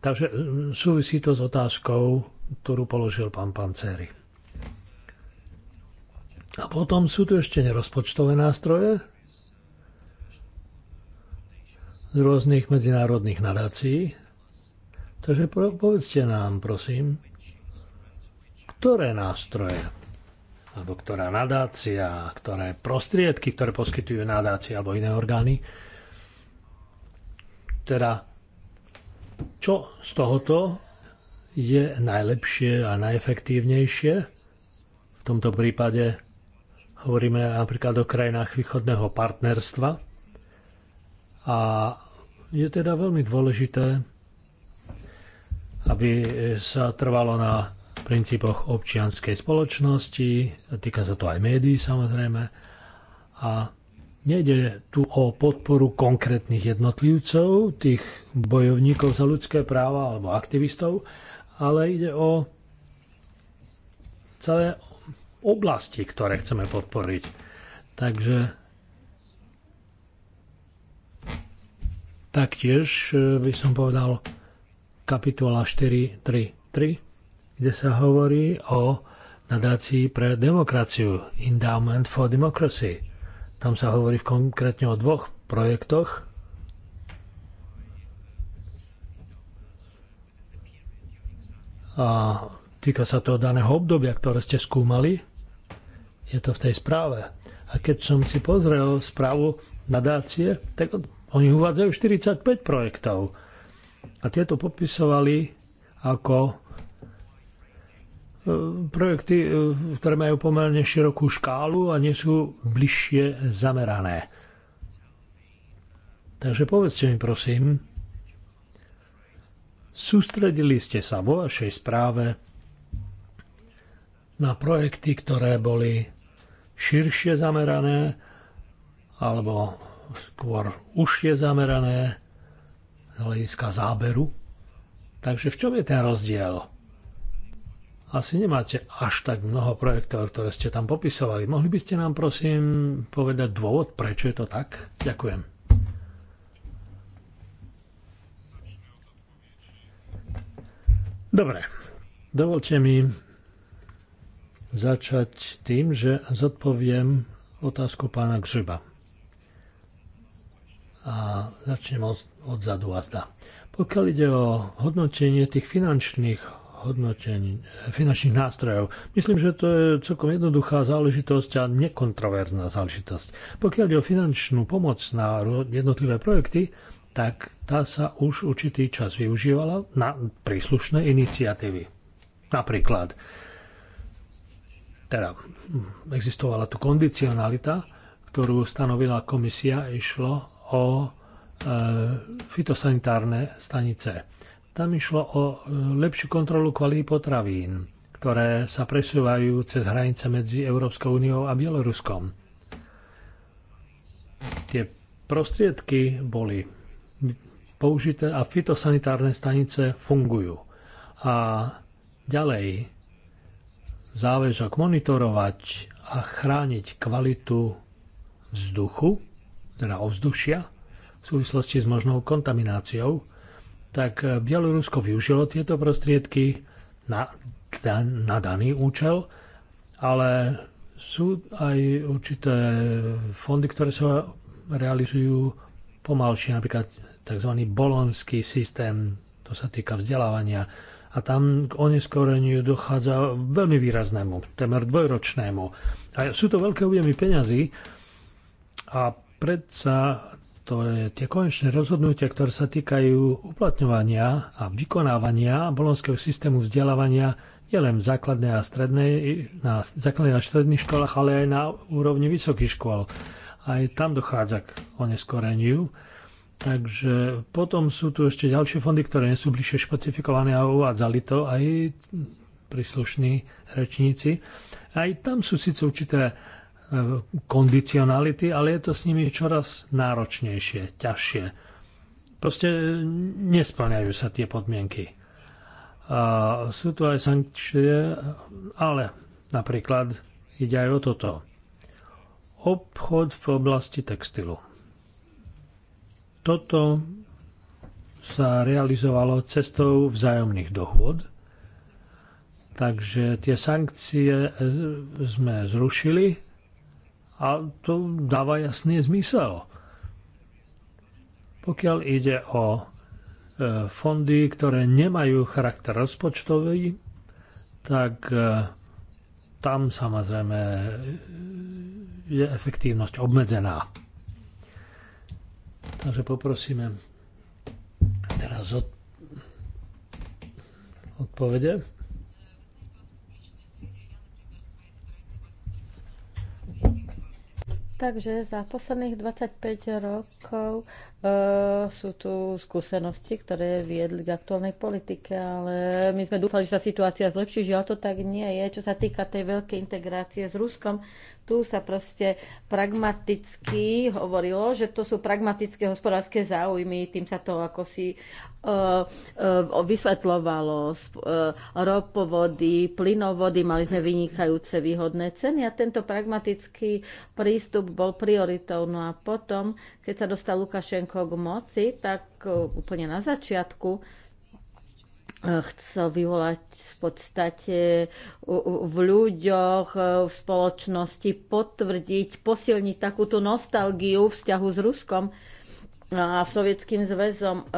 Takže e, súvisí to s otázkou, ktorú položil pán Pancery. A potom sú tu ešte nerozpočtové nástroje, z rôznych medzinárodných nadácií. Takže povedzte nám, prosím, ktoré nástroje, alebo ktorá nadácia, ktoré prostriedky, ktoré poskytujú nadácie alebo iné orgány, teda čo z tohoto je najlepšie a najefektívnejšie. V tomto prípade hovoríme napríklad o krajinách východného partnerstva a je teda veľmi dôležité, aby sa trvalo na princípoch občianskej spoločnosti, týka sa to aj médií samozrejme, a nejde tu o podporu konkrétnych jednotlivcov, tých bojovníkov za ľudské práva alebo aktivistov, ale ide o celé oblasti, ktoré chceme podporiť. Takže Taktiež e, by som povedal kapitola 4.3.3, kde sa hovorí o nadácii pre demokraciu, Endowment for Democracy. Tam sa hovorí konkrétne o dvoch projektoch, a týka sa to daného obdobia, ktoré ste skúmali. Je to v tej správe. A keď som si pozrel správu nadácie, tak oni uvádzajú 45 projektov. A tieto popisovali ako e, projekty, e, ktoré majú pomerne širokú škálu a nie sú bližšie zamerané. Takže povedzte mi prosím, sústredili ste sa vo vašej správe na projekty, ktoré boli širšie zamerané alebo skôr už je zamerané z hľadiska záberu. Takže v čom je ten rozdiel? Asi nemáte až tak mnoho projektov, ktoré ste tam popisovali. Mohli by ste nám prosím povedať dôvod, prečo je to tak? Ďakujem. Dobre, dovolte mi začať tým, že zodpoviem otázku pána Gřiba a začnem od, odzadu a zda. Pokiaľ ide o hodnotenie tých finančných hodnotení, finančných nástrojov, myslím, že to je celkom jednoduchá záležitosť a nekontroverzná záležitosť. Pokiaľ ide o finančnú pomoc na jednotlivé projekty, tak tá sa už určitý čas využívala na príslušné iniciatívy. Napríklad, teda hm, existovala tu kondicionalita, ktorú stanovila komisia, išlo o e, fitosanitárne stanice. Tam išlo o e, lepšiu kontrolu kvalí potravín, ktoré sa presúvajú cez hranice medzi Európskou úniou a Bieloruskom. Tie prostriedky boli použité a fitosanitárne stanice fungujú. A ďalej záväzok monitorovať a chrániť kvalitu vzduchu teda ovzdušia v súvislosti s možnou kontamináciou, tak eh, Bielorusko využilo tieto prostriedky na, teda na daný účel, ale sú aj určité fondy, ktoré sa realizujú pomalšie, napríklad tzv. bolonský systém, to sa týka vzdelávania, a tam k oneskoreniu dochádza veľmi výraznému, temer dvojročnému. A sú to veľké objemy peňazí a predsa to je tie konečné rozhodnutia, ktoré sa týkajú uplatňovania a vykonávania bolonského systému vzdelávania nielen v základnej a strednej, na základnej a stredných školách, ale aj na úrovni vysokých škôl. Aj tam dochádza k oneskoreniu. Takže potom sú tu ešte ďalšie fondy, ktoré nie sú bližšie špecifikované a uvádzali to aj príslušní rečníci. Aj tam sú síce určité kondicionality, ale je to s nimi čoraz náročnejšie, ťažšie. Proste e, nesplňajú sa tie podmienky. A sú tu aj sankcie, ale napríklad ide aj o toto. Obchod v oblasti textilu. Toto sa realizovalo cestou vzájomných dohôd, takže tie sankcie sme zrušili a to dáva jasný zmysel. Pokiaľ ide o e, fondy, ktoré nemajú charakter rozpočtový, tak e, tam samozrejme e, je efektívnosť obmedzená. Takže poprosíme teraz od odpovede. Takže za posledných 25 rokov e, sú tu skúsenosti, ktoré viedli k aktuálnej politike, ale my sme dúfali, že sa situácia zlepší, že to tak nie je. Čo sa týka tej veľkej integrácie s Ruskom, tu sa proste pragmaticky hovorilo, že to sú pragmatické hospodárske záujmy, tým sa to ako si E, e, vysvetľovalo e, ropovody, plynovody, mali sme vynikajúce výhodné ceny a tento pragmatický prístup bol prioritou. No a potom, keď sa dostal Lukašenko k moci, tak úplne na začiatku chcel vyvolať v podstate v ľuďoch, v spoločnosti, potvrdiť, posilniť takúto nostalgiu vzťahu s Ruskom a sovietským zväzom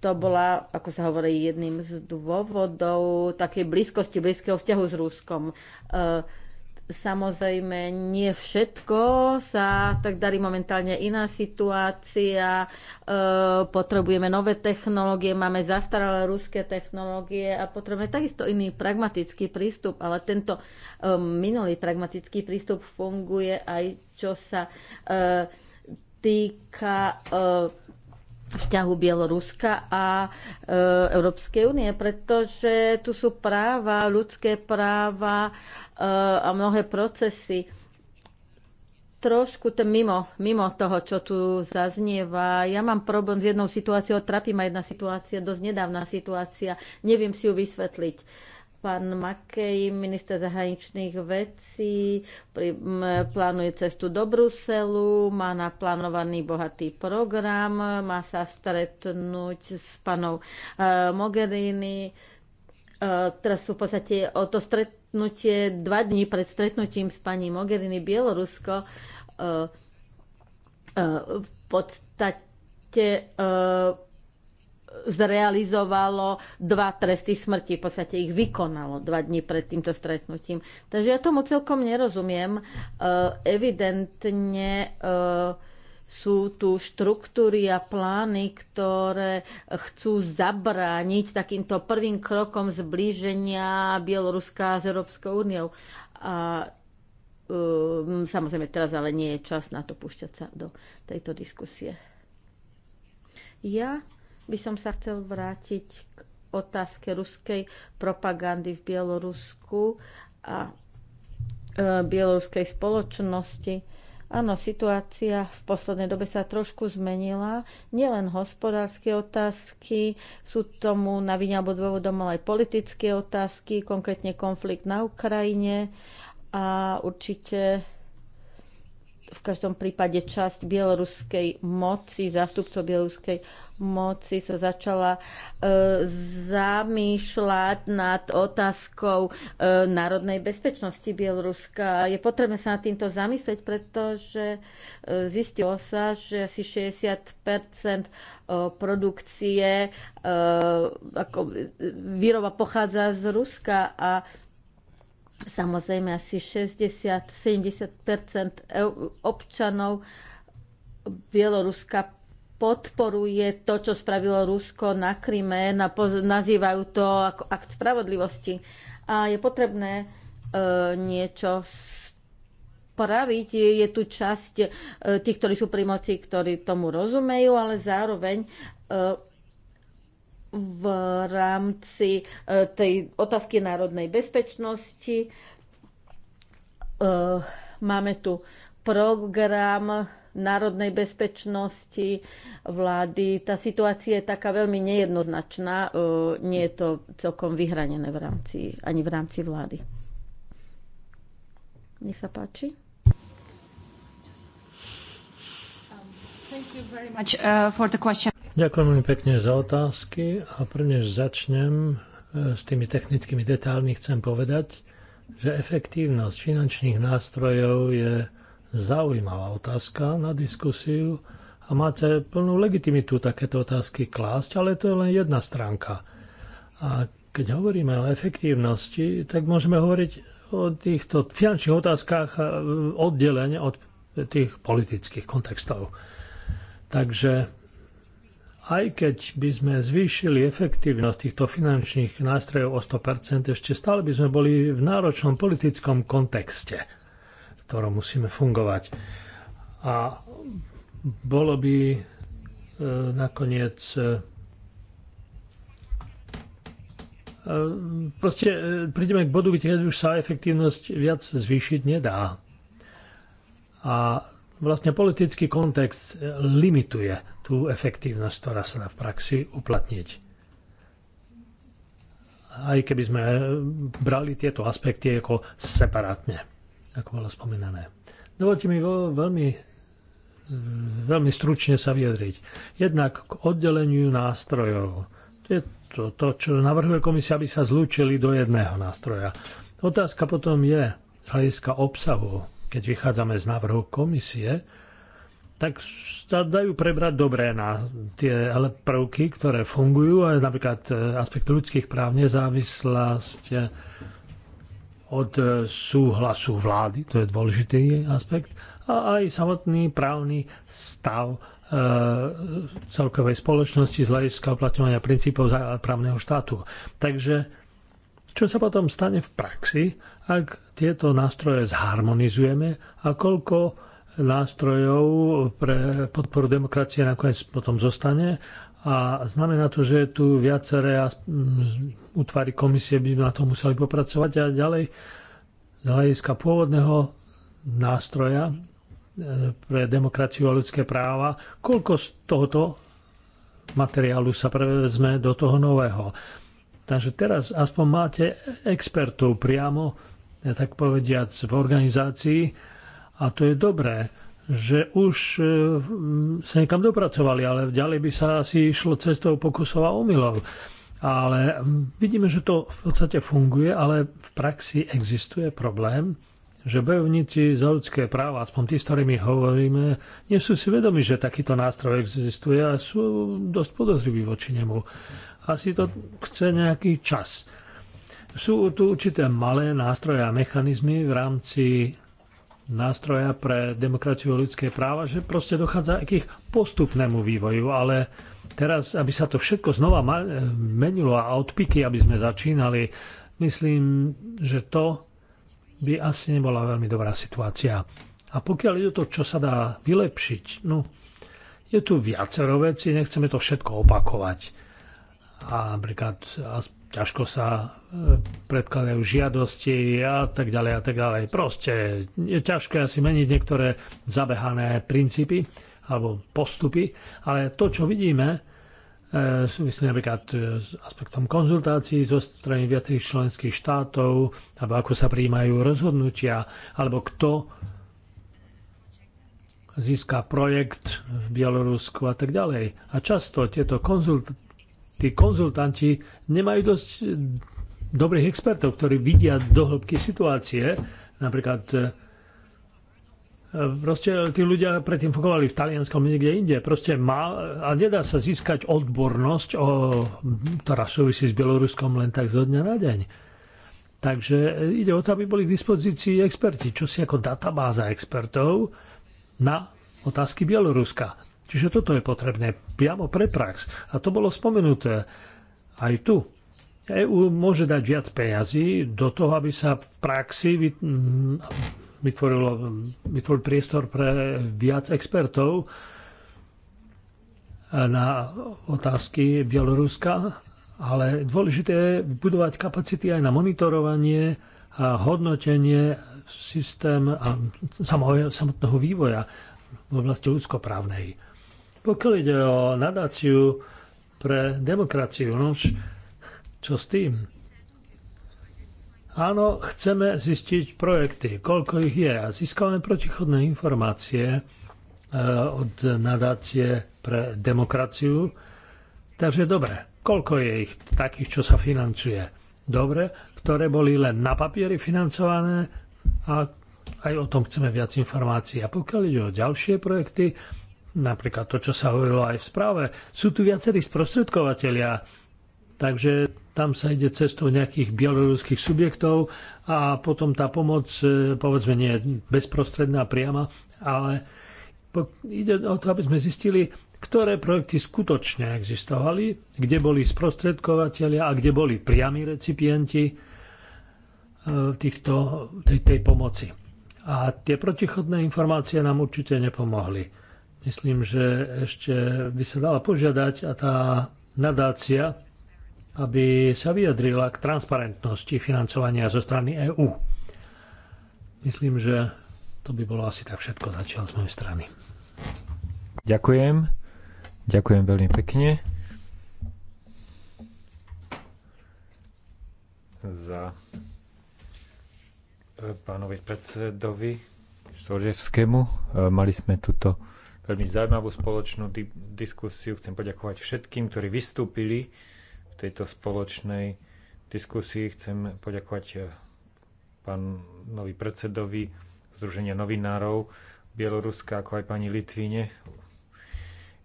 to bola, ako sa hovorí, jedným z dôvodov takej blízkosti, blízkeho vzťahu s Ruskom. E, samozrejme, nie všetko sa tak darí momentálne iná situácia. E, potrebujeme nové technológie, máme zastaralé ruské technológie a potrebujeme takisto iný pragmatický prístup, ale tento e, minulý pragmatický prístup funguje aj čo sa e, týka e, vzťahu Bieloruska a e, Európskej únie, pretože tu sú práva, ľudské práva e, a mnohé procesy. Trošku to mimo, mimo toho, čo tu zaznieva. Ja mám problém s jednou situáciou, trápi ma jedna situácia, dosť nedávna situácia, neviem si ju vysvetliť. E, Pán Makej, minister zahraničných vecí, plánuje cestu do Bruselu, má naplánovaný bohatý program, má sa stretnúť s panou e, Mogherini. E, teraz sú v podstate o to stretnutie dva dní pred stretnutím s pani Mogherini Bielorusko. E, v podstate zrealizovalo dva tresty smrti, v podstate ich vykonalo dva dní pred týmto stretnutím. Takže ja tomu celkom nerozumiem. E, evidentne e, sú tu štruktúry a plány, ktoré chcú zabrániť takýmto prvým krokom zblíženia Bieloruska s Európskou úniou. A um, samozrejme teraz ale nie je čas na to púšťať sa do tejto diskusie. Ja by som sa chcel vrátiť k otázke ruskej propagandy v Bielorusku a e, bieloruskej spoločnosti. Áno, situácia v poslednej dobe sa trošku zmenila. Nielen hospodárske otázky sú tomu na vine alebo dôvodom, ale aj politické otázky, konkrétne konflikt na Ukrajine a určite v každom prípade časť bieloruskej moci, zástupcov bieloruskej moci sa začala e, zamýšľať nad otázkou e, národnej bezpečnosti Bieloruska. Je potrebné sa nad týmto zamyslieť, pretože e, zistilo sa, že asi 60 e, produkcie e, ako, e, výroba pochádza z Ruska a Samozrejme asi 60-70 občanov Bieloruska podporuje to, čo spravilo Rusko na Kryme, nazývajú to ako akt spravodlivosti. A je potrebné e, niečo spraviť. Je, je tu časť e, tých, ktorí sú pri moci, ktorí tomu rozumejú, ale zároveň e, v rámci e, tej otázky národnej bezpečnosti. E, máme tu program národnej bezpečnosti vlády. Tá situácia je taká veľmi nejednoznačná. E, nie je to celkom vyhranené v rámci, ani v rámci vlády. Nech sa páči. Thank you very much, uh, for the question. Ďakujem veľmi pekne za otázky a prvnež začnem e, s tými technickými detailmi chcem povedať, že efektívnosť finančných nástrojov je zaujímavá otázka na diskusiu a máte plnú legitimitu takéto otázky klásť, ale to je len jedna stránka. A keď hovoríme o efektívnosti, tak môžeme hovoriť o týchto finančných otázkach e, oddelenie od tých politických kontextov. Takže aj keď by sme zvýšili efektívnosť týchto finančných nástrojov o 100%, ešte stále by sme boli v náročnom politickom kontexte, v ktorom musíme fungovať. A bolo by e, nakoniec e, e proste e, prídeme k bodu, kde už sa efektívnosť viac zvýšiť nedá. A vlastne politický kontext e, limituje tú efektívnosť, ktorá sa dá v praxi uplatniť. Aj keby sme e, brali tieto aspekty ako separátne, ako bolo spomenané. Dovolte mi veľmi, veľmi stručne sa vyjadriť. Jednak k oddeleniu nástrojov. To je to, to čo navrhuje komisia, aby sa zlúčili do jedného nástroja. Otázka potom je z hľadiska obsahu keď vychádzame z návrhu komisie, tak sa dajú prebrať dobré na tie ale prvky, ktoré fungujú, aj napríklad e, aspekt ľudských práv, nezávislosť e, od e, súhlasu vlády, to je dôležitý aspekt, a aj samotný právny stav celkovej spoločnosti z hľadiska uplatňovania princípov právneho štátu. Takže čo sa potom stane v praxi, ak tieto nástroje zharmonizujeme a koľko nástrojov pre podporu demokracie nakoniec potom zostane. A znamená to, že tu viaceré mm, útvary komisie by na to museli popracovať a ďalej z hľadiska pôvodného nástroja e, pre demokraciu a ľudské práva, koľko z tohoto materiálu sa prevezme do toho nového. Takže teraz aspoň máte expertov priamo tak povediať, v organizácii. A to je dobré, že už e, sa niekam dopracovali, ale ďalej by sa asi išlo cestou pokusov a omylov. Ale vidíme, že to v podstate funguje, ale v praxi existuje problém, že bojovníci za ľudské práva, aspoň tí, s ktorými hovoríme, nie sú si vedomi, že takýto nástroj existuje a sú dosť podozriví voči nemu. Asi to chce nejaký čas. Sú tu určité malé nástroje a mechanizmy v rámci nástroja pre demokraciu a ľudské práva, že proste dochádza k ich postupnému vývoju, ale teraz, aby sa to všetko znova menilo a odpiky, aby sme začínali, myslím, že to by asi nebola veľmi dobrá situácia. A pokiaľ je to, čo sa dá vylepšiť, no, je tu viacero vecí, nechceme to všetko opakovať. A napríklad ťažko sa e, predkladajú žiadosti a tak ďalej a tak ďalej. Proste je ťažké asi meniť niektoré zabehané princípy alebo postupy, ale to, čo vidíme, myslím e, napríklad e, s aspektom konzultácií zo strany viacerých členských štátov, alebo ako sa prijímajú rozhodnutia, alebo kto získa projekt v Bielorusku a tak ďalej. A často tieto konzult- tí konzultanti nemajú dosť eh, dobrých expertov, ktorí vidia do hĺbky situácie. Napríklad eh, proste tí ľudia predtým fungovali v Talianskom niekde inde. Proste má, a nedá sa získať odbornosť, o, ktorá súvisí s Bieloruskom len tak zo dňa na deň. Takže eh, ide o to, aby boli k dispozícii experti, čo si ako databáza expertov na otázky Bieloruska. Čiže toto je potrebné priamo pre prax. A to bolo spomenuté aj tu. EU môže dať viac peňazí do toho, aby sa v praxi mm, vytvorilo, vytvoril priestor pre viac expertov na otázky Bieloruska, ale dôležité je budovať kapacity aj na monitorovanie a hodnotenie systém a samotného vývoja v oblasti ľudskoprávnej. Pokiaľ ide o nadáciu pre demokraciu, no čo s tým? Áno, chceme zistiť projekty, koľko ich je a získame protichodné informácie eh, od nadácie pre demokraciu. Takže dobre, koľko je ich takých, čo sa financuje? Dobre, ktoré boli len na papieri financované a aj o tom chceme viac informácií. A pokiaľ ide o ďalšie projekty, napríklad to, čo sa hovorilo aj v správe, sú tu viacerí sprostredkovateľia, takže tam sa ide cestou nejakých bieloruských subjektov a potom tá pomoc, e, povedzme, nie je bezprostredná priama, ale ide o to, aby sme zistili, ktoré projekty skutočne existovali, kde boli sprostredkovateľia a kde boli priami recipienti e, týchto, tej, tej pomoci. A tie protichodné informácie nám určite nepomohli. Myslím, že ešte by sa dala požiadať a tá nadácia, aby sa vyjadrila k transparentnosti financovania zo strany EÚ. Myslím, že to by bolo asi tak všetko zatiaľ z mojej strany. Ďakujem. Ďakujem veľmi pekne za e, pánovi predsedovi Štoževskému. E, mali sme tuto veľmi zaujímavú spoločnú di- diskusiu. Chcem poďakovať všetkým, ktorí vystúpili v tejto spoločnej diskusii. Chcem poďakovať eh, pánovi predsedovi Združenia novinárov Bieloruska, ako aj pani Litvine.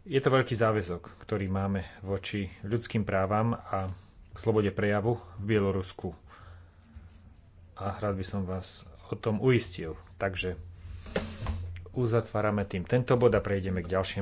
Je to veľký záväzok, ktorý máme voči ľudským právam a k slobode prejavu v Bielorusku. A rád by som vás o tom uistil. Takže uzatvárame tým tento bod a prejdeme k ďalšiemu.